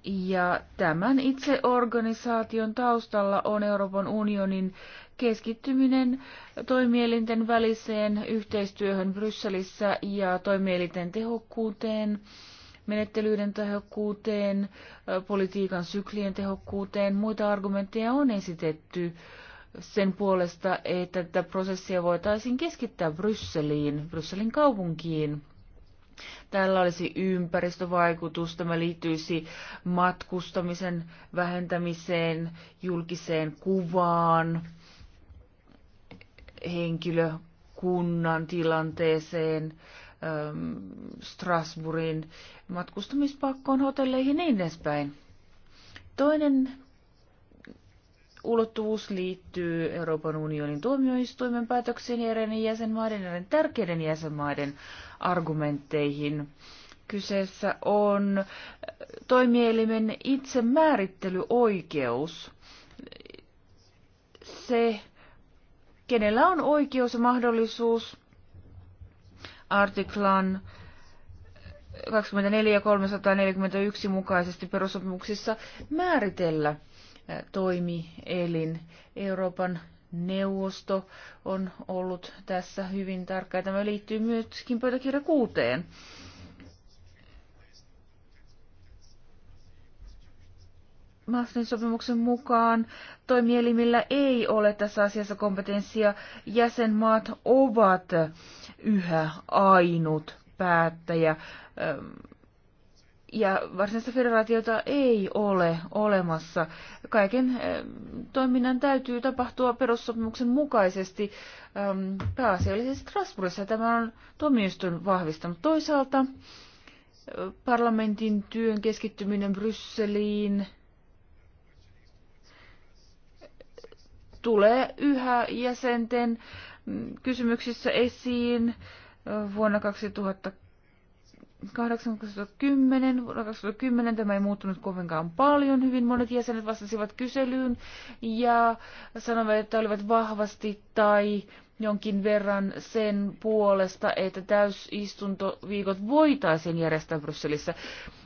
Ja tämän itse organisaation taustalla on Euroopan unionin keskittyminen toimielinten väliseen yhteistyöhön Brysselissä ja toimielinten tehokkuuteen, menettelyiden tehokkuuteen, politiikan syklien tehokkuuteen. Muita argumentteja on esitetty sen puolesta, että tätä prosessia voitaisiin keskittää Brysseliin, Brysselin kaupunkiin. Tällä olisi ympäristövaikutus, tämä liittyisi matkustamisen vähentämiseen, julkiseen kuvaan, henkilökunnan tilanteeseen, ähm, Strasbourgin matkustamispakkoon, hotelleihin ja niin edespäin. Toinen ulottuvuus liittyy Euroopan unionin tuomioistuimen päätöksiin ja eräiden jäsenmaiden, eräiden tärkeiden jäsenmaiden argumentteihin. Kyseessä on toimielimen itsemäärittelyoikeus. Se, kenellä on oikeus ja mahdollisuus artiklan 24.341 mukaisesti perussopimuksissa määritellä – toimielin. Euroopan neuvosto on ollut tässä hyvin tarkka. Tämä liittyy myöskin pöytäkirja kuuteen. Maastrin sopimuksen mukaan toimielimillä ei ole tässä asiassa kompetenssia. Jäsenmaat ovat yhä ainut päättäjä ja varsinaista federaatiota ei ole olemassa. Kaiken eh, toiminnan täytyy tapahtua perussopimuksen mukaisesti ehm, pääasiallisesti Strasbourgissa. Tämä on tuomioistuin vahvistanut. Toisaalta eh, parlamentin työn keskittyminen Brysseliin eh, tulee yhä jäsenten mm, kysymyksissä esiin vuonna 2000. 2010, vuonna 2010 tämä ei muuttunut kovinkaan paljon. Hyvin monet jäsenet vastasivat kyselyyn ja sanoivat, että olivat vahvasti tai jonkin verran sen puolesta, että täysistuntoviikot voitaisiin järjestää Brysselissä.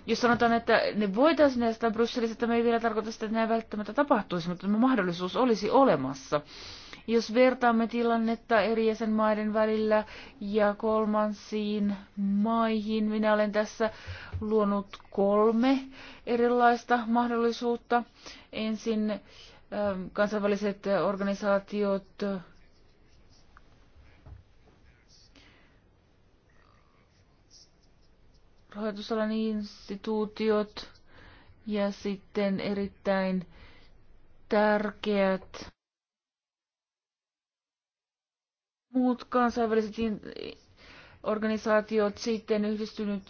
Jos sanotaan, että ne voitaisiin järjestää Brysselissä, tämä ei vielä tarkoita sitä, että näin välttämättä tapahtuisi, mutta tämä mahdollisuus olisi olemassa. Jos vertaamme tilannetta eri jäsenmaiden välillä ja kolmansiin maihin, minä olen tässä luonut kolme erilaista mahdollisuutta. Ensin ähm, kansainväliset organisaatiot, rahoitusalan instituutiot ja sitten erittäin tärkeät muut kansainväliset organisaatiot, sitten yhdistynyt,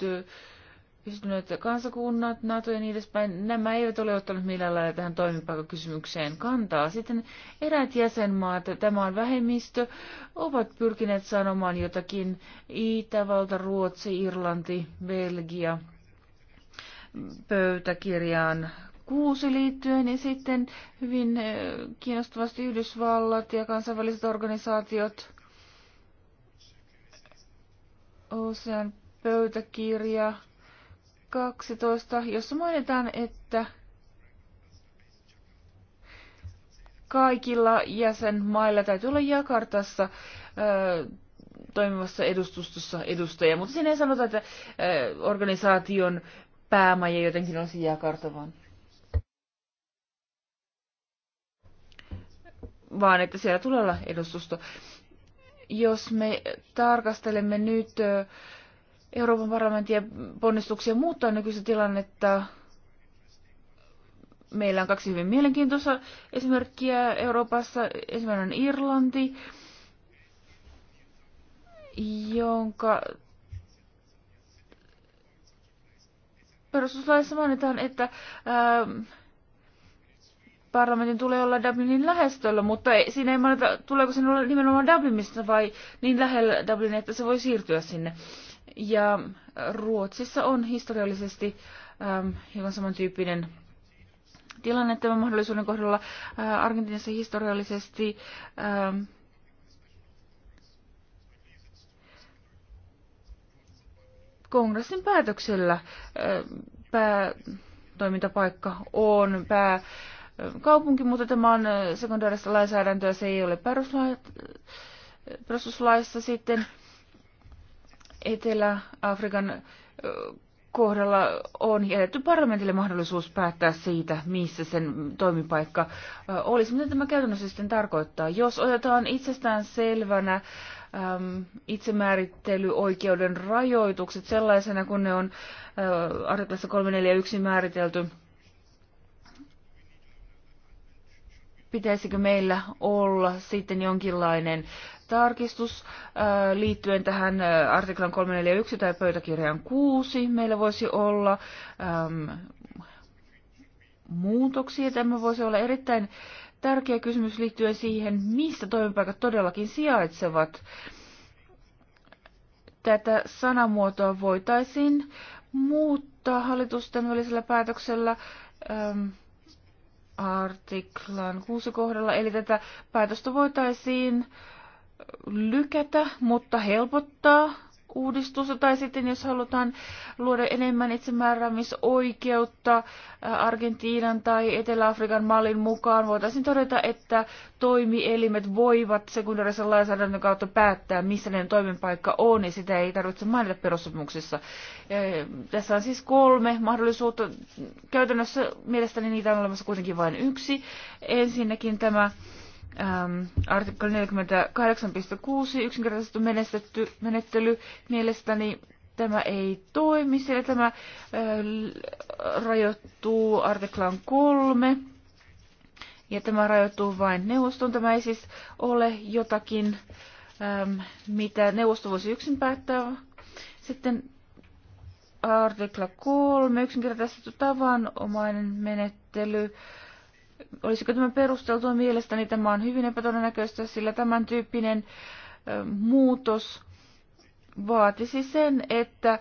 yhdistyneet kansakunnat, NATO ja niin edespäin, nämä eivät ole ottaneet millään lailla tähän toimipaikakysymykseen kantaa. Sitten eräät jäsenmaat, tämä on vähemmistö, ovat pyrkineet sanomaan jotakin Itävalta, Ruotsi, Irlanti, Belgia pöytäkirjaan kuusi liittyen ja sitten hyvin eh, kiinnostavasti Yhdysvallat ja kansainväliset organisaatiot Osan pöytäkirja 12, jossa mainitaan, että kaikilla jäsenmailla täytyy olla Jakartassa ö, toimivassa edustustossa edustaja, mutta siinä ei sanota, että ö, organisaation päämaja jotenkin olisi Jakarta, vaan, vaan että siellä tulee olla edustusto jos me tarkastelemme nyt Euroopan parlamentin ponnistuksia muuttaa nykyistä tilannetta, meillä on kaksi hyvin mielenkiintoista esimerkkiä Euroopassa. Ensimmäinen on Irlanti, jonka perustuslaissa mainitaan, että ää, ähm, parlamentin tulee olla Dublinin lähestöllä, mutta ei, siinä ei mainita, tuleeko sen olla nimenomaan Dublinista vai niin lähellä Dublinia, että se voi siirtyä sinne. Ja äh, Ruotsissa on historiallisesti äm, hiukan samantyyppinen tilanne tämän mahdollisuuden kohdalla. Ää, äh, Argentiinassa historiallisesti äm, kongressin päätöksellä ää, äh, pää, toimintapaikka on pää kaupunki, mutta tämä on sekundaarista lainsäädäntöä, se ei ole perustuslaissa sitten. Etelä-Afrikan kohdalla on jätetty parlamentille mahdollisuus päättää siitä, missä sen toimipaikka olisi. Mitä tämä käytännössä sitten tarkoittaa? Jos otetaan itsestään selvänä äm, itsemäärittelyoikeuden rajoitukset sellaisena, kun ne on äh, artiklassa 341 määritelty – pitäisikö meillä olla sitten jonkinlainen tarkistus äh, liittyen tähän äh, artiklan 341 tai pöytäkirjan 6. Meillä voisi olla ähm, muutoksia. Tämä voisi olla erittäin tärkeä kysymys liittyen siihen, missä toimipaikat todellakin sijaitsevat. Tätä sanamuotoa voitaisiin muuttaa hallitusten välisellä päätöksellä. Ähm, artiklan 6 kohdalla. Eli tätä päätöstä voitaisiin lykätä, mutta helpottaa Uudistus tai sitten jos halutaan luoda enemmän itsemääräämisoikeutta äh, Argentiinan tai Etelä-Afrikan mallin mukaan, voitaisiin todeta, että toimielimet voivat sekundaarisen lainsäädännön kautta päättää, missä ne toimipaikka on, ja sitä ei tarvitse mainita perussopimuksissa. Äh, tässä on siis kolme mahdollisuutta. Käytännössä mielestäni niitä on olemassa kuitenkin vain yksi. Ensinnäkin tämä Ähm, artikkel 48.6 yksinkertaisesti menestetty menettely. Mielestäni tämä ei toimi, sillä tämä äh, rajoittuu artiklaan 3. Ja tämä rajoittuu vain neuvostoon. Tämä ei siis ole jotakin, ähm, mitä neuvosto voisi yksin päättää. Sitten artikla 3, yksinkertaisesti tavanomainen menettely. Olisiko tämä perusteltua mielestäni? Tämä on hyvin epätodennäköistä, sillä tämän tyyppinen muutos vaatisi sen, että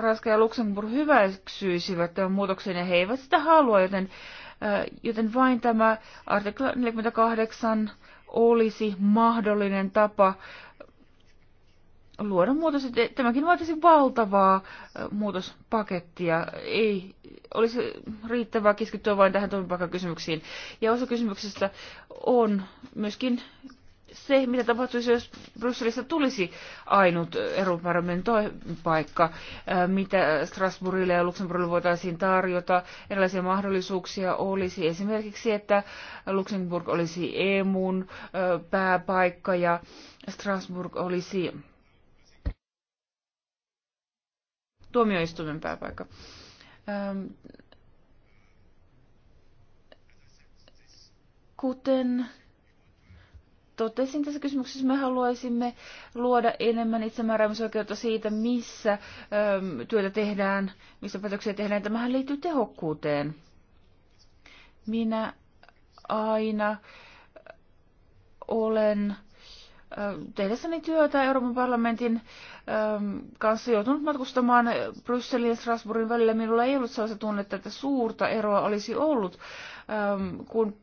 Ranska ja Luxemburg hyväksyisivät tämän muutoksen ja he eivät sitä halua, joten, joten vain tämä artikla 48 olisi mahdollinen tapa luoda muutos. Tämäkin vaatisi valtavaa muutospakettia. Ei olisi riittävää keskittyä vain tähän toimipaikkakysymyksiin. Ja osa kysymyksestä on myöskin se, mitä tapahtuisi, jos Brysselissä tulisi ainut Euroopan paikka, mitä Strasbourgille ja Luxemburgille voitaisiin tarjota. Erilaisia mahdollisuuksia olisi esimerkiksi, että Luxemburg olisi EMUn pääpaikka ja Strasbourg olisi tuomioistuimen pääpaikka. Ähm, kuten totesin tässä kysymyksessä, me haluaisimme luoda enemmän itsemääräämisoikeutta siitä, missä ähm, työtä tehdään, missä päätöksiä tehdään. Tämähän liittyy tehokkuuteen. Minä aina olen tehdessäni työtä Euroopan parlamentin kanssa joutunut matkustamaan Brysselin ja Strasbourgin välillä. Minulla ei ollut sellaista tunnetta, että suurta eroa olisi ollut, kun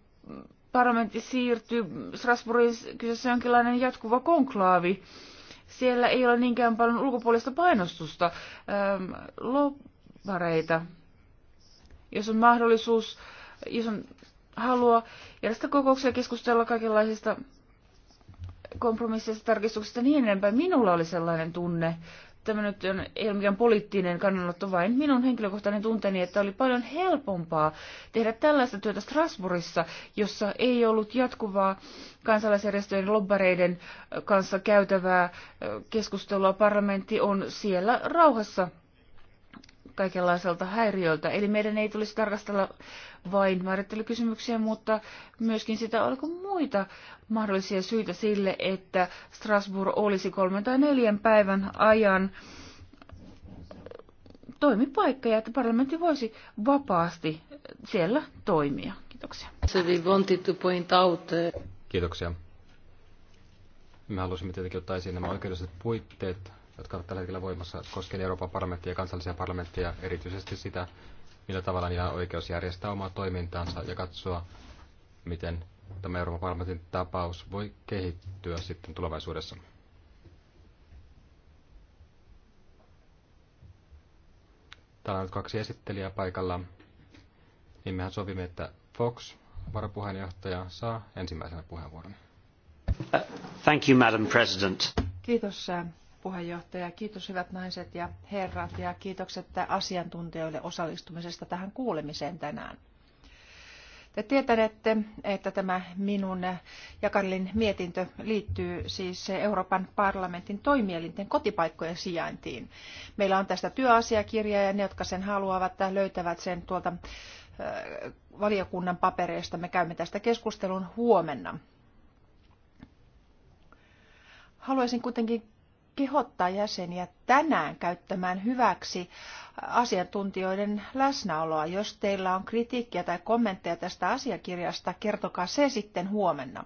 parlamentti siirtyi Strasbourgin kyseessä jonkinlainen jatkuva konklaavi. Siellä ei ole niinkään paljon ulkopuolista painostusta, lopareita. Jos on mahdollisuus, jos on halua järjestää kokouksia keskustella kaikenlaisista kompromisseista, tarkistuksista ja niin enempää. Minulla oli sellainen tunne, tämä nyt on, ei ole mikään poliittinen kannanotto, vain minun henkilökohtainen tunteni, että oli paljon helpompaa tehdä tällaista työtä Strasbourgissa, jossa ei ollut jatkuvaa kansalaisjärjestöjen lobbareiden äh, kanssa käytävää äh, keskustelua. Parlamentti on siellä rauhassa kaikenlaiselta häiriöltä. Eli meidän ei tulisi tarkastella vain määrittelykysymyksiä, mutta myöskin sitä, oliko muita mahdollisia syitä sille, että Strasbourg olisi kolmen tai neljän päivän ajan toimipaikka ja että parlamentti voisi vapaasti siellä toimia. Kiitoksia. So we wanted to point out. Uh, Kiitoksia. Me halusimme tietenkin ottaa esiin nämä oikeudelliset puitteet jotka ovat tällä hetkellä voimassa koskien Euroopan parlamenttia ja kansallisia parlamentteja, erityisesti sitä, millä tavalla niillä on oikeus järjestää omaa toimintaansa ja katsoa, miten tämä Euroopan parlamentin tapaus voi kehittyä sitten tulevaisuudessa. Täällä on nyt kaksi esittelijää paikalla, niin mehän sovimme, että Fox, varapuheenjohtaja, saa ensimmäisenä puheenvuoron. Uh, thank you, Madam President. Kiitos uh, puheenjohtaja. Kiitos hyvät naiset ja herrat ja kiitokset asiantuntijoille osallistumisesta tähän kuulemiseen tänään. Te tietänette, että tämä minun ja Karlin mietintö liittyy siis Euroopan parlamentin toimielinten kotipaikkojen sijaintiin. Meillä on tästä työasiakirja ja ne, jotka sen haluavat, löytävät sen tuolta valiokunnan papereista. Me käymme tästä keskustelun huomenna. Haluaisin kuitenkin kehottaa jäseniä tänään käyttämään hyväksi asiantuntijoiden läsnäoloa. Jos teillä on kritiikkiä tai kommentteja tästä asiakirjasta, kertokaa se sitten huomenna.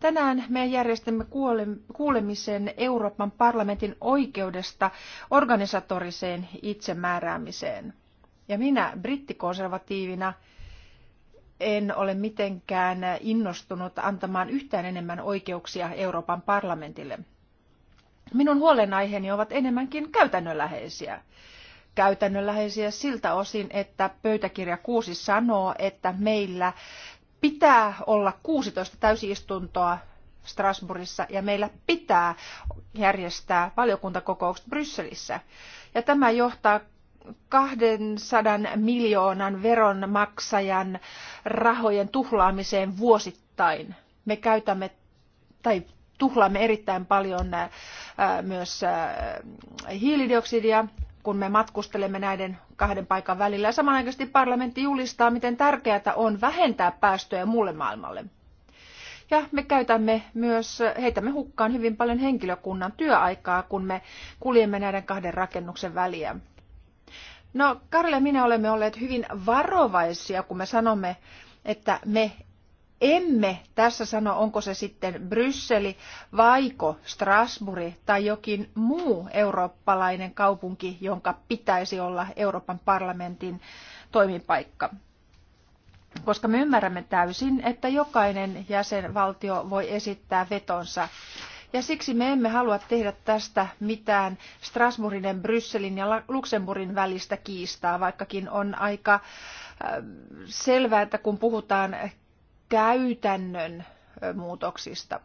Tänään me järjestämme kuulemisen Euroopan parlamentin oikeudesta organisatoriseen itsemääräämiseen. Ja minä brittikonservatiivina en ole mitenkään innostunut antamaan yhtään enemmän oikeuksia Euroopan parlamentille. Minun huolenaiheeni ovat enemmänkin käytännönläheisiä. Käytännönläheisiä siltä osin, että pöytäkirja 6 sanoo, että meillä pitää olla 16 täysistuntoa Strasbourgissa ja meillä pitää järjestää valiokuntakokoukset Brysselissä. Ja tämä johtaa 200 miljoonan veronmaksajan rahojen tuhlaamiseen vuosittain. Me käytämme tai tuhlaamme erittäin paljon äh, myös äh, hiilidioksidia, kun me matkustelemme näiden kahden paikan välillä. Ja samanaikaisesti parlamentti julistaa, miten tärkeää on vähentää päästöjä muulle maailmalle. Ja me käytämme myös, heitämme hukkaan hyvin paljon henkilökunnan työaikaa, kun me kuljemme näiden kahden rakennuksen väliä. No, Karle ja minä olemme olleet hyvin varovaisia, kun me sanomme, että me emme tässä sano, onko se sitten Brysseli, vaiko Strasbourg tai jokin muu eurooppalainen kaupunki, jonka pitäisi olla Euroopan parlamentin toimipaikka. Koska me ymmärrämme täysin, että jokainen jäsenvaltio voi esittää vetonsa. Ja siksi me emme halua tehdä tästä mitään Strasbourgin, Brysselin ja Luxemburgin välistä kiistaa, vaikkakin on aika äh, selvää, että kun puhutaan käytännön muutoksista.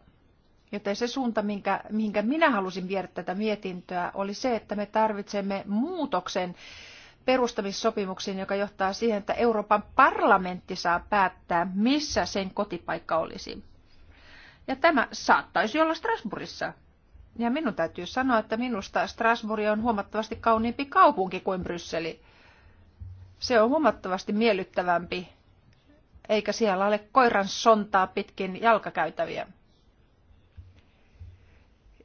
Joten se suunta, minkä, minkä minä halusin viedä tätä mietintöä, oli se, että me tarvitsemme muutoksen perustamissopimuksiin, joka johtaa siihen, että Euroopan parlamentti saa päättää, missä sen kotipaikka olisi. Ja tämä saattaisi olla Strasbourgissa. Ja minun täytyy sanoa, että minusta Strasbourg on huomattavasti kauniimpi kaupunki kuin Brysseli. Se on huomattavasti miellyttävämpi eikä siellä ole koiran sontaa pitkin jalkakäytäviä.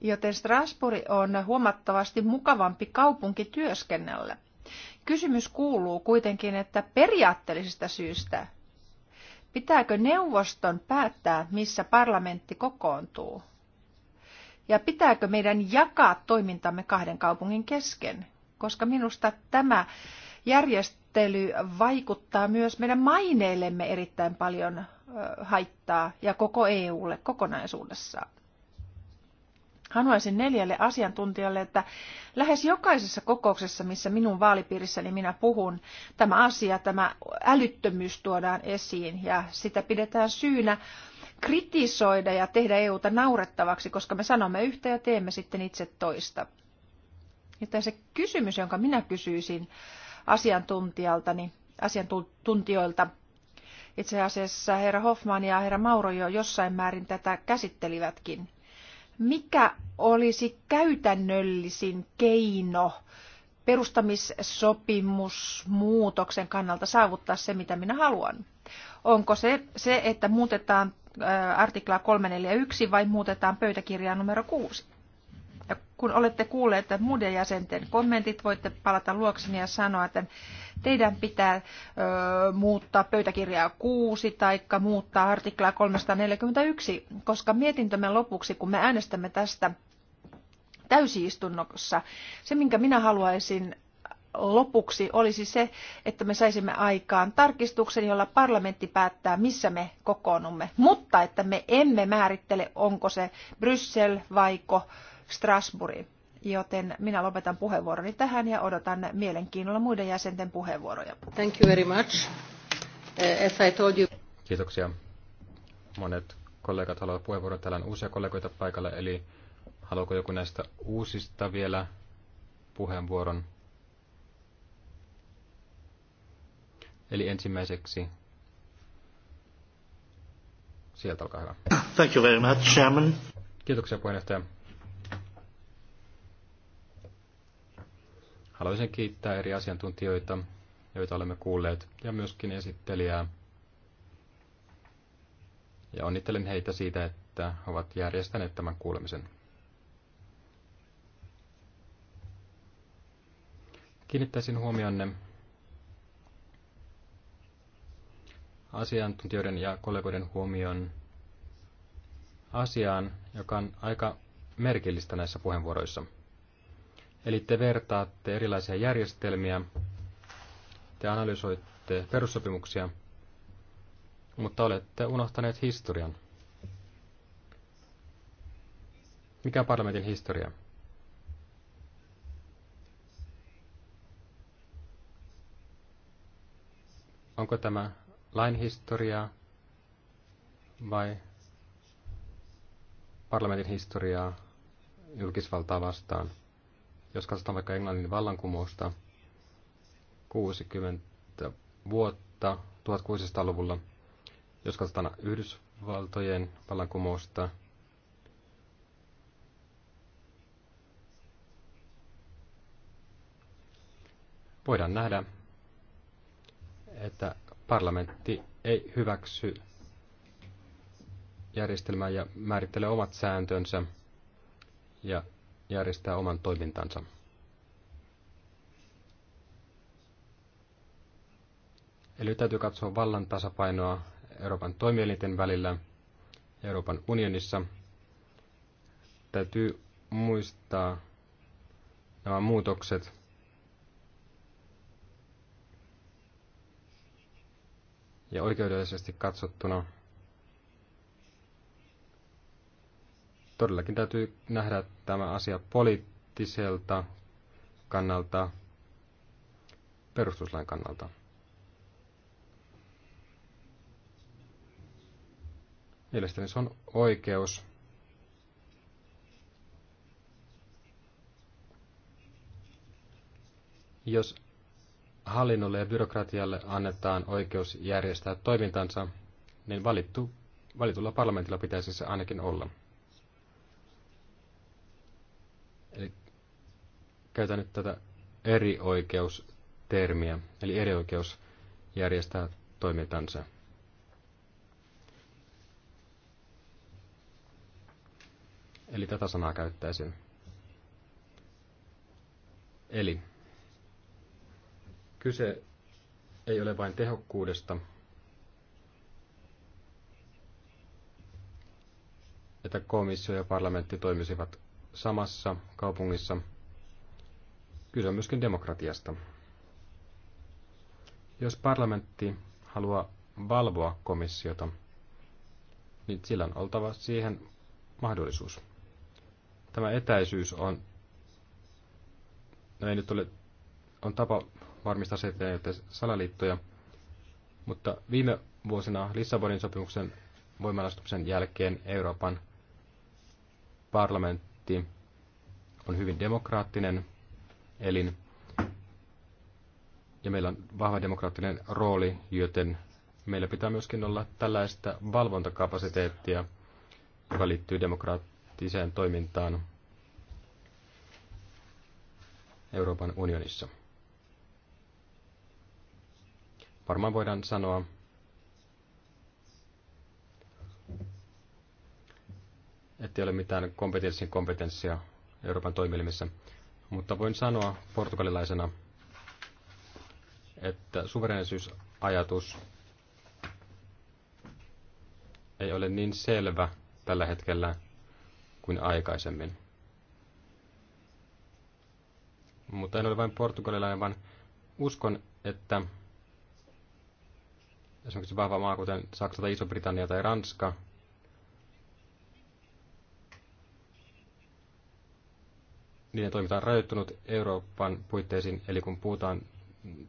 Joten Strasbourg on huomattavasti mukavampi kaupunki työskennellä. Kysymys kuuluu kuitenkin, että periaatteellisista syistä pitääkö neuvoston päättää, missä parlamentti kokoontuu? Ja pitääkö meidän jakaa toimintamme kahden kaupungin kesken? Koska minusta tämä järjestelmä sääntely vaikuttaa myös meidän maineillemme erittäin paljon haittaa ja koko EUlle kokonaisuudessaan. Haluaisin neljälle asiantuntijalle, että lähes jokaisessa kokouksessa, missä minun vaalipiirissäni minä puhun, tämä asia, tämä älyttömyys tuodaan esiin ja sitä pidetään syynä kritisoida ja tehdä EUta naurettavaksi, koska me sanomme yhtä ja teemme sitten itse toista. Joten se kysymys, jonka minä kysyisin, niin asiantuntijoilta. Itse asiassa herra Hoffman ja herra Mauro jo jossain määrin tätä käsittelivätkin. Mikä olisi käytännöllisin keino perustamissopimusmuutoksen kannalta saavuttaa se, mitä minä haluan? Onko se, se että muutetaan artiklaa 341 vai muutetaan pöytäkirjaa numero 6? kun olette kuulleet muiden jäsenten kommentit, voitte palata luokseni ja sanoa, että teidän pitää ö, muuttaa pöytäkirjaa 6 tai muuttaa artiklaa 341, koska mietintömme lopuksi, kun me äänestämme tästä täysiistunnossa, se minkä minä haluaisin lopuksi olisi se, että me saisimme aikaan tarkistuksen, jolla parlamentti päättää, missä me kokoonnumme, mutta että me emme määrittele, onko se Bryssel vaiko Strasbourgiin. Joten minä lopetan puheenvuoroni tähän ja odotan mielenkiinnolla muiden jäsenten puheenvuoroja. Thank you very much. Uh, as I told you... Kiitoksia. Monet kollegat haluavat puheenvuoron. Täällä on uusia kollegoita paikalla, eli haluaako joku näistä uusista vielä puheenvuoron? Eli ensimmäiseksi sieltä olkaa hyvä. Thank you very much, Chairman. Kiitoksia puheenjohtaja. Haluaisin kiittää eri asiantuntijoita, joita olemme kuulleet, ja myöskin esittelijää. Ja onnittelen heitä siitä, että ovat järjestäneet tämän kuulemisen. Kiinnittäisin huomionne asiantuntijoiden ja kollegoiden huomion asiaan, joka on aika merkillistä näissä puheenvuoroissa – Eli te vertaatte erilaisia järjestelmiä, te analysoitte perussopimuksia, mutta olette unohtaneet historian. Mikä on parlamentin historia? Onko tämä lain historiaa vai parlamentin historiaa julkisvaltaa vastaan? Jos katsotaan vaikka Englannin vallankumousta 60 vuotta 1600-luvulla, jos katsotaan Yhdysvaltojen vallankumousta voidaan nähdä, että parlamentti ei hyväksy järjestelmää ja määrittelee omat sääntönsä. Ja järjestää oman toimintansa. Eli täytyy katsoa vallan tasapainoa Euroopan toimielinten välillä Euroopan unionissa. Täytyy muistaa nämä muutokset. Ja oikeudellisesti katsottuna todellakin täytyy nähdä tämä asia poliittiselta kannalta, perustuslain kannalta. Mielestäni se on oikeus. Jos hallinnolle ja byrokratialle annetaan oikeus järjestää toimintansa, niin valittu, valitulla parlamentilla pitäisi se ainakin olla. käytän nyt tätä erioikeustermiä, eli erioikeus järjestää toimintansa. Eli tätä sanaa käyttäisin. Eli kyse ei ole vain tehokkuudesta, että komissio ja parlamentti toimisivat samassa kaupungissa – Kyse on myöskin demokratiasta. Jos parlamentti haluaa valvoa komissiota, niin sillä on oltava siihen mahdollisuus. Tämä etäisyys on, no ei nyt ole, on tapa varmistaa se, että ei ole salaliittoja, mutta viime vuosina Lissabonin sopimuksen voimanastumisen jälkeen Euroopan parlamentti on hyvin demokraattinen elin. Ja meillä on vahva demokraattinen rooli, joten meillä pitää myöskin olla tällaista valvontakapasiteettia, joka liittyy demokraattiseen toimintaan Euroopan unionissa. Varmaan voidaan sanoa, ettei ole mitään kompetenssin kompetenssia Euroopan toimielimissä. Mutta voin sanoa portugalilaisena, että suverenisyysajatus ei ole niin selvä tällä hetkellä kuin aikaisemmin. Mutta en ole vain portugalilainen, vaan uskon, että esimerkiksi vahva maa, kuten Saksa tai Iso-Britannia tai Ranska – niiden toiminta on rajoittunut Euroopan puitteisiin, eli kun puhutaan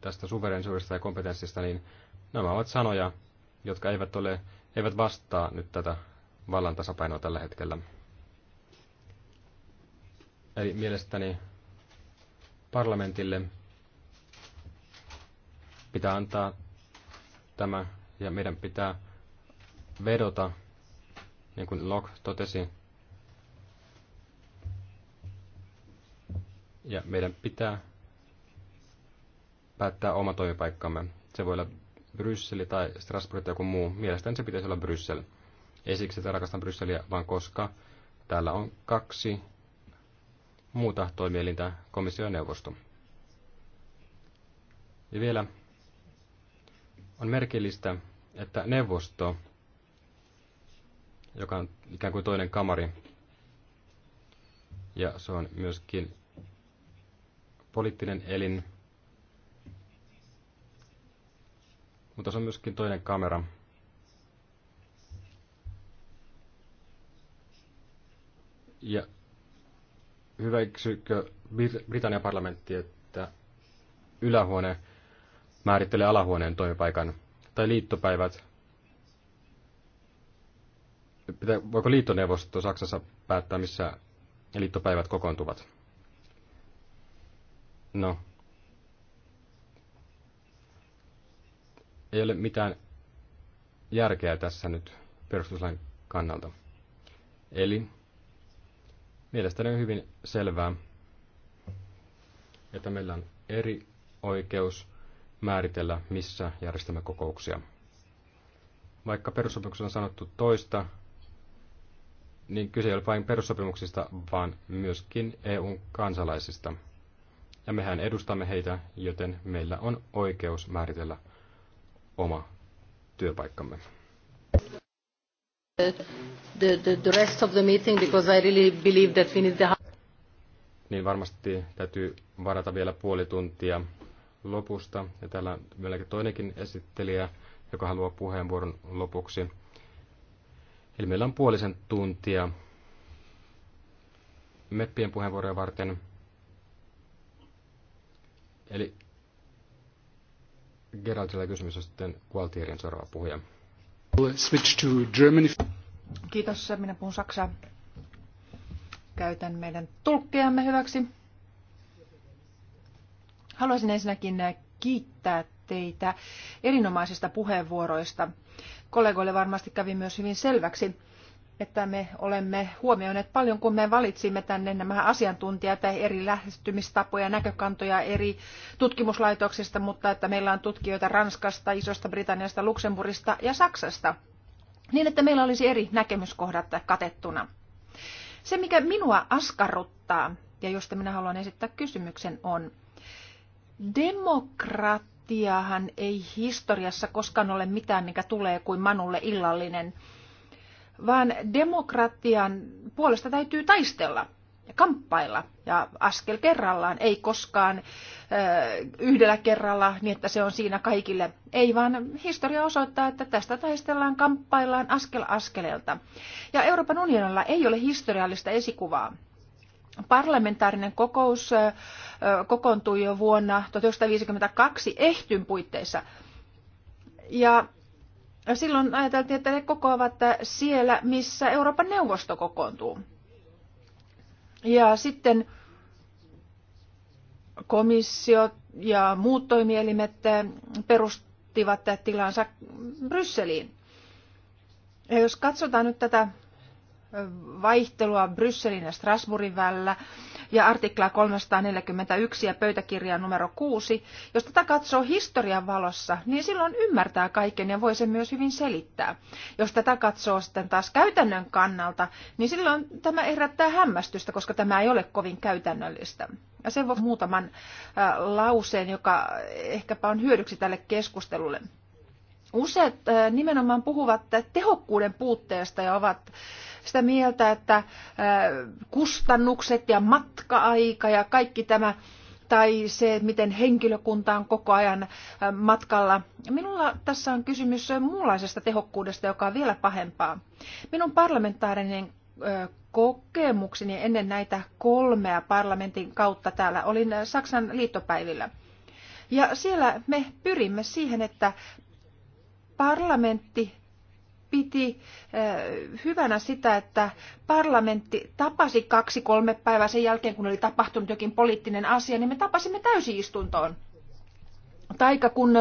tästä suverenisuudesta ja kompetenssista, niin nämä ovat sanoja, jotka eivät, ole, eivät vastaa nyt tätä vallan tasapainoa tällä hetkellä. Eli mielestäni parlamentille pitää antaa tämä ja meidän pitää vedota, niin kuin Locke totesi, Ja meidän pitää päättää oma toimipaikkamme. Se voi olla Brysseli tai Strasbourg tai joku muu. Mielestäni se pitäisi olla Bryssel. Ei siksi, että rakastan Brysseliä, vaan koska täällä on kaksi muuta toimielintä, komissio ja neuvosto. Ja vielä on merkillistä, että neuvosto, joka on ikään kuin toinen kamari, ja se on myöskin poliittinen elin, mutta se on myöskin toinen kamera. Ja hyväksykö Britannian parlamentti, että ylähuone määrittelee alahuoneen toimipaikan tai liittopäivät? Voiko liittoneuvosto Saksassa päättää, missä liittopäivät kokoontuvat? No, ei ole mitään järkeä tässä nyt perustuslain kannalta. Eli mielestäni on hyvin selvää, että meillä on eri oikeus määritellä, missä järjestämme kokouksia. Vaikka perussopimuksessa on sanottu toista, niin kyse ei ole vain perussopimuksista, vaan myöskin EUn kansalaisista – ja mehän edustamme heitä, joten meillä on oikeus määritellä oma työpaikkamme. The, the, the rest of the meeting, because I really believe that we need the... Niin varmasti täytyy varata vielä puoli tuntia lopusta. Ja täällä on vieläkin toinenkin esittelijä, joka haluaa puheenvuoron lopuksi. Eli meillä on puolisen tuntia meppien puheenvuoroja varten. Eli Geraltilla kysymys on sitten Gualtierin seuraava puhuja. Switch to Germany. Kiitos, minä puhun saksaa. Käytän meidän tulkkeamme hyväksi. Haluaisin ensinnäkin kiittää teitä erinomaisista puheenvuoroista. Kollegoille varmasti kävi myös hyvin selväksi, että me olemme huomioineet paljon, kun me valitsimme tänne nämä asiantuntijat ja eri lähestymistapoja, näkökantoja eri tutkimuslaitoksista, mutta että meillä on tutkijoita Ranskasta, Isosta Britanniasta, Luxemburgista ja Saksasta, niin että meillä olisi eri näkemyskohdat katettuna. Se, mikä minua askarruttaa, ja josta minä haluan esittää kysymyksen, on demokratiahan ei historiassa koskaan ole mitään, mikä tulee kuin manulle illallinen – vaan demokratian puolesta täytyy taistella ja kamppailla ja askel kerrallaan, ei koskaan ö, yhdellä kerralla niin, että se on siinä kaikille. Ei vaan historia osoittaa, että tästä taistellaan, kamppaillaan askel askeleelta. Ja Euroopan unionilla ei ole historiallista esikuvaa. Parlamentaarinen kokous ö, kokoontui jo vuonna 1952 ehtyn puitteissa. Ja silloin ajateltiin, että ne kokoavat siellä, missä Euroopan neuvosto kokoontuu. Ja sitten komissio ja muut toimielimet perustivat tilansa Brysseliin. Ja jos katsotaan nyt tätä vaihtelua Brysselin ja Strasbourgin välillä, ja artiklaa 341 ja pöytäkirjaa numero 6. Jos tätä katsoo historian valossa, niin silloin ymmärtää kaiken ja voi sen myös hyvin selittää. Jos tätä katsoo sitten taas käytännön kannalta, niin silloin tämä herättää hämmästystä, koska tämä ei ole kovin käytännöllistä. Ja sen vuoksi muutaman äh, lauseen, joka ehkäpä on hyödyksi tälle keskustelulle. Useat äh, nimenomaan puhuvat tehokkuuden puutteesta ja ovat sitä mieltä, että äh, kustannukset ja matka-aika ja kaikki tämä tai se, miten henkilökunta on koko ajan äh, matkalla. Minulla tässä on kysymys muunlaisesta tehokkuudesta, joka on vielä pahempaa. Minun parlamentaarinen äh, kokemukseni ennen näitä kolmea parlamentin kautta täällä olin Saksan liittopäivillä. Ja siellä me pyrimme siihen, että parlamentti piti hyvänä sitä, että parlamentti tapasi kaksi-kolme päivää sen jälkeen, kun oli tapahtunut jokin poliittinen asia, niin me tapasimme täysistuntoon. Taika kun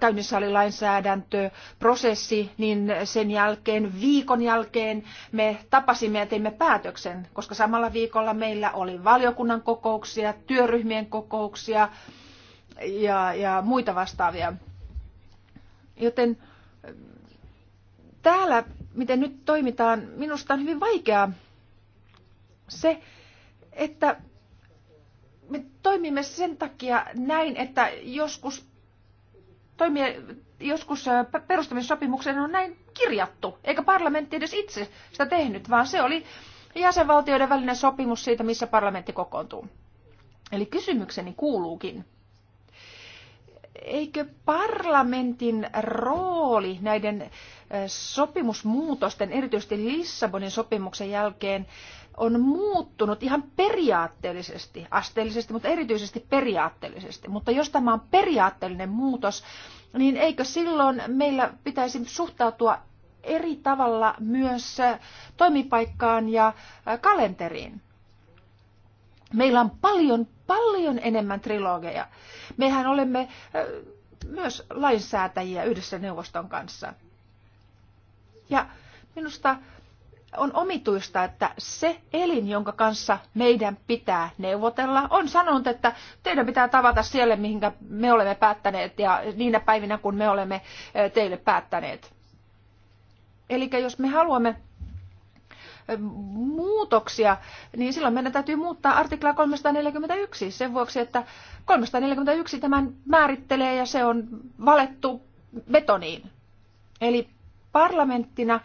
käynnissä oli lainsäädäntöprosessi, niin sen jälkeen, viikon jälkeen me tapasimme ja teimme päätöksen, koska samalla viikolla meillä oli valiokunnan kokouksia, työryhmien kokouksia ja, ja muita vastaavia. Joten täällä, miten nyt toimitaan, minusta on hyvin vaikeaa se, että me toimimme sen takia näin, että joskus, toimie, joskus perustamissopimuksen on näin kirjattu, eikä parlamentti edes itse sitä tehnyt, vaan se oli jäsenvaltioiden välinen sopimus siitä, missä parlamentti kokoontuu. Eli kysymykseni kuuluukin, eikö parlamentin rooli näiden sopimusmuutosten, erityisesti Lissabonin sopimuksen jälkeen, on muuttunut ihan periaatteellisesti, asteellisesti, mutta erityisesti periaatteellisesti. Mutta jos tämä on periaatteellinen muutos, niin eikö silloin meillä pitäisi suhtautua eri tavalla myös toimipaikkaan ja kalenteriin? Meillä on paljon, paljon enemmän trilogeja. Mehän olemme myös lainsäätäjiä yhdessä neuvoston kanssa. Ja minusta on omituista, että se elin, jonka kanssa meidän pitää neuvotella, on sanonut, että teidän pitää tavata siellä, mihin me olemme päättäneet ja niinä päivinä, kun me olemme teille päättäneet. Eli jos me haluamme muutoksia, niin silloin meidän täytyy muuttaa artiklaa 341 sen vuoksi, että 341 tämän määrittelee ja se on valettu betoniin. Eli parlamenttina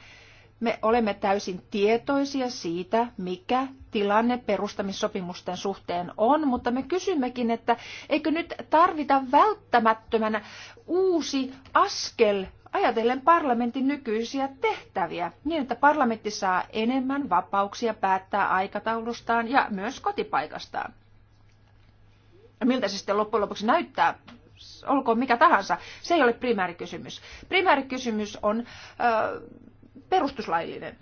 me olemme täysin tietoisia siitä, mikä tilanne perustamissopimusten suhteen on, mutta me kysymmekin, että eikö nyt tarvita välttämättömänä uusi askel ajatellen parlamentin nykyisiä tehtäviä, niin että parlamentti saa enemmän vapauksia päättää aikataulustaan ja myös kotipaikastaan. Ja miltä se sitten loppujen lopuksi näyttää, olkoon mikä tahansa, se ei ole primäärikysymys. Primäärikysymys on ö, perustuslaillinen.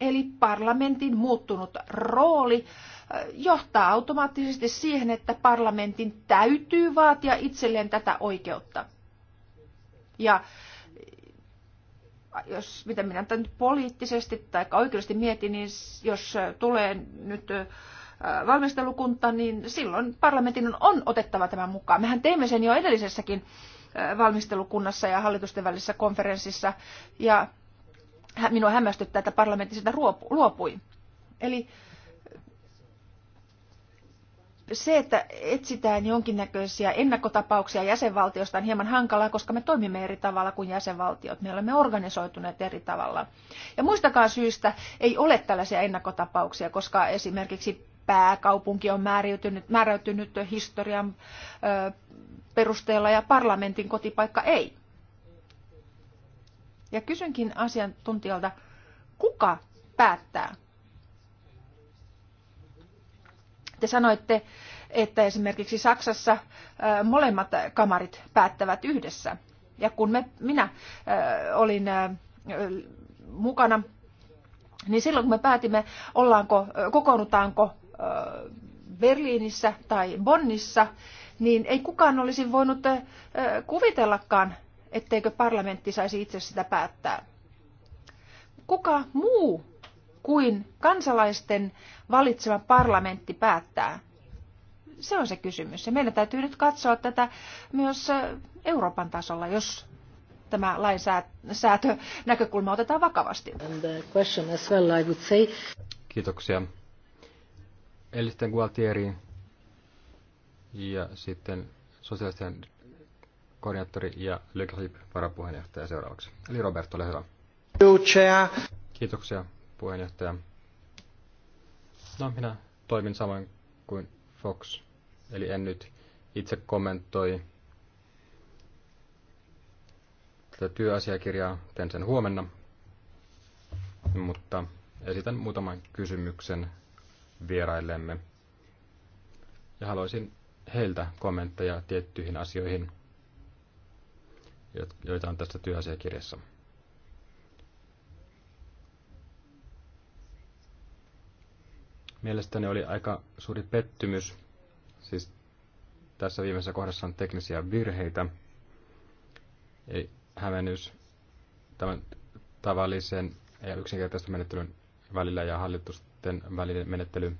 Eli parlamentin muuttunut rooli johtaa automaattisesti siihen, että parlamentin täytyy vaatia itselleen tätä oikeutta. Ja jos mitä minä nyt poliittisesti tai oikeudellisesti mietin, niin jos tulee nyt valmistelukunta, niin silloin parlamentin on otettava tämän mukaan. Mehän teimme sen jo edellisessäkin valmistelukunnassa ja hallitusten välisessä konferenssissa, ja minua hämmästyttää, että parlamentti sitä luopui. Eli se, että etsitään jonkinnäköisiä ennakkotapauksia jäsenvaltiosta on hieman hankalaa, koska me toimimme eri tavalla kuin jäsenvaltiot. Me olemme organisoituneet eri tavalla. Ja muistakaan syystä ei ole tällaisia ennakkotapauksia, koska esimerkiksi pääkaupunki on määräytynyt, määräytynyt historian ö, perusteella ja parlamentin kotipaikka ei. Ja kysynkin asiantuntijalta, kuka päättää? Te sanoitte, että esimerkiksi Saksassa molemmat kamarit päättävät yhdessä. Ja kun me, minä olin mukana, niin silloin kun me päätimme, ollaanko, kokoonnutaanko Berliinissä tai Bonnissa, niin ei kukaan olisi voinut kuvitellakaan, etteikö parlamentti saisi itse sitä päättää. Kuka muu kuin kansalaisten valitsema parlamentti päättää? Se on se kysymys. Ja meidän täytyy nyt katsoa tätä myös Euroopan tasolla, jos tämä näkökulma otetaan vakavasti. Kiitoksia. Elisten Gualtieri ja sitten sosiaalisten koordinaattori ja Lykhip varapuheenjohtaja seuraavaksi. Eli Roberto, ole hyvä. Kiitoksia puheenjohtaja. No, minä toimin samoin kuin Fox, eli en nyt itse kommentoi tätä työasiakirjaa, teen sen huomenna, mutta esitän muutaman kysymyksen vieraillemme. Ja haluaisin heiltä kommentteja tiettyihin asioihin, joita on tässä työasiakirjassa. Mielestäni oli aika suuri pettymys, siis tässä viimeisessä kohdassa on teknisiä virheitä, eli hämennys tämän tavallisen ja yksinkertaisen menettelyn välillä ja hallitusten välinen menettely.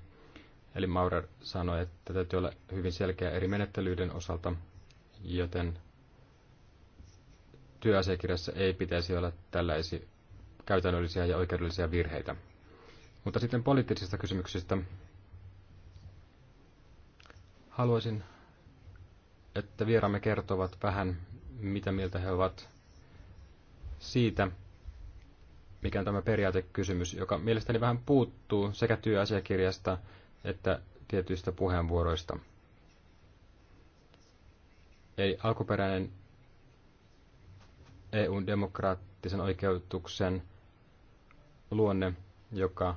Eli Maurer sanoi, että täytyy olla hyvin selkeä eri menettelyiden osalta, joten työasiakirjassa ei pitäisi olla tällaisia käytännöllisiä ja oikeudellisia virheitä. Mutta sitten poliittisista kysymyksistä. Haluaisin, että vieraamme kertovat vähän, mitä mieltä he ovat siitä, mikä on tämä periaatekysymys, joka mielestäni vähän puuttuu sekä työasiakirjasta että tietyistä puheenvuoroista. Eli alkuperäinen eu demokraattisen oikeutuksen luonne, joka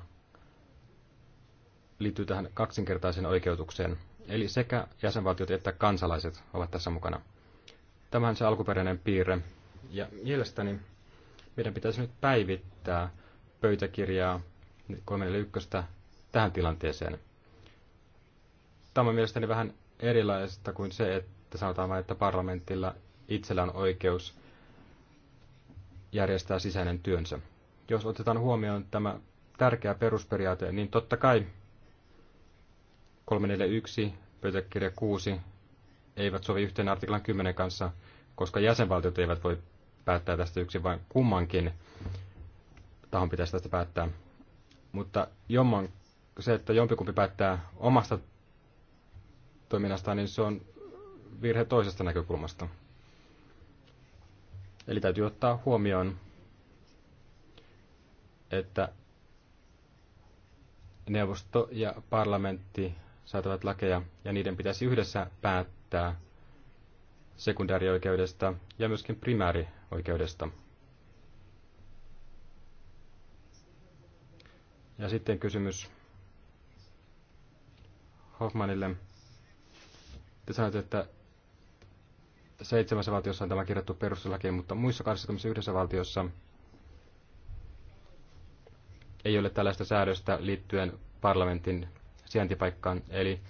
liittyy tähän kaksinkertaiseen oikeutukseen. Eli sekä jäsenvaltiot että kansalaiset ovat tässä mukana. Tämä on se alkuperäinen piirre. Ja mielestäni meidän pitäisi nyt päivittää pöytäkirjaa 341 tähän tilanteeseen. Tämä on mielestäni vähän erilaista kuin se, että sanotaan vain, että parlamentilla itsellä on oikeus järjestää sisäinen työnsä. Jos otetaan huomioon tämä tärkeä perusperiaate, niin totta kai 341, pöytäkirja 6 eivät sovi yhteen artiklan 10 kanssa, koska jäsenvaltiot eivät voi päättää tästä yksin, vaan kummankin tahon pitäisi tästä päättää. Mutta jomman, se, että jompikumpi päättää omasta toiminnastaan, niin se on virhe toisesta näkökulmasta. Eli täytyy ottaa huomioon, että neuvosto ja parlamentti säätävät lakeja, ja niiden pitäisi yhdessä päättää sekundäärioikeudesta ja myöskin primäärioikeudesta. Ja sitten kysymys Hoffmanille. Te sanoitte, että seitsemässä valtiossa on tämä kirjattu perustuslakiin, mutta muissa 21 valtiossa ei ole tällaista säädöstä liittyen parlamentin sijaintipaikkaan. Eli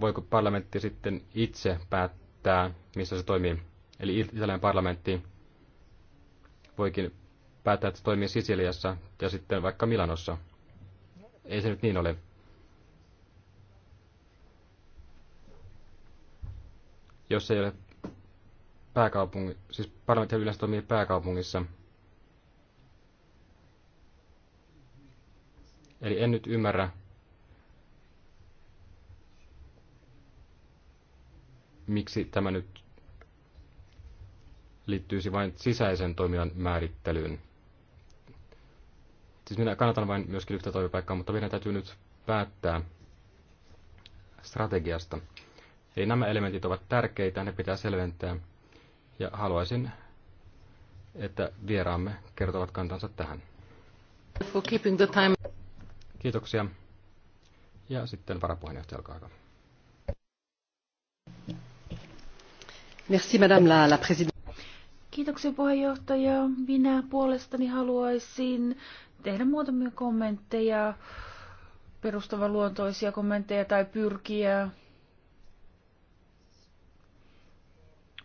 voiko parlamentti sitten itse päättää, missä se toimii? Eli Italian parlamentti voikin päättää, että se toimii Sisiliassa ja sitten vaikka Milanossa. Ei se nyt niin ole. Jos ei ole pääkaupungin, siis parlamentti yleensä toimii pääkaupungissa. Eli en nyt ymmärrä, miksi tämä nyt liittyisi vain sisäisen toimijan määrittelyyn. Siis minä kannatan vain myöskin yhtä toimipaikkaa, mutta meidän täytyy nyt päättää strategiasta. Eli nämä elementit ovat tärkeitä, ne pitää selventää. Ja haluaisin, että vieraamme kertovat kantansa tähän. Kiitoksia. Ja sitten varapuheenjohtaja, olkaa hyvä. Merci, madame la, Kiitoksia puheenjohtaja. Minä puolestani haluaisin tehdä muutamia kommentteja, perustavanluontoisia kommentteja tai pyrkiä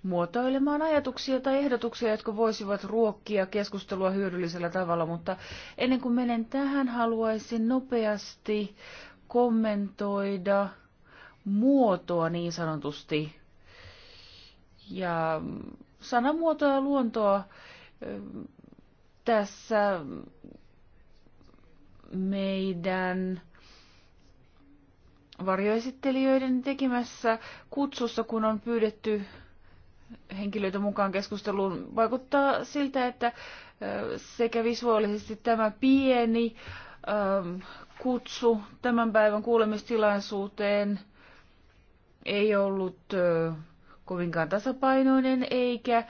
muotoilemaan ajatuksia tai ehdotuksia, jotka voisivat ruokkia keskustelua hyödyllisellä tavalla, mutta ennen kuin menen tähän, haluaisin nopeasti kommentoida muotoa niin sanotusti ja sanamuotoa ja luontoa tässä meidän varjoesittelijöiden tekemässä kutsussa, kun on pyydetty henkilöitä mukaan keskusteluun. Vaikuttaa siltä, että sekä visuaalisesti tämä pieni kutsu tämän päivän kuulemistilaisuuteen ei ollut kovinkaan tasapainoinen eikä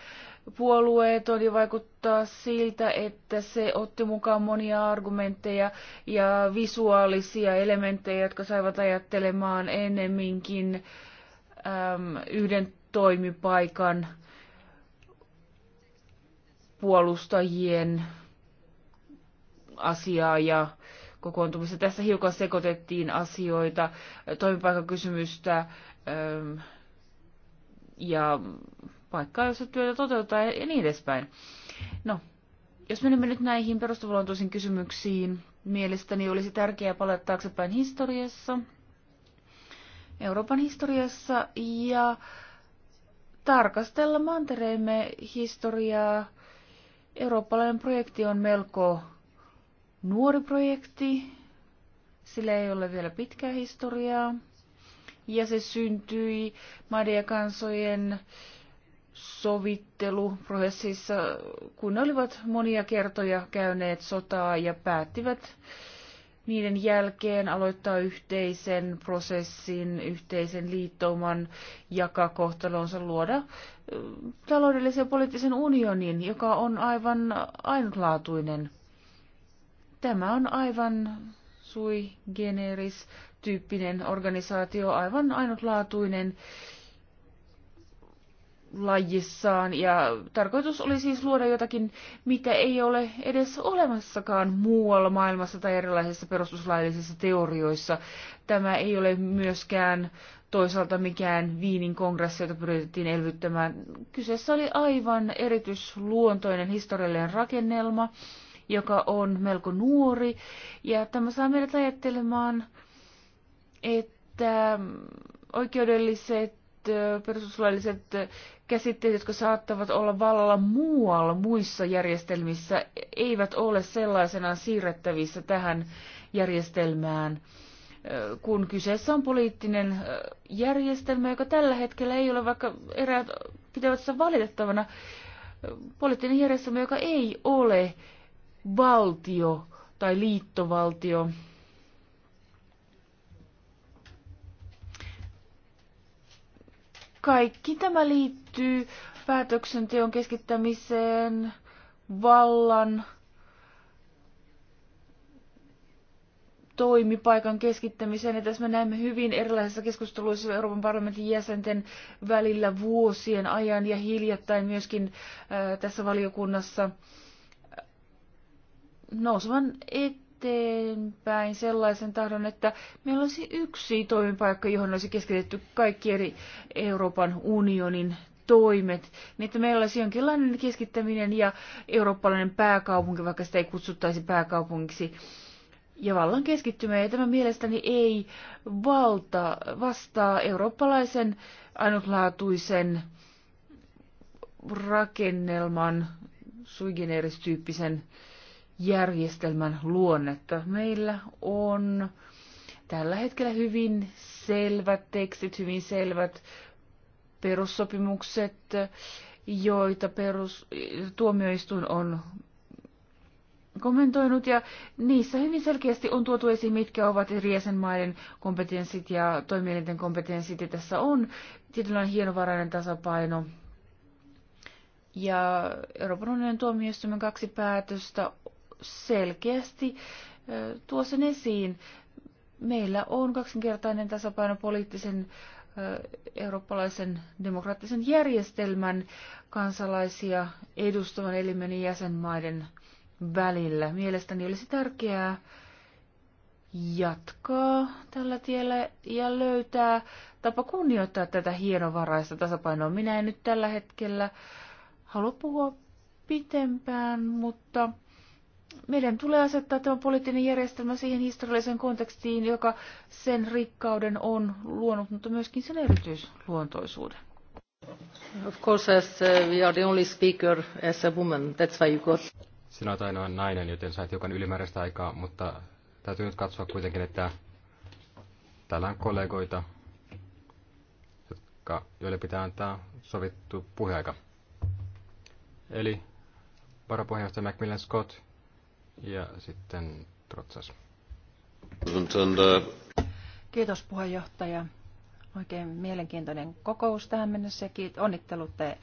puolueeton ja vaikuttaa siltä, että se otti mukaan monia argumentteja ja visuaalisia elementtejä, jotka saivat ajattelemaan ennemminkin äm, yhden toimipaikan puolustajien asiaa ja kokoontumista. Tässä hiukan sekoitettiin asioita, toimipaikakysymystä, äm, ja paikkaa, jossa työtä toteuttaa ja niin edespäin. No, jos menemme nyt näihin perustavanlaatuisiin kysymyksiin, mielestäni olisi tärkeää palata taaksepäin historiassa, Euroopan historiassa ja tarkastella mantereemme historiaa. Eurooppalainen projekti on melko nuori projekti, sillä ei ole vielä pitkää historiaa ja se syntyi Madia-kansojen sovitteluprosessissa, kun ne olivat monia kertoja käyneet sotaa ja päättivät niiden jälkeen aloittaa yhteisen prosessin, yhteisen liittouman, jakaa kohtalonsa, luoda äh, taloudellisen ja poliittisen unionin, joka on aivan ainutlaatuinen. Tämä on aivan sui generis tyyppinen organisaatio, aivan ainutlaatuinen lajissaan. Ja tarkoitus oli siis luoda jotakin, mitä ei ole edes olemassakaan muualla maailmassa tai erilaisissa perustuslaillisissa teorioissa. Tämä ei ole myöskään toisaalta mikään Viinin kongressi, jota pyritettiin elvyttämään. Kyseessä oli aivan erityisluontoinen historiallinen rakennelma, joka on melko nuori. Ja tämä saa meidät ajattelemaan että ähm, oikeudelliset perustuslailliset käsitteet, jotka saattavat olla vallalla muualla muissa järjestelmissä, eivät ole sellaisenaan siirrettävissä tähän järjestelmään, kun kyseessä on poliittinen järjestelmä, joka tällä hetkellä ei ole, vaikka eräät pitävät sitä valitettavana, poliittinen järjestelmä, joka ei ole valtio tai liittovaltio, Kaikki tämä liittyy päätöksenteon keskittämiseen, vallan, toimipaikan keskittämiseen. Ja tässä me näemme hyvin erilaisissa keskusteluissa Euroopan parlamentin jäsenten välillä vuosien ajan ja hiljattain myöskin äh, tässä valiokunnassa nousevan et eteenpäin sellaisen tahdon, että meillä olisi yksi toimipaikka, johon olisi keskitetty kaikki eri Euroopan unionin toimet, niin että meillä olisi jonkinlainen keskittäminen ja eurooppalainen pääkaupunki, vaikka sitä ei kutsuttaisi pääkaupungiksi, ja vallan keskittymä. Ja tämä mielestäni ei valta, vastaa eurooppalaisen ainutlaatuisen rakennelman sui generis tyyppisen äh, järjestelmän luonnetta. Meillä on tällä hetkellä hyvin selvät tekstit, hyvin selvät perussopimukset, joita perus, tuomioistuin on kommentoinut ja niissä hyvin selkeästi on tuotu esiin, mitkä ovat eri jäsenmaiden kompetenssit ja toimielinten kompetenssit. Ja tässä on tietynlainen hienovarainen tasapaino. Ja Euroopan unionin tuomioistuimen kaksi päätöstä selkeästi tuo sen esiin. Meillä on kaksinkertainen tasapaino poliittisen eurooppalaisen demokraattisen järjestelmän kansalaisia edustavan elimen jäsenmaiden välillä. Mielestäni olisi tärkeää jatkaa tällä tiellä ja löytää tapa kunnioittaa tätä hienovaraista tasapainoa. Minä en nyt tällä hetkellä halua puhua pitempään, mutta meidän tulee asettaa tämä poliittinen järjestelmä siihen historialliseen kontekstiin, joka sen rikkauden on luonut, mutta myöskin sen erityisluontoisuuden. Of course, as uh, we are the only speaker as a woman, that's why you got... Sinä olet ainoa nainen, joten sait hiukan ylimääräistä aikaa, mutta täytyy nyt katsoa kuitenkin, että täällä on kollegoita, jotka, joille pitää antaa sovittu puheaika. Eli varapuheenjohtaja Macmillan Scott, ja sitten Trotsas. Kiitos puheenjohtaja. Oikein mielenkiintoinen kokous tähän mennessä. Kiit- onnittelut te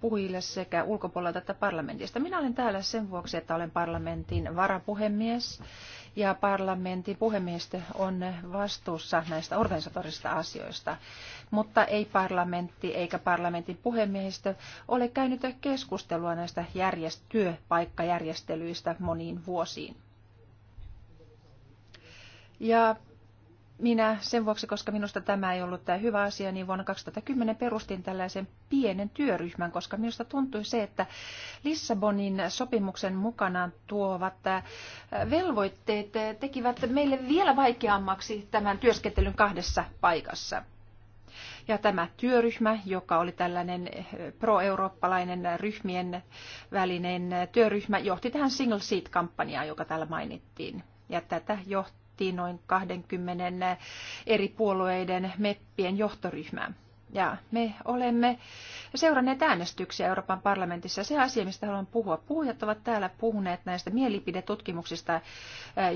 puhujille sekä ulkopuolelta että parlamentista. Minä olen täällä sen vuoksi, että olen parlamentin varapuhemies ja parlamentin puhemiehistö on vastuussa näistä organisatorisista asioista. Mutta ei parlamentti eikä parlamentin puhemiehistö ole käynyt keskustelua näistä järjest- työpaikkajärjestelyistä moniin vuosiin. Ja minä sen vuoksi, koska minusta tämä ei ollut tämä hyvä asia, niin vuonna 2010 perustin tällaisen pienen työryhmän, koska minusta tuntui se, että Lissabonin sopimuksen mukanaan tuovat velvoitteet tekivät meille vielä vaikeammaksi tämän työskentelyn kahdessa paikassa. Ja tämä työryhmä, joka oli tällainen pro-eurooppalainen ryhmien välinen työryhmä, johti tähän single seat-kampanjaan, joka täällä mainittiin. Ja tätä johti koottiin noin 20 eri puolueiden meppien johtoryhmää. Ja me olemme seuranneet äänestyksiä Euroopan parlamentissa. Se asia, mistä haluan puhua. Puhujat ovat täällä puhuneet näistä mielipidetutkimuksista, eh,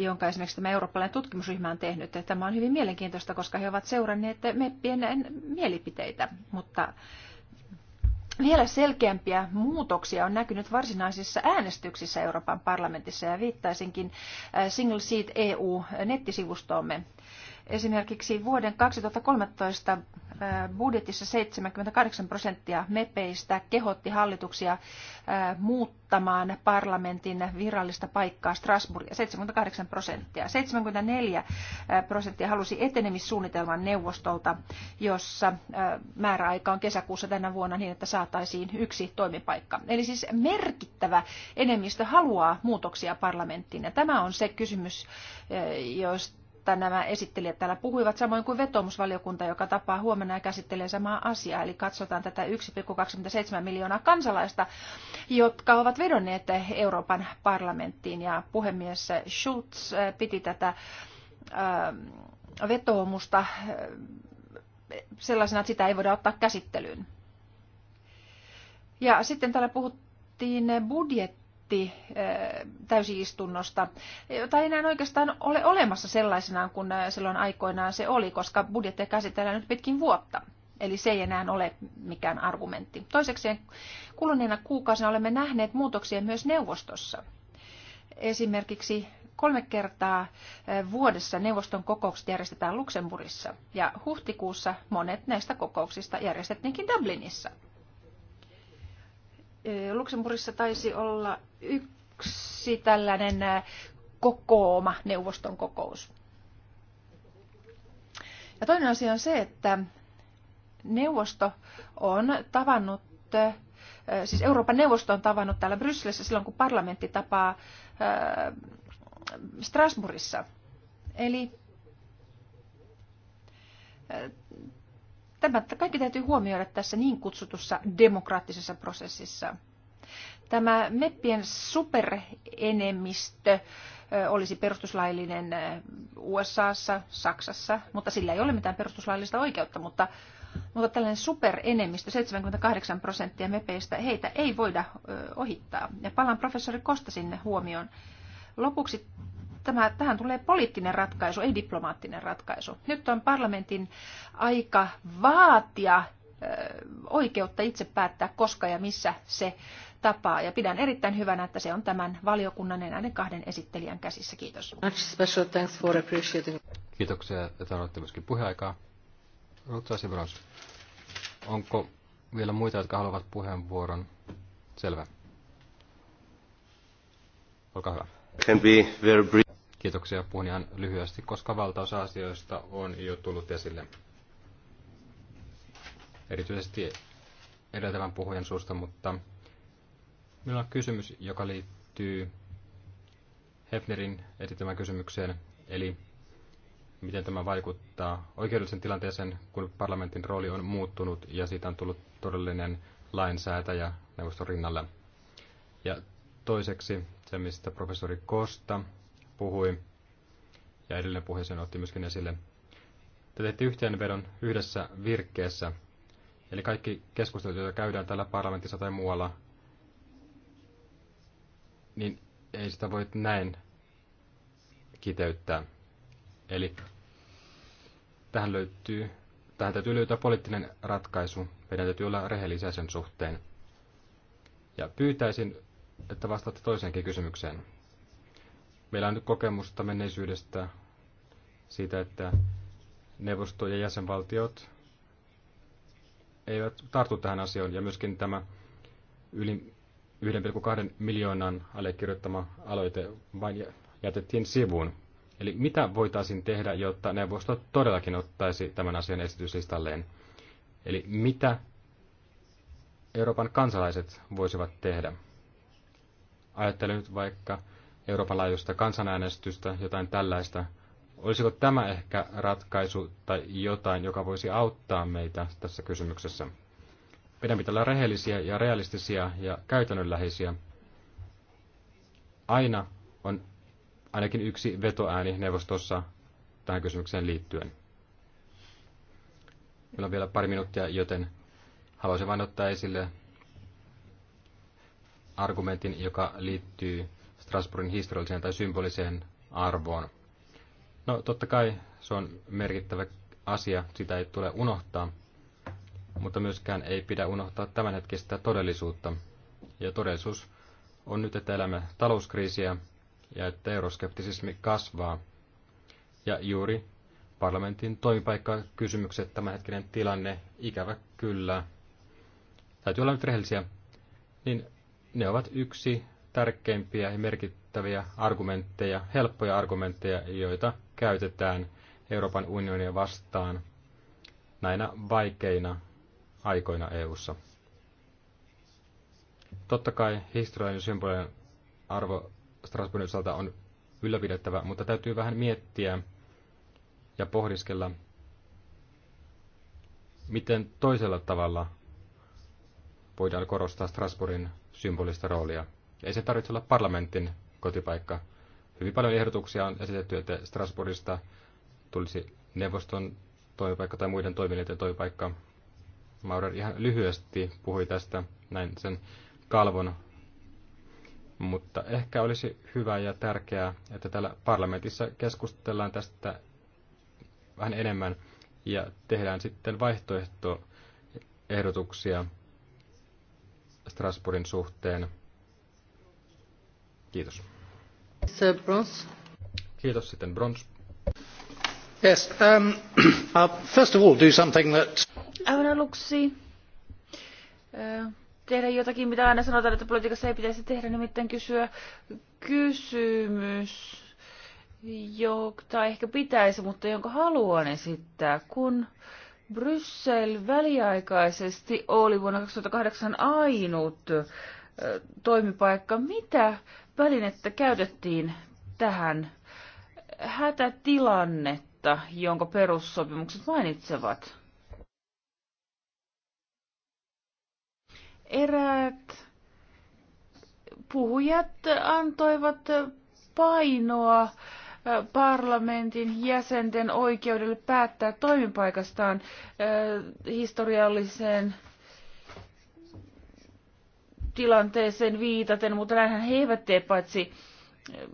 jonka esimerkiksi tämä eurooppalainen tutkimusryhmä on tehnyt. Tämä on hyvin mielenkiintoista, koska he ovat seuranneet meppien mielipiteitä. Mutta vielä selkeämpiä muutoksia on näkynyt varsinaisissa äänestyksissä Euroopan parlamentissa ja viittaisinkin äh, Single Seat EU-nettisivustoomme. Esimerkiksi vuoden 2013 budjetissa 78 prosenttia mepeistä kehotti hallituksia muuttamaan parlamentin virallista paikkaa Strasbourgia. 78 prosenttia. 74 prosenttia halusi etenemissuunnitelman neuvostolta, jossa määräaika on kesäkuussa tänä vuonna niin, että saataisiin yksi toimipaikka. Eli siis merkittävä enemmistö haluaa muutoksia parlamenttiin. Ja tämä on se kysymys, josta josta nämä esittelijät täällä puhuivat, samoin kuin vetomusvaliokunta, joka tapaa huomenna ja käsittelee samaa asiaa. Eli katsotaan tätä 1,27 miljoonaa kansalaista, jotka ovat vedonneet Euroopan parlamenttiin. Ja puhemies Schulz piti tätä ähm, vetoomusta äh, sellaisena, että sitä ei voida ottaa käsittelyyn. Ja sitten täällä puhuttiin budjetti raportti täysistunnosta, jota ei enää oikeastaan ole olemassa sellaisenaan kuin silloin aikoinaan se oli, koska budjetteja käsitellään nyt pitkin vuotta. Eli se ei enää ole mikään argumentti. Toiseksi kuluneena kuukausina olemme nähneet muutoksia myös neuvostossa. Esimerkiksi kolme kertaa vuodessa neuvoston kokoukset järjestetään Luxemburgissa ja huhtikuussa monet näistä kokouksista järjestettiinkin Dublinissa – Luxemburgissa taisi olla yksi tällainen kokooma neuvoston kokous. Ja toinen asia on se, että neuvosto on tavannut, siis Euroopan neuvosto on tavannut täällä Brysselissä silloin, kun parlamentti tapaa Strasbourgissa. Eli Tämä kaikki täytyy huomioida tässä niin kutsutussa demokraattisessa prosessissa. Tämä meppien superenemmistö olisi perustuslaillinen USAssa, Saksassa, mutta sillä ei ole mitään perustuslaillista oikeutta, mutta, mutta tällainen superenemmistö, 78 prosenttia mepeistä, heitä ei voida ohittaa. Ja palaan professori sinne huomioon. Lopuksi tämä, tähän tulee poliittinen ratkaisu, ei diplomaattinen ratkaisu. Nyt on parlamentin aika vaatia oikeutta itse päättää, koska ja missä se tapaa. Ja pidän erittäin hyvänä, että se on tämän valiokunnan ja näiden kahden esittelijän käsissä. Kiitos. Kiitoksia, että olette myöskin puheaikaa. onko vielä muita, jotka haluavat puheenvuoron? Selvä. Olkaa hyvä. Can be very brief. Kiitoksia. Puhun ihan lyhyesti, koska valtaosa asioista on jo tullut esille. Erityisesti edeltävän puhujan suusta, mutta minulla on kysymys, joka liittyy Hefnerin esittämään kysymykseen, eli miten tämä vaikuttaa oikeudellisen tilanteeseen, kun parlamentin rooli on muuttunut ja siitä on tullut todellinen lainsäätäjä neuvoston rinnalle. Ja toiseksi se, mistä professori Kosta puhui ja edellinen puhe sen otti myöskin esille. Te teette yhteenvedon yhdessä virkkeessä. Eli kaikki keskustelut, joita käydään täällä parlamentissa tai muualla, niin ei sitä voi näin kiteyttää. Eli tähän, löytyy, tähän täytyy löytää poliittinen ratkaisu. Meidän täytyy olla rehellisiä sen suhteen. Ja pyytäisin, että vastaatte toiseenkin kysymykseen. Meillä on nyt kokemusta menneisyydestä siitä, että neuvosto ja jäsenvaltiot eivät tartu tähän asiaan. Ja myöskin tämä yli 1,2 miljoonan allekirjoittama aloite vain jätettiin sivuun. Eli mitä voitaisiin tehdä, jotta neuvosto todellakin ottaisi tämän asian esityslistalleen? Eli mitä Euroopan kansalaiset voisivat tehdä? Ajattelen nyt vaikka Euroopan laajuista kansanäänestystä, jotain tällaista. Olisiko tämä ehkä ratkaisu tai jotain, joka voisi auttaa meitä tässä kysymyksessä? Meidän pitää olla rehellisiä ja realistisia ja käytännönläheisiä. Aina on ainakin yksi vetoääni neuvostossa tähän kysymykseen liittyen. Meillä on vielä pari minuuttia, joten haluaisin vain ottaa esille argumentin, joka liittyy Strasbourgin historialliseen tai symboliseen arvoon. No totta kai se on merkittävä asia, sitä ei tule unohtaa, mutta myöskään ei pidä unohtaa tämänhetkistä todellisuutta. Ja todellisuus on nyt, että elämme talouskriisiä ja että euroskeptisismi kasvaa. Ja juuri parlamentin toimipaikkakysymykset, tämänhetkinen tilanne, ikävä kyllä, täytyy olla nyt rehellisiä, niin ne ovat yksi tärkeimpiä ja merkittäviä argumentteja, helppoja argumentteja, joita käytetään Euroopan unionia vastaan näinä vaikeina aikoina EU:ssa. Totta kai historiallinen symbolinen arvo Strasbourgin osalta on ylläpidettävä, mutta täytyy vähän miettiä ja pohdiskella, miten toisella tavalla voidaan korostaa Strasbourgin symbolista roolia ei se tarvitse olla parlamentin kotipaikka. Hyvin paljon ehdotuksia on esitetty, että Strasbourgista tulisi neuvoston toimipaikka tai muiden toimielinten toimipaikka. Maurer ihan lyhyesti puhui tästä, näin sen kalvon. Mutta ehkä olisi hyvä ja tärkeää, että täällä parlamentissa keskustellaan tästä vähän enemmän ja tehdään sitten vaihtoehtoehdotuksia Strasbourgin suhteen Kiitos. Sir Brons. Kiitos sitten Brons. Yes, um, I'll uh, first of all do something that... Aivan aluksi uh, tehdä jotakin, mitä aina sanotaan, että politiikassa ei pitäisi tehdä, nimittäin kysyä kysymys, jota ehkä pitäisi, mutta jonka haluan esittää, kun Bryssel väliaikaisesti oli vuonna 2008 ainut uh, toimipaikka. Mitä välinettä käytettiin tähän hätätilannetta, jonka perussopimukset mainitsevat. Eräät puhujat antoivat painoa parlamentin jäsenten oikeudelle päättää toimipaikastaan historialliseen tilanteeseen viitaten, mutta näinhän he eivät tee paitsi eh,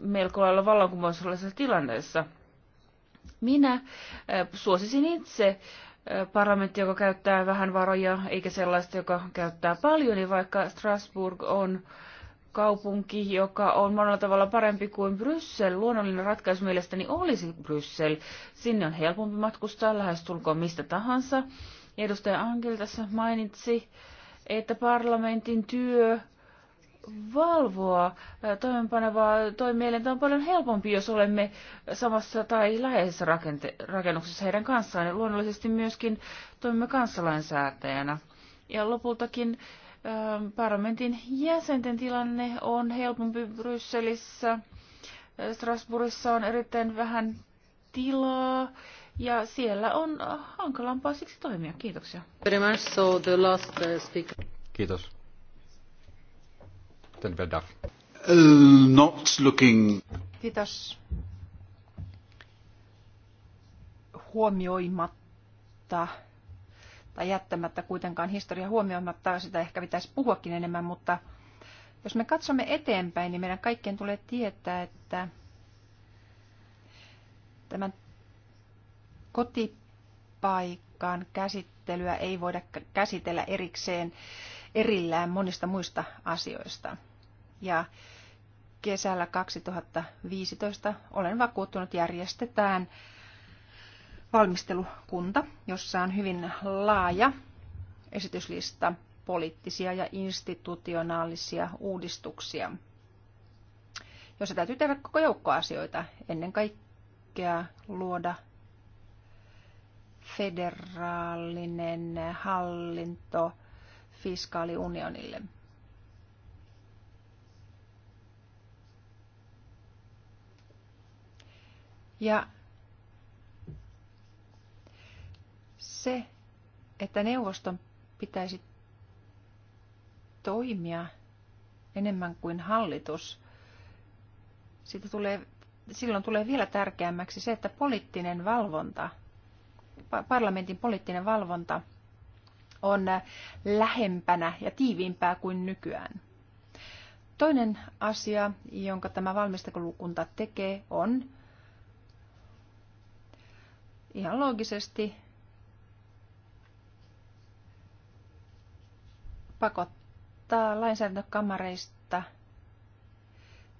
melko lailla vallankumouksellisessa tilanteessa. Minä eh, suosisin itse eh, parlamentti, joka käyttää vähän varoja, eikä sellaista, joka käyttää paljon, niin vaikka Strasbourg on kaupunki, joka on monella tavalla parempi kuin Bryssel. Luonnollinen ratkaisu mielestäni olisi Bryssel. Sinne on helpompi matkustaa lähestulkoon mistä tahansa. Edustaja Angel tässä mainitsi äh, että parlamentin työ valvoa toimenpanevaa toimielintä on paljon helpompi, jos olemme samassa tai läheisessä rakennuksessa heidän kanssaan. Ja luonnollisesti myöskin toimimme kanssalainsäätäjänä. Ja lopultakin ähm, parlamentin jäsenten tilanne on helpompi Brysselissä. Äh, Strasbourgissa on erittäin vähän tilaa ja siellä on äh, hankalampaa siksi toimia. Kiitoksia. Uh, Kiitos. Tenver Duff. Uh, not looking. Kiitos. Huomioimatta tai jättämättä kuitenkaan historia huomioimatta, sitä ehkä pitäisi puhuakin enemmän, mutta jos me katsomme eteenpäin, niin meidän kaikkien tulee tietää, että tämän kotipaikan käsittelyä ei voida käsitellä erikseen erillään monista muista asioista. Ja kesällä 2015 olen vakuuttunut järjestetään valmistelukunta, jossa on hyvin laaja esityslista poliittisia ja institutionaalisia uudistuksia, jossa täytyy tehdä koko joukko asioita, ennen kaikkea luoda federaalinen hallinto fiskaaliunionille. Ja se, että neuvoston pitäisi toimia enemmän kuin hallitus, siitä tulee, silloin tulee vielä tärkeämmäksi se, että poliittinen valvonta – parlamentin poliittinen valvonta on lähempänä ja tiiviimpää kuin nykyään. Toinen asia, jonka tämä valmistelukunta tekee, on ihan loogisesti pakottaa lainsäädäntökamareista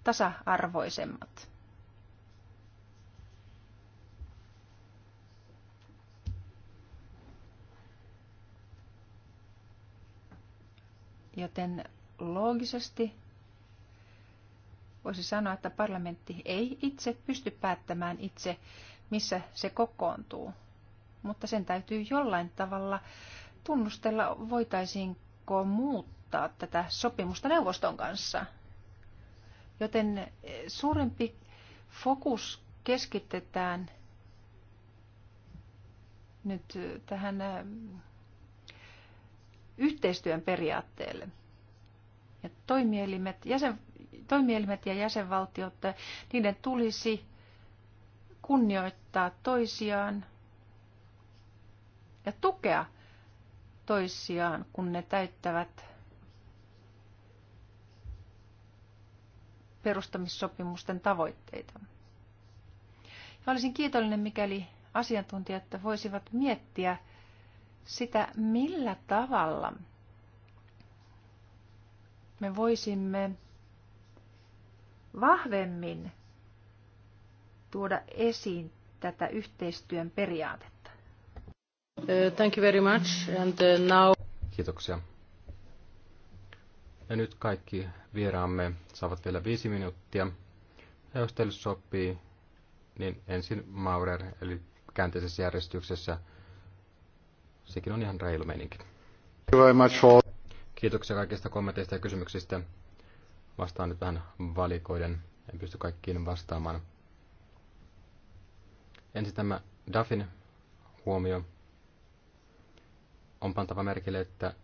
tasa-arvoisemmat. Joten loogisesti voisi sanoa, että parlamentti ei itse pysty päättämään itse, missä se kokoontuu. Mutta sen täytyy jollain tavalla tunnustella, voitaisiinko muuttaa tätä sopimusta neuvoston kanssa. Joten eh, suurempi fokus keskitetään nyt eh, tähän eh, yhteistyön periaatteelle. Ja toimielimet, jäsen, toimielimet ja jäsenvaltiot, niiden tulisi kunnioittaa toisiaan ja tukea toisiaan, kun ne täyttävät perustamissopimusten tavoitteita. Ja olisin kiitollinen, mikäli asiantuntijat voisivat miettiä sitä, millä tavalla me voisimme vahvemmin tuoda esiin tätä yhteistyön periaatetta. Eh, thank you very much. And eh, now... Kiitoksia. Ja nyt kaikki vieraamme saavat vielä viisi minuuttia. Ja jos teille sopii, niin ensin Maurer, eli käänteisessä järjestyksessä – Sekin on ihan reilu meininki. Kiitoksia kaikista kommenteista ja kysymyksistä. Vastaan nyt vähän valikoiden. En pysty kaikkiin vastaamaan. Ensin tämä Duffin huomio. On pantava merkille, että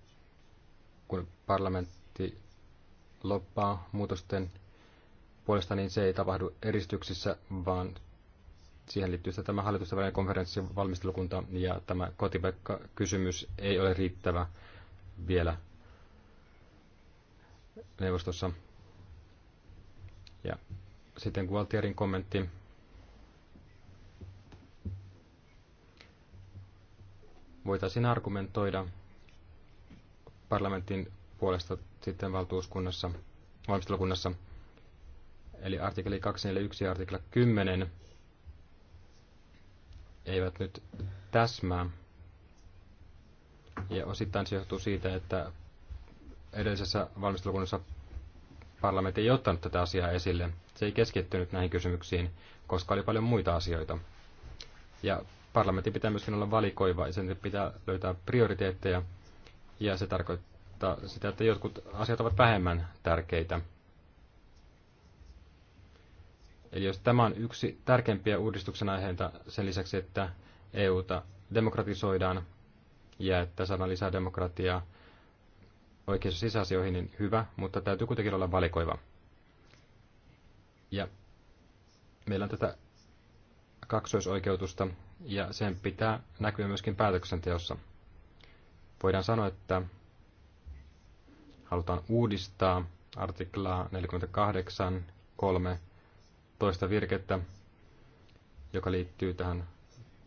kun parlamentti loppaa muutosten puolesta, niin se ei tapahdu eristyksissä, vaan Siihen liittyy että tämä hallitusten välinen konferenssi, valmistelukunta ja tämä kotipaikkakysymys ei ole riittävä vielä neuvostossa. Ja sitten Gualtierin kommentti. Voitaisiin argumentoida parlamentin puolesta sitten valtuuskunnassa, valmistelukunnassa. Eli artikeli 241 ja artikla 10 eivät nyt täsmää. Ja osittain se johtuu siitä, että edellisessä valmistelukunnassa parlamentti ei ottanut tätä asiaa esille. Se ei keskittynyt näihin kysymyksiin, koska oli paljon muita asioita. Ja parlamentti pitää myöskin olla valikoiva ja sen pitää löytää prioriteetteja. Ja se tarkoittaa sitä, että jotkut asiat ovat vähemmän tärkeitä. Eli jos tämä on yksi tärkeimpiä uudistuksen aiheita sen lisäksi, että EUta demokratisoidaan ja että saadaan lisää demokratiaa oikeus- sisäasioihin, niin hyvä, mutta täytyy kuitenkin olla valikoiva. Ja meillä on tätä kaksoisoikeutusta, ja sen pitää näkyä myöskin päätöksenteossa. Voidaan sanoa, että halutaan uudistaa artiklaa 48.3 toista virkettä, joka liittyy tähän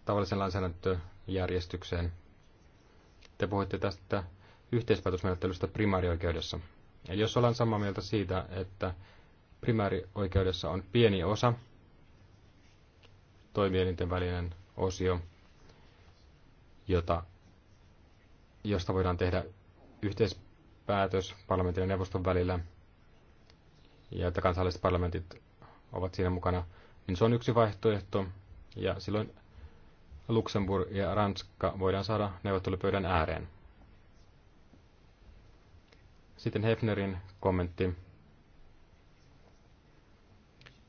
tavallisen lainsäädäntöjärjestykseen. Te puhuitte tästä yhteispäätösmenettelystä primäärioikeudessa. Eli jos ollaan samaa mieltä siitä, että primäärioikeudessa on pieni osa, toimielinten välinen osio, jota, josta voidaan tehdä yhteispäätös parlamentin ja neuvoston välillä, ja että kansalliset parlamentit ovat siinä mukana, niin se on yksi vaihtoehto. Ja silloin Luxemburg ja Ranska voidaan saada neuvottelupöydän ääreen. Sitten Hefnerin kommentti.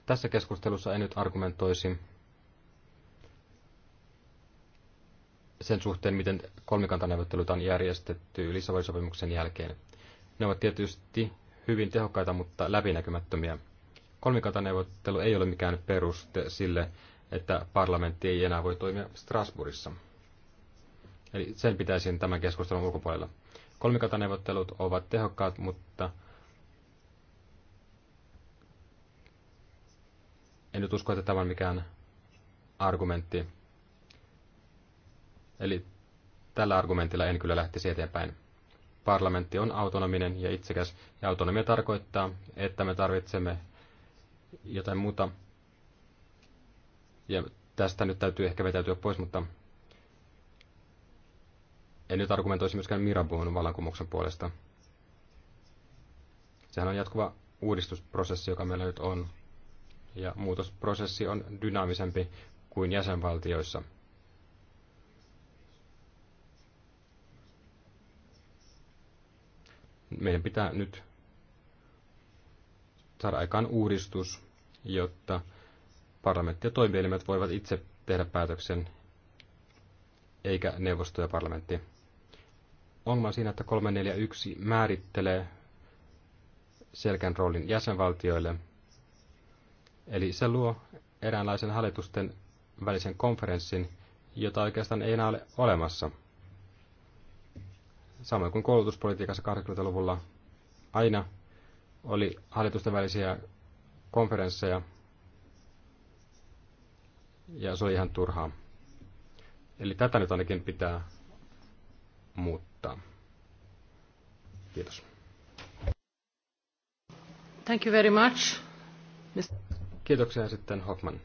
Tässä keskustelussa en nyt argumentoisi sen suhteen, miten kolmikantaneuvottelut on järjestetty Lissabonin sopimuksen jälkeen. Ne ovat tietysti hyvin tehokkaita, mutta läpinäkymättömiä kolmikantaneuvottelu ei ole mikään peruste sille, että parlamentti ei enää voi toimia Strasbourgissa. Eli sen pitäisi tämän keskustelun ulkopuolella. Kolmikantaneuvottelut ovat tehokkaat, mutta en nyt usko, että tämä on mikään argumentti. Eli tällä argumentilla en kyllä lähtisi eteenpäin. Parlamentti on autonominen ja itsekäs, ja autonomia tarkoittaa, että me tarvitsemme jotain muuta. Ja tästä nyt täytyy ehkä vetäytyä pois, mutta en nyt argumentoisi myöskään Miraboon vallankumouksen puolesta. Sehän on jatkuva uudistusprosessi, joka meillä nyt on. Ja muutosprosessi on dynaamisempi kuin jäsenvaltioissa. Meidän pitää nyt saada aikaan uudistus, jotta parlamentti ja toimielimet voivat itse tehdä päätöksen, eikä neuvosto ja parlamentti. Ongelma on siinä, että 341 määrittelee selkän roolin jäsenvaltioille, eli se luo eräänlaisen hallitusten välisen konferenssin, jota oikeastaan ei enää ole olemassa. Samoin kuin koulutuspolitiikassa 80-luvulla aina oli hallitusten välisiä konferensseja, ja se oli ihan turhaa. Eli tätä nyt ainakin pitää muuttaa. Kiitos. Thank you very much. Kiitoksia sitten Hoffman.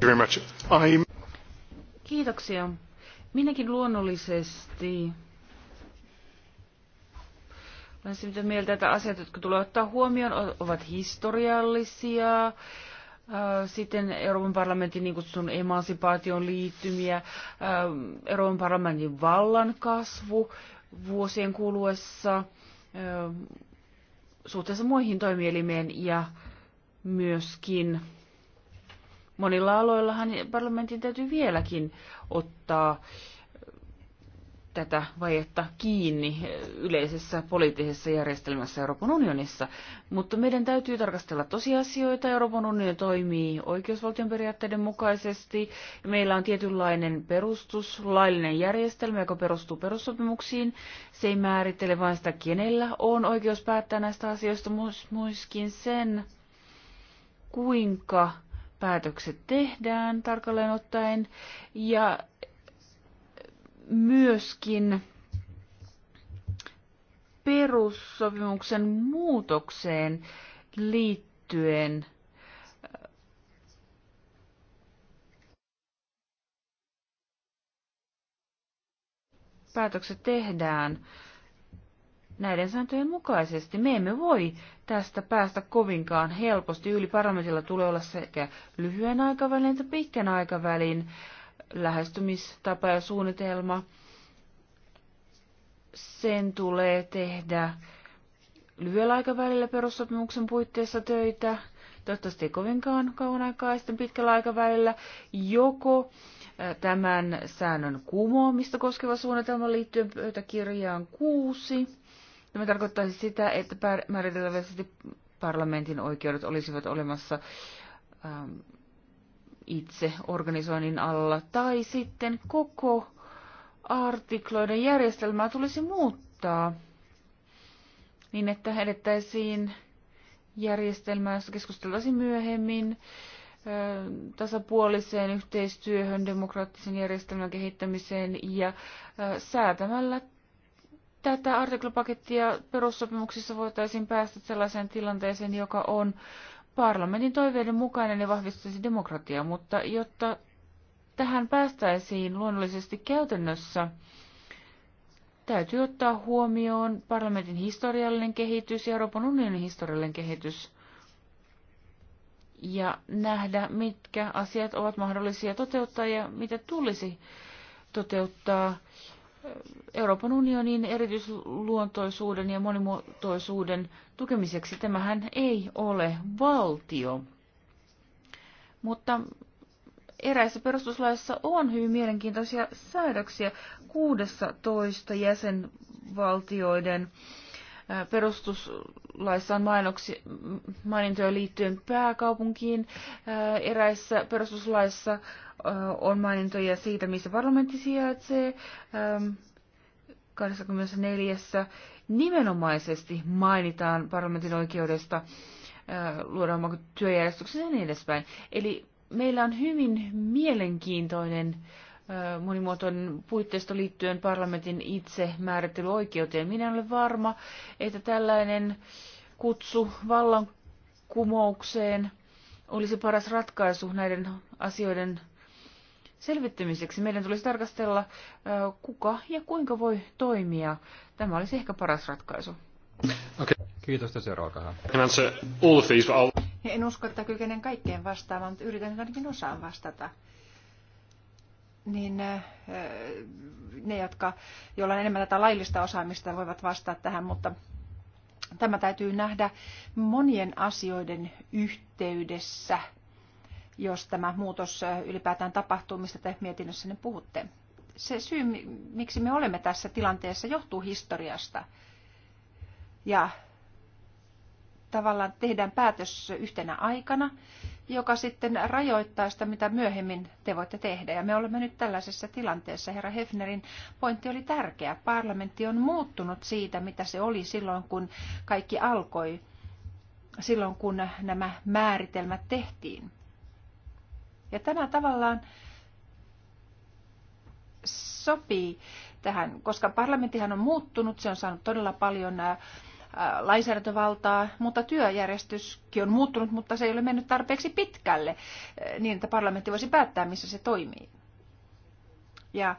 Very much. I'm... Kiitoksia. Minäkin luonnollisesti olen sitä mieltä, että asiat, jotka tulee ottaa huomioon, ovat historiallisia. Sitten Euroopan parlamentin niin kutsun emansipaation liittymiä, Euroopan parlamentin vallan kasvu vuosien kuluessa suhteessa muihin toimielimeen ja myöskin monilla aloillahan parlamentin täytyy vieläkin ottaa äh, tätä vajetta kiinni yleisessä poliittisessa järjestelmässä Euroopan unionissa. Mutta meidän täytyy tarkastella tosiasioita. Euroopan unioni toimii oikeusvaltion periaatteiden mukaisesti. Meillä on tietynlainen perustuslaillinen järjestelmä, joka perustuu perussopimuksiin. Se ei määrittele vain sitä, kenellä on oikeus päättää näistä asioista, muiskin sen, kuinka päätökset tehdään tarkalleen ottaen. Ja myöskin perussopimuksen muutokseen liittyen. Päätökset tehdään näiden sääntöjen mukaisesti. Me emme voi tästä päästä kovinkaan helposti. Yli parlamentilla tulee olla sekä lyhyen aikavälin että pitkän aikavälin äh, lähestymistapa ja suunnitelma, sen tulee tehdä lyhyellä aikavälillä perussopimuksen puitteissa töitä, toivottavasti ei kovinkaan kauan aikaa, sitten pitkällä aikavälillä joko tämän säännön kumoamista koskeva suunnitelma liittyen pöytäkirjaan kuusi. Tämä tarkoittaisi sitä, että määriteltävästi parlamentin oikeudet olisivat olemassa ähm, itse organisoinnin alla, tai sitten koko artikloiden järjestelmää tulisi muuttaa niin, että edettäisiin järjestelmää, jossa keskusteltaisiin myöhemmin tasapuoliseen yhteistyöhön, demokraattisen järjestelmän kehittämiseen ja säätämällä tätä artiklopakettia perussopimuksissa voitaisiin päästä sellaiseen tilanteeseen, joka on parlamentin toiveiden mukainen ja vahvistaisi demokratiaa, mutta jotta tähän päästäisiin luonnollisesti käytännössä, täytyy ottaa huomioon parlamentin historiallinen kehitys ja Euroopan unionin historiallinen kehitys ja nähdä, mitkä asiat ovat mahdollisia toteuttaa ja mitä tulisi toteuttaa. Euroopan unionin erityisluontoisuuden ja monimuotoisuuden tukemiseksi. Tämähän ei ole valtio. Mutta eräissä perustuslaissa on hyvin mielenkiintoisia säädöksiä 16 jäsenvaltioiden perustuslaissa on mainoksi, mainintoja liittyen pääkaupunkiin. Eräissä perustuslaissa on mainintoja siitä, missä parlamentti sijaitsee 24. Ähm, Nimenomaisesti mainitaan parlamentin oikeudesta äh, luoda oma työjärjestyksen ja niin edespäin. Eli meillä on hyvin mielenkiintoinen monimuotoinen puitteisto liittyen parlamentin itse määrittelyoikeuteen. Minä olen varma, että tällainen kutsu vallankumoukseen olisi paras ratkaisu näiden asioiden selvittämiseksi. Meidän tulisi tarkastella, kuka ja kuinka voi toimia. Tämä olisi ehkä paras ratkaisu. Okay. Kiitos tässä seuraavakaan. En usko, että kykenen kaikkeen vastaamaan, mutta yritän ainakin osaan vastata niin ne, jotka, joilla on enemmän tätä laillista osaamista, voivat vastata tähän, mutta tämä täytyy nähdä monien asioiden yhteydessä jos tämä muutos äh, ylipäätään tapahtuu, mistä te mietinnössänne puhutte. Se syy, miksi me olemme tässä tilanteessa, johtuu historiasta. Ja tavallaan tehdään päätös yhtenä aikana, joka sitten rajoittaa sitä, mitä myöhemmin te voitte tehdä. Ja me olemme nyt tällaisessa tilanteessa. Herra Hefnerin pointti oli tärkeä. Parlamentti on muuttunut siitä, mitä se oli silloin, kun kaikki alkoi, silloin kun nämä määritelmät tehtiin. Ja tämä tavallaan sopii tähän, koska parlamenttihan on muuttunut, se on saanut todella paljon äh, äh, lainsäädäntövaltaa, mutta työjärjestyskin on muuttunut, mutta se ei ole mennyt tarpeeksi pitkälle äh, niin, että parlamentti voisi päättää, missä se toimii. Ja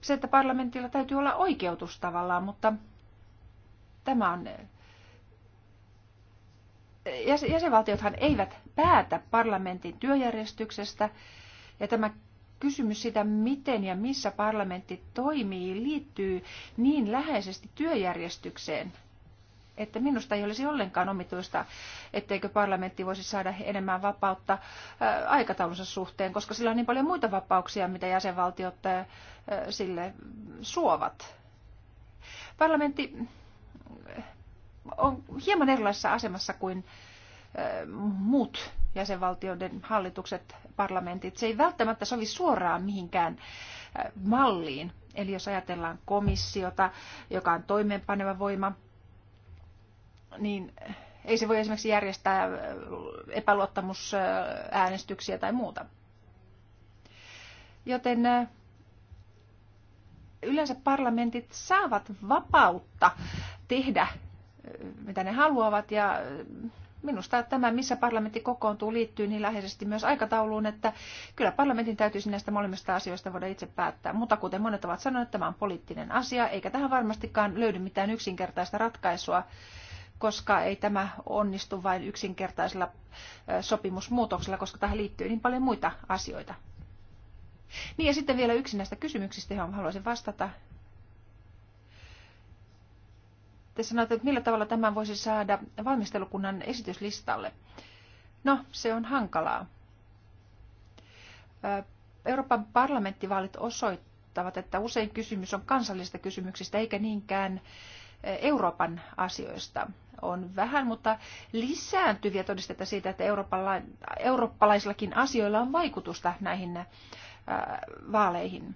se, että parlamentilla täytyy olla oikeutus tavallaan, mutta tämä on... Jäsenvaltiothan eivät päätä parlamentin työjärjestyksestä ja tämä kysymys sitä, miten ja missä parlamentti toimii, liittyy niin läheisesti työjärjestykseen, että minusta ei olisi ollenkaan omituista, etteikö parlamentti voisi saada enemmän vapautta aikataulunsa suhteen, koska sillä on niin paljon muita vapauksia, mitä jäsenvaltiot sille suovat. Parlamentti on hieman erilaisessa asemassa kuin muut jäsenvaltioiden hallitukset, parlamentit. Se ei välttämättä sovi suoraan mihinkään äh, malliin. Eli jos ajatellaan komissiota, joka on toimeenpaneva voima, niin ei se voi esimerkiksi järjestää äh, epäluottamusäänestyksiä tai muuta. Joten äh, yleensä parlamentit saavat vapautta tehdä, mitä ne haluavat, ja minusta tämä, missä parlamentti kokoontuu, liittyy niin läheisesti myös aikatauluun, että kyllä parlamentin täytyisi näistä molemmista asioista voida itse päättää. Mutta kuten monet ovat sanoneet, tämä on poliittinen asia, eikä tähän varmastikaan löydy mitään yksinkertaista ratkaisua, koska ei tämä onnistu vain yksinkertaisella sopimusmuutoksella, koska tähän liittyy niin paljon muita asioita. Niin ja sitten vielä yksi näistä kysymyksistä, johon haluaisin vastata, te sanoitte, että millä tavalla tämän voisi saada valmistelukunnan esityslistalle. No, se on hankalaa. Euroopan parlamenttivaalit osoittavat, että usein kysymys on kansallisista kysymyksistä eikä niinkään Euroopan asioista. On vähän, mutta lisääntyviä todisteita siitä, että eurooppalaisillakin asioilla on vaikutusta näihin vaaleihin.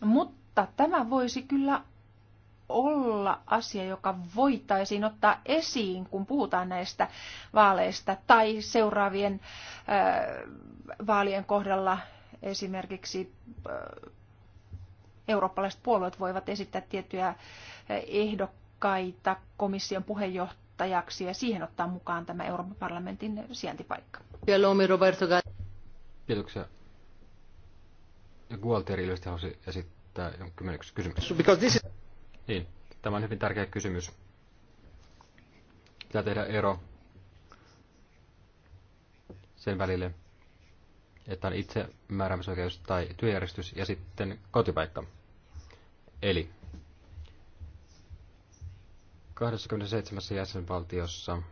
Mutta tämä voisi kyllä olla asia, joka voitaisiin ottaa esiin, kun puhutaan näistä vaaleista tai seuraavien äh, vaalien kohdalla esimerkiksi äh, eurooppalaiset puolueet voivat esittää tiettyjä äh, ehdokkaita komission puheenjohtajaksi ja siihen ottaa mukaan tämä Euroopan parlamentin sijaintipaikka. Kiitoksia. Ja Gualtieri ilmeisesti halusi esittää jonkun kysymyksen. Niin, tämä on hyvin tärkeä kysymys. Pitää tehdä ero sen välille, että on itse määräämisoikeus tai työjärjestys ja sitten kotipaikka. Eli 27 jäsenvaltiossa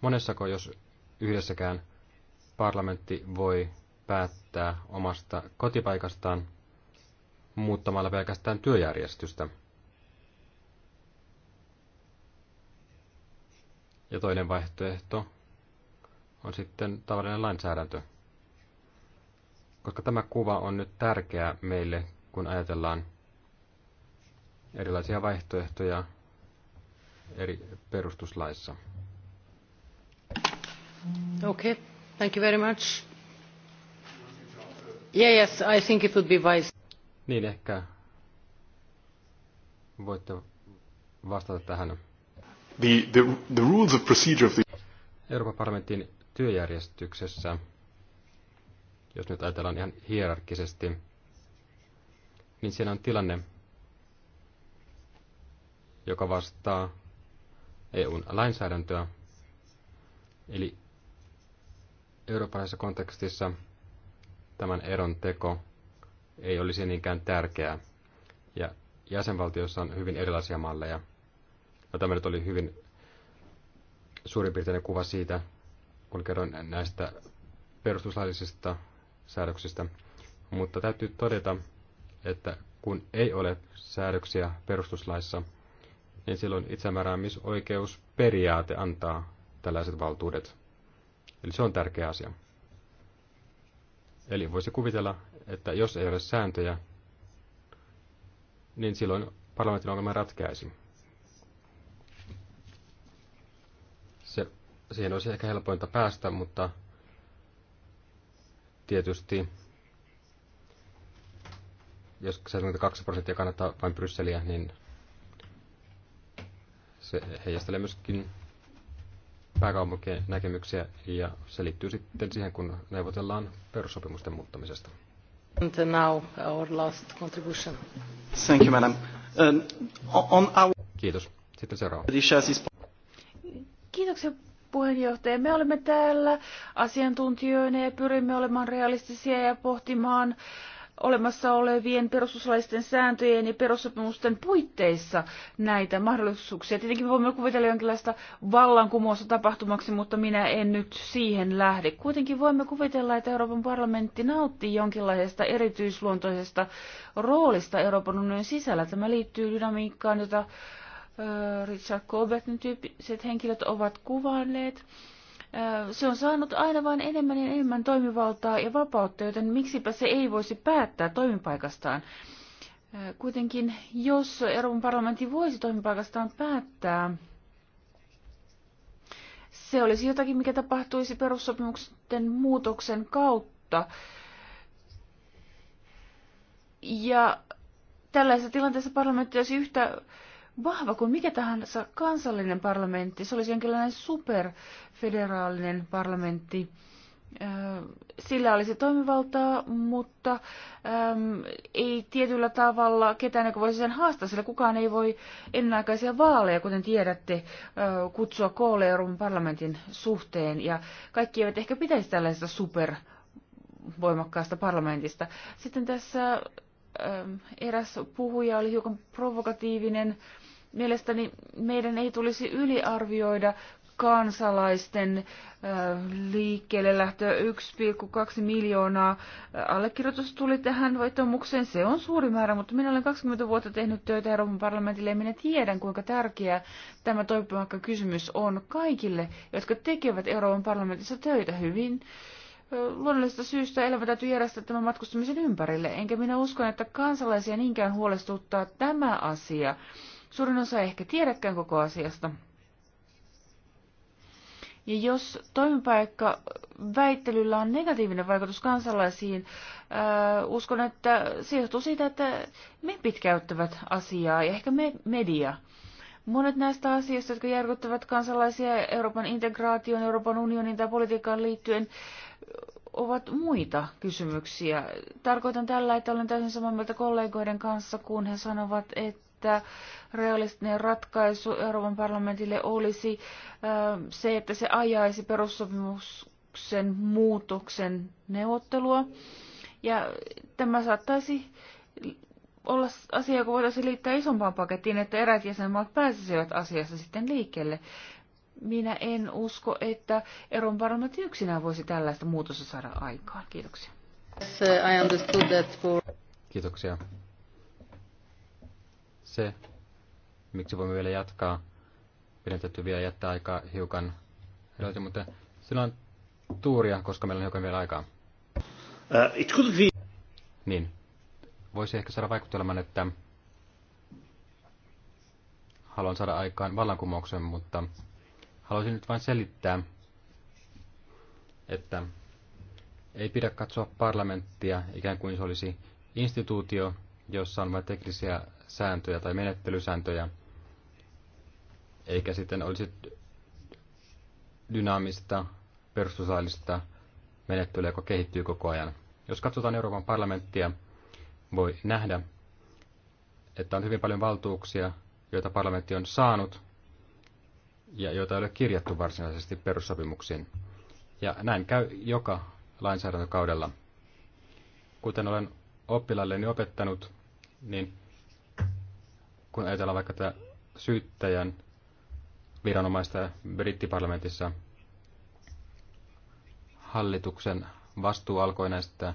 monessako, jos yhdessäkään parlamentti voi päättää omasta kotipaikastaan – muuttamalla pelkästään työjärjestystä. Ja toinen vaihtoehto on sitten tavallinen lainsäädäntö. Koska tämä kuva on nyt tärkeä meille, kun ajatellaan erilaisia vaihtoehtoja eri perustuslaissa. Okay, thank you very much. Yeah, yes, I think it would be wise. Niin ehkä voitte vastata tähän. The, the, the rules of procedure of the... Euroopan parlamentin työjärjestyksessä, jos nyt ajatellaan ihan hierarkkisesti, niin siinä on tilanne, joka vastaa EUn lainsäädäntöä. Eli eurooppalaisessa kontekstissa tämän eron teko ei olisi niinkään tärkeää. Ja jäsenvaltioissa on hyvin erilaisia malleja. No, tämä nyt oli hyvin suurin piirteinen kuva siitä, kun kerron näistä perustuslaillisista säädöksistä. Mutta täytyy todeta, että kun ei ole säädöksiä perustuslaissa, niin silloin itsemääräämisoikeusperiaate antaa tällaiset valtuudet. Eli se on tärkeä asia. Eli voisi kuvitella, että jos ei ole sääntöjä, niin silloin parlamentin ongelma ratkaisi. Se, siihen olisi ehkä helpointa päästä, mutta tietysti jos 72 prosenttia kannattaa vain Brysseliä, niin se heijastelee myöskin pääkaupunkien näkemyksiä ja se liittyy sitten siihen, kun neuvotellaan perussopimusten muuttamisesta. Um, Kiitos. Siis Kiitoksia puheenjohtaja. Me olemme täällä asiantuntijoina ja pyrimme olemaan realistisia ja pohtimaan äh, olemassa olevien perustuslaisten sääntöjen ja perussopimusten puitteissa näitä mahdollisuuksia. Tietenkin me voimme kuvitella jonkinlaista vallankumousta tapahtumaksi, mutta minä en nyt siihen lähde. Kuitenkin voimme kuvitella, että Euroopan parlamentti nauttii jonkinlaisesta erityisluontoisesta roolista Euroopan unionin sisällä. Tämä liittyy dynamiikkaan, jota Richard Colbertin tyyppiset henkilöt ovat kuvailleet. Se on saanut aina vain enemmän ja enemmän toimivaltaa ja vapautta, joten miksipä se ei voisi päättää toimipaikastaan. Kuitenkin, jos Euroopan parlamentti voisi toimipaikastaan päättää, se olisi jotakin, mikä tapahtuisi perussopimuksen muutoksen kautta. Ja tällaisessa tilanteessa parlamentti olisi yhtä vahva kuin mikä tahansa kansallinen parlamentti. Se olisi jonkinlainen superfederaalinen parlamentti. Sillä olisi toimivaltaa, mutta äm, ei tietyllä tavalla ketään, joka voisi sen haastaa, sillä kukaan ei voi ennenaikaisia vaaleja, kuten tiedätte, kutsua koolle Euroopan parlamentin suhteen. Ja kaikki eivät ehkä pitäisi tällaisesta supervoimakkaasta parlamentista. Sitten tässä eräs puhuja oli hiukan provokatiivinen. Mielestäni meidän ei tulisi yliarvioida kansalaisten liikkeelle lähtöä 1,2 miljoonaa allekirjoitus tuli tähän vetomukseen. Se on suuri määrä, mutta minä olen 20 vuotta tehnyt töitä Euroopan parlamentille ja minä tiedän, kuinka tärkeä tämä toipumakka kysymys on kaikille, jotka tekevät Euroopan parlamentissa töitä hyvin. Luonnollisesta syystä elämä täytyy järjestää tämän matkustamisen ympärille, enkä minä usko, että kansalaisia niinkään huolestuttaa tämä asia. Suurin osa ei ehkä tiedäkään koko asiasta. Ja jos toimipaikka väittelyllä on negatiivinen vaikutus kansalaisiin, ää, äh, uskon, että se johtuu siitä, että me pitkäyttävät asiaa ja ehkä me media. Monet näistä asioista, jotka järkyttävät kansalaisia Euroopan integraation, Euroopan unionin tai politiikkaan liittyen, ovat muita kysymyksiä. Tarkoitan tällä, että olen täysin samaa mieltä kollegoiden kanssa, kun he sanovat, että että realistinen ratkaisu Euroopan parlamentille olisi ähm, se, että se ajaisi perussopimuksen muutoksen neuvottelua. Ja tämä saattaisi olla asia, joka voitaisiin liittää isompaan pakettiin, että eräät jäsenmaat pääsisivät asiassa sitten liikkeelle. Minä en usko, että Euroopan parlamentti yksinään voisi tällaista muutosta saada aikaan. Kiitoksia. Kiitoksia se, miksi voimme vielä jatkaa. Meidän täytyy vielä jättää aikaa hiukan edelleen, mutta sillä on tuuria, koska meillä on hiukan vielä aikaa. Uh, be... Niin. Voisi ehkä saada vaikuttelemaan, että haluan saada aikaan vallankumouksen, mutta haluaisin nyt vain selittää, että ei pidä katsoa parlamenttia ikään kuin se olisi instituutio, jossa on vain teknisiä sääntöjä tai menettelysääntöjä, eikä sitten olisi dynaamista, perustuslaillista menettelyä, joka kehittyy koko ajan. Jos katsotaan Euroopan parlamenttia, voi nähdä, että on hyvin paljon valtuuksia, joita parlamentti on saanut ja joita ei ole kirjattu varsinaisesti perussopimuksiin. Ja näin käy joka lainsäädäntökaudella. Kuten olen oppilailleni opettanut, niin kun ajatellaan vaikka tätä syyttäjän viranomaista brittiparlamentissa, hallituksen vastuu alkoi näistä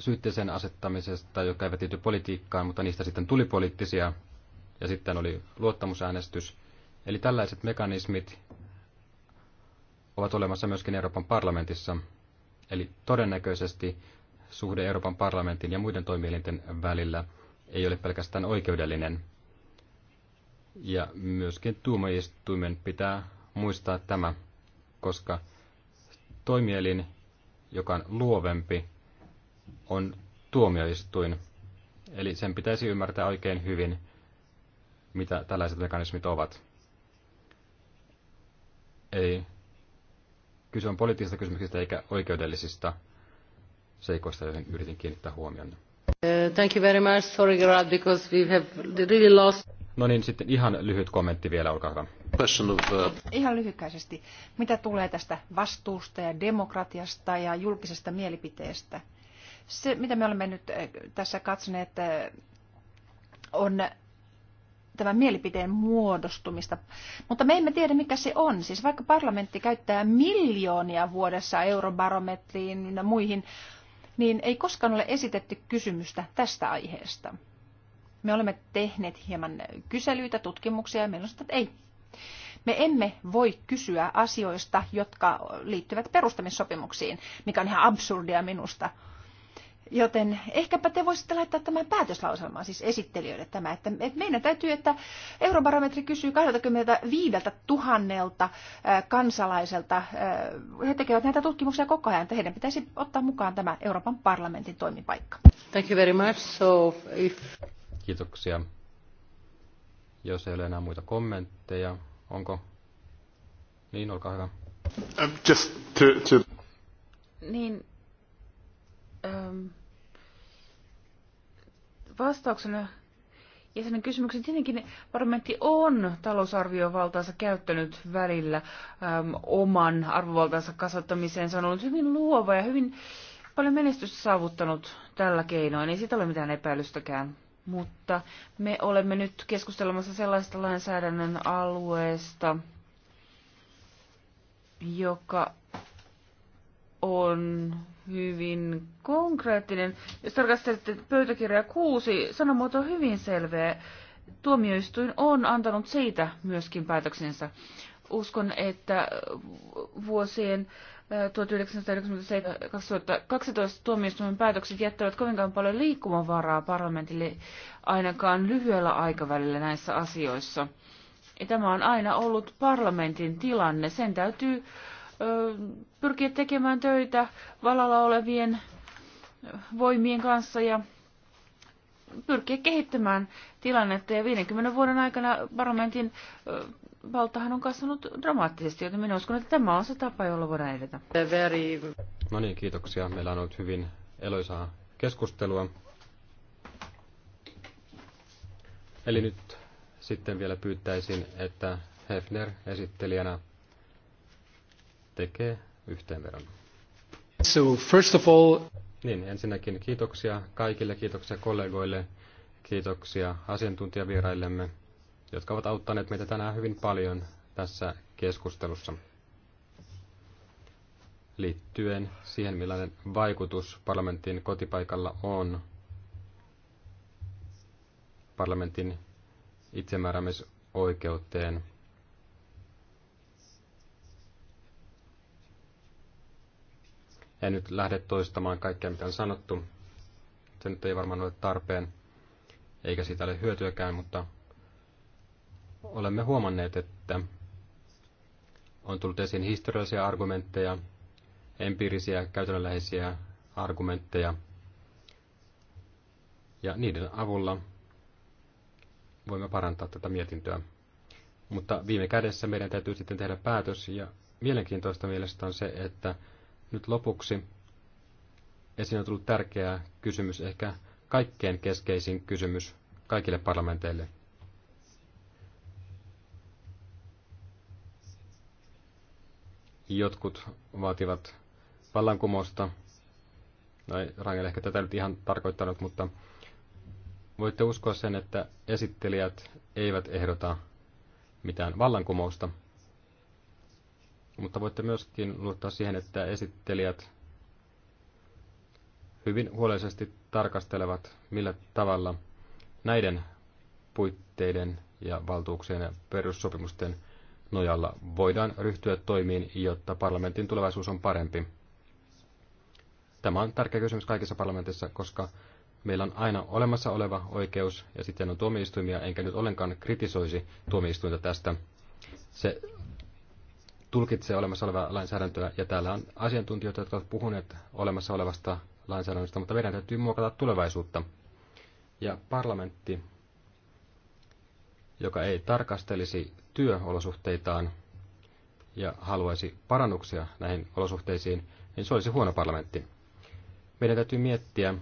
syytteeseen asettamisesta, jotka eivät liity politiikkaan, mutta niistä sitten tuli poliittisia ja sitten oli luottamusäänestys. Eli tällaiset mekanismit ovat olemassa myöskin Euroopan parlamentissa. Eli todennäköisesti suhde Euroopan parlamentin ja muiden toimielinten välillä – ei ole pelkästään oikeudellinen. Ja myöskin tuomioistuimen pitää muistaa tämä, koska toimielin, joka on luovempi, on tuomioistuin. Eli sen pitäisi ymmärtää oikein hyvin, mitä tällaiset mekanismit ovat. Ei. Kyse on poliittisista kysymyksistä eikä oikeudellisista seikoista, joihin yritin kiinnittää huomionne. Uh, thank you very much. Sorry, because we have really lost... No niin, sitten ihan lyhyt kommentti vielä, olkaa hyvä. Uh, ihan lyhykäisesti. Mitä tulee tästä vastuusta ja demokratiasta ja julkisesta mielipiteestä? Se, mitä me olemme nyt eh, tässä katsoneet, eh, on tämän mielipiteen muodostumista. Mutta me emme tiedä, mikä se on. Siis vaikka parlamentti käyttää miljoonia vuodessa eurobarometriin ja muihin niin ei koskaan ole esitetty kysymystä tästä aiheesta. Me olemme tehneet hieman kyselyitä, tutkimuksia ja meillä on sitä, että ei. Me emme voi kysyä asioista, jotka liittyvät perustamissopimuksiin, mikä on ihan absurdia minusta. Joten ehkäpä te voisitte laittaa tämän päätöslauselman, siis esittelijöille tämä, että, meidän täytyy, että eurobarometri kysyy 25 000 kansalaiselta, he tekevät näitä tutkimuksia koko ajan, että heidän pitäisi ottaa mukaan tämä Euroopan parlamentin toimipaikka. Thank you very much. So if... Kiitoksia. Jos ei ole enää muita kommentteja, onko? Niin, olkaa hyvä. Um, just to, to... Niin, um, vastauksena jäsenen kysymykseen. Tietenkin parlamentti on talousarviovaltaansa käyttänyt välillä äm, oman arvovaltaansa kasvattamiseen. Se on ollut hyvin luova ja hyvin paljon menestystä saavuttanut tällä keinoin. Ei siitä ole mitään epäilystäkään. Mutta me olemme nyt keskustelemassa sellaista lainsäädännön alueesta, joka on hyvin konkreettinen. Jos tarkastelette pöytäkirjaa kuusi, sanamuoto on hyvin selveä. Tuomioistuin on antanut siitä myöskin päätöksensä. Uskon, että vuosien 1997-2012 äh, tuomioistuimen päätökset jättävät kovinkaan paljon liikkumavaraa parlamentille ainakaan lyhyellä aikavälillä näissä asioissa. Ja tämä on aina ollut parlamentin tilanne. Sen täytyy äh, pyrkiä tekemään töitä valalla olevien voimien kanssa ja pyrkiä kehittämään tilannetta. Ja 50 vuoden aikana parlamentin valtahan on kasvanut dramaattisesti, joten minä uskon, että tämä on se tapa, jolla voidaan edetä. No niin, kiitoksia. Meillä on ollut hyvin eloisaa keskustelua. Eli nyt sitten vielä pyytäisin, että Hefner esittelijänä tekee yhteenvedon. So first of all... Niin, ensinnäkin kiitoksia kaikille, kiitoksia kollegoille, kiitoksia asiantuntijavieraillemme, jotka ovat auttaneet meitä tänään hyvin paljon tässä keskustelussa liittyen siihen, millainen vaikutus parlamentin kotipaikalla on parlamentin itsemääräämisoikeuteen En nyt lähde toistamaan kaikkea, mitä on sanottu. Se nyt ei varmaan ole tarpeen, eikä siitä ole hyötyäkään, mutta olemme huomanneet, että on tullut esiin historiallisia argumentteja, empiirisiä, käytännönläheisiä argumentteja. Ja niiden avulla voimme parantaa tätä mietintöä. Mutta viime kädessä meidän täytyy sitten tehdä päätös, ja mielenkiintoista mielestä on se, että nyt lopuksi esiin on tullut tärkeä kysymys, ehkä kaikkein keskeisin kysymys kaikille parlamenteille. Jotkut vaativat vallankumousta, no ei Rangel ehkä tätä nyt ihan tarkoittanut, mutta voitte uskoa sen, että esittelijät eivät ehdota mitään vallankumousta – mutta voitte myöskin luottaa siihen, että esittelijät hyvin huolellisesti tarkastelevat, millä tavalla näiden puitteiden ja valtuuksien ja perussopimusten nojalla voidaan ryhtyä toimiin, jotta parlamentin tulevaisuus on parempi. Tämä on tärkeä kysymys kaikissa parlamentissa, koska meillä on aina olemassa oleva oikeus ja sitten on tuomioistuimia, enkä nyt ollenkaan kritisoisi tuomioistuinta tästä. Se tulkitsee olemassa olevaa lainsäädäntöä, ja täällä on asiantuntijoita, jotka ovat puhuneet olemassa olevasta lainsäädännöstä, mutta meidän täytyy muokata tulevaisuutta. Ja parlamentti, joka ei tarkastelisi työolosuhteitaan ja haluaisi parannuksia näihin olosuhteisiin, niin se olisi huono parlamentti. Meidän täytyy miettiä,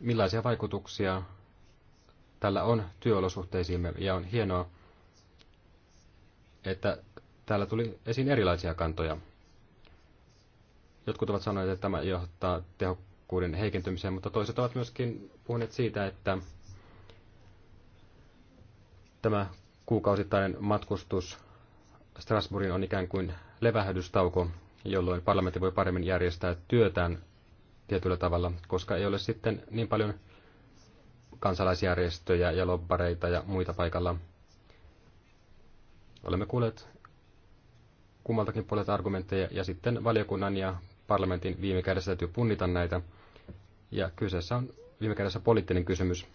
millaisia vaikutuksia tällä on työolosuhteisiimme, ja on hienoa, että täällä tuli esiin erilaisia kantoja. Jotkut ovat sanoneet, että tämä johtaa tehokkuuden heikentymiseen, mutta toiset ovat myöskin puhuneet siitä, että tämä kuukausittainen matkustus Strasbourgin on ikään kuin levähdystauko, jolloin parlamentti voi paremmin järjestää työtään tietyllä tavalla, koska ei ole sitten niin paljon kansalaisjärjestöjä ja lobbareita ja muita paikalla. Olemme kuulleet kummaltakin puolelta argumentteja ja sitten valiokunnan ja parlamentin viime kädessä täytyy punnita näitä. Ja kyseessä on viime kädessä poliittinen kysymys,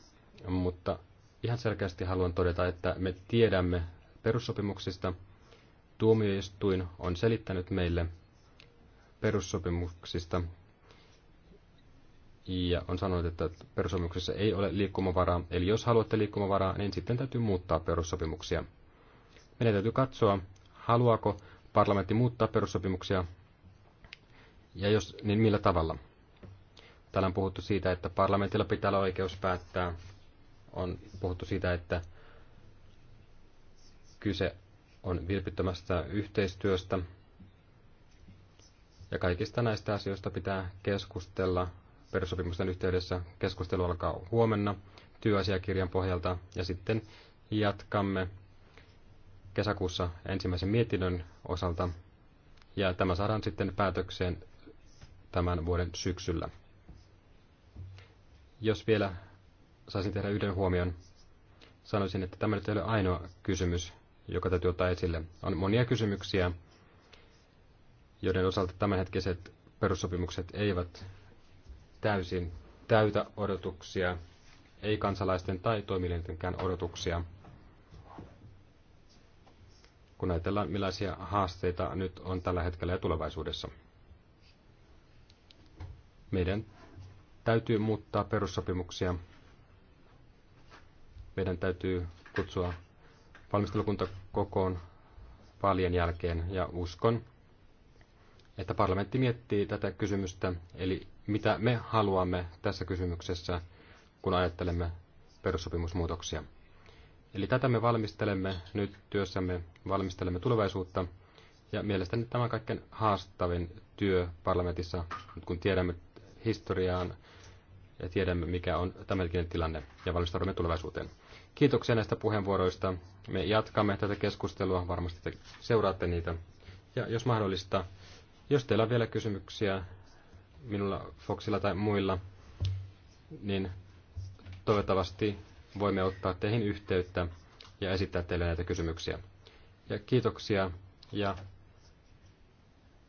mutta ihan selkeästi haluan todeta, että me tiedämme perussopimuksista. Tuomioistuin on selittänyt meille perussopimuksista ja on sanonut, että perussopimuksessa ei ole liikkumavaraa. Eli jos haluatte liikkumavaraa, niin sitten täytyy muuttaa perussopimuksia. Meidän täytyy katsoa, haluaako parlamentti muuttaa perussopimuksia ja jos, niin millä tavalla. Täällä on puhuttu siitä, että parlamentilla pitää olla oikeus päättää. On puhuttu siitä, että kyse on vilpittömästä yhteistyöstä. Ja kaikista näistä asioista pitää keskustella perussopimusten yhteydessä. Keskustelu alkaa huomenna työasiakirjan pohjalta ja sitten jatkamme kesäkuussa ensimmäisen mietinnön osalta, ja tämä saadaan sitten päätökseen tämän vuoden syksyllä. Jos vielä saisin tehdä yhden huomion, sanoisin, että tämä nyt ei ole ainoa kysymys, joka täytyy ottaa esille. On monia kysymyksiä, joiden osalta tämänhetkiset perussopimukset eivät täysin täytä odotuksia, ei kansalaisten tai toimielintenkään odotuksia – kun ajatellaan millaisia haasteita nyt on tällä hetkellä ja tulevaisuudessa. Meidän täytyy muuttaa perussopimuksia. Meidän täytyy kutsua valmistelukunta kokoon vaalien jälkeen ja uskon, että parlamentti miettii tätä kysymystä, eli mitä me haluamme tässä kysymyksessä, kun ajattelemme perussopimusmuutoksia. Eli tätä me valmistelemme nyt työssämme, valmistelemme tulevaisuutta. Ja mielestäni tämä on kaikkein haastavin työ parlamentissa, nyt kun tiedämme historiaan ja tiedämme, mikä on tämänhetkinen tilanne ja valmistaudumme tulevaisuuteen. Kiitoksia näistä puheenvuoroista. Me jatkamme tätä keskustelua, varmasti te seuraatte niitä. Ja jos mahdollista, jos teillä on vielä kysymyksiä minulla, Foxilla tai muilla, niin toivottavasti voimme ottaa teihin yhteyttä ja esittää teille näitä kysymyksiä. Ja kiitoksia ja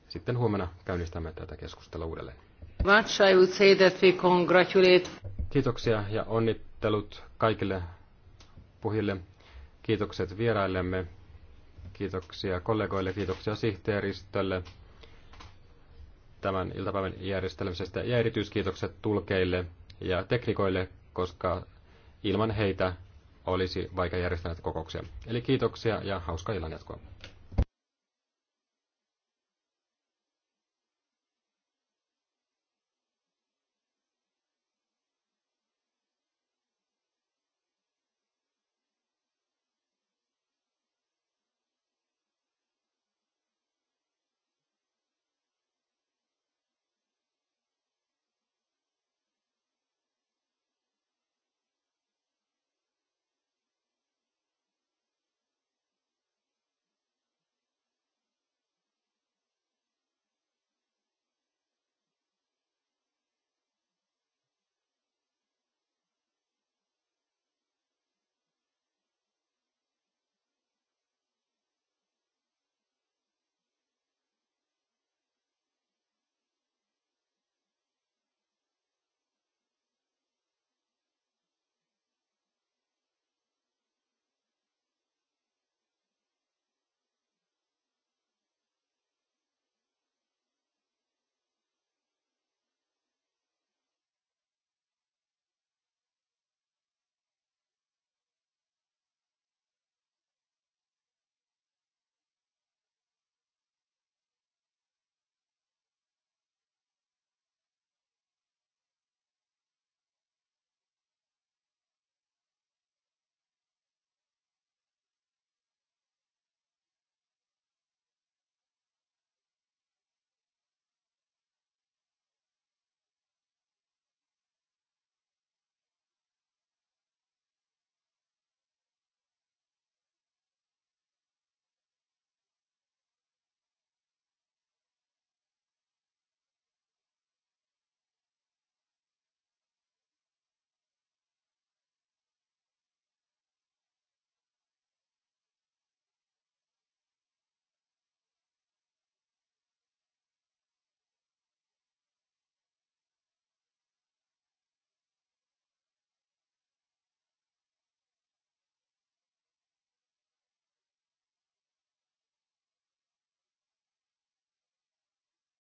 sitten huomenna käynnistämme tätä keskustelua uudelleen. Much I would say that we congratulate. Kiitoksia ja onnittelut kaikille puhille. Kiitokset vieraillemme. Kiitoksia kollegoille, kiitoksia sihteeristölle tämän iltapäivän järjestelmisestä ja erityiskiitokset tulkeille ja teknikoille, koska Ilman heitä olisi vaikea järjestää näitä kokouksia. Eli kiitoksia ja hauskaa jatkoa.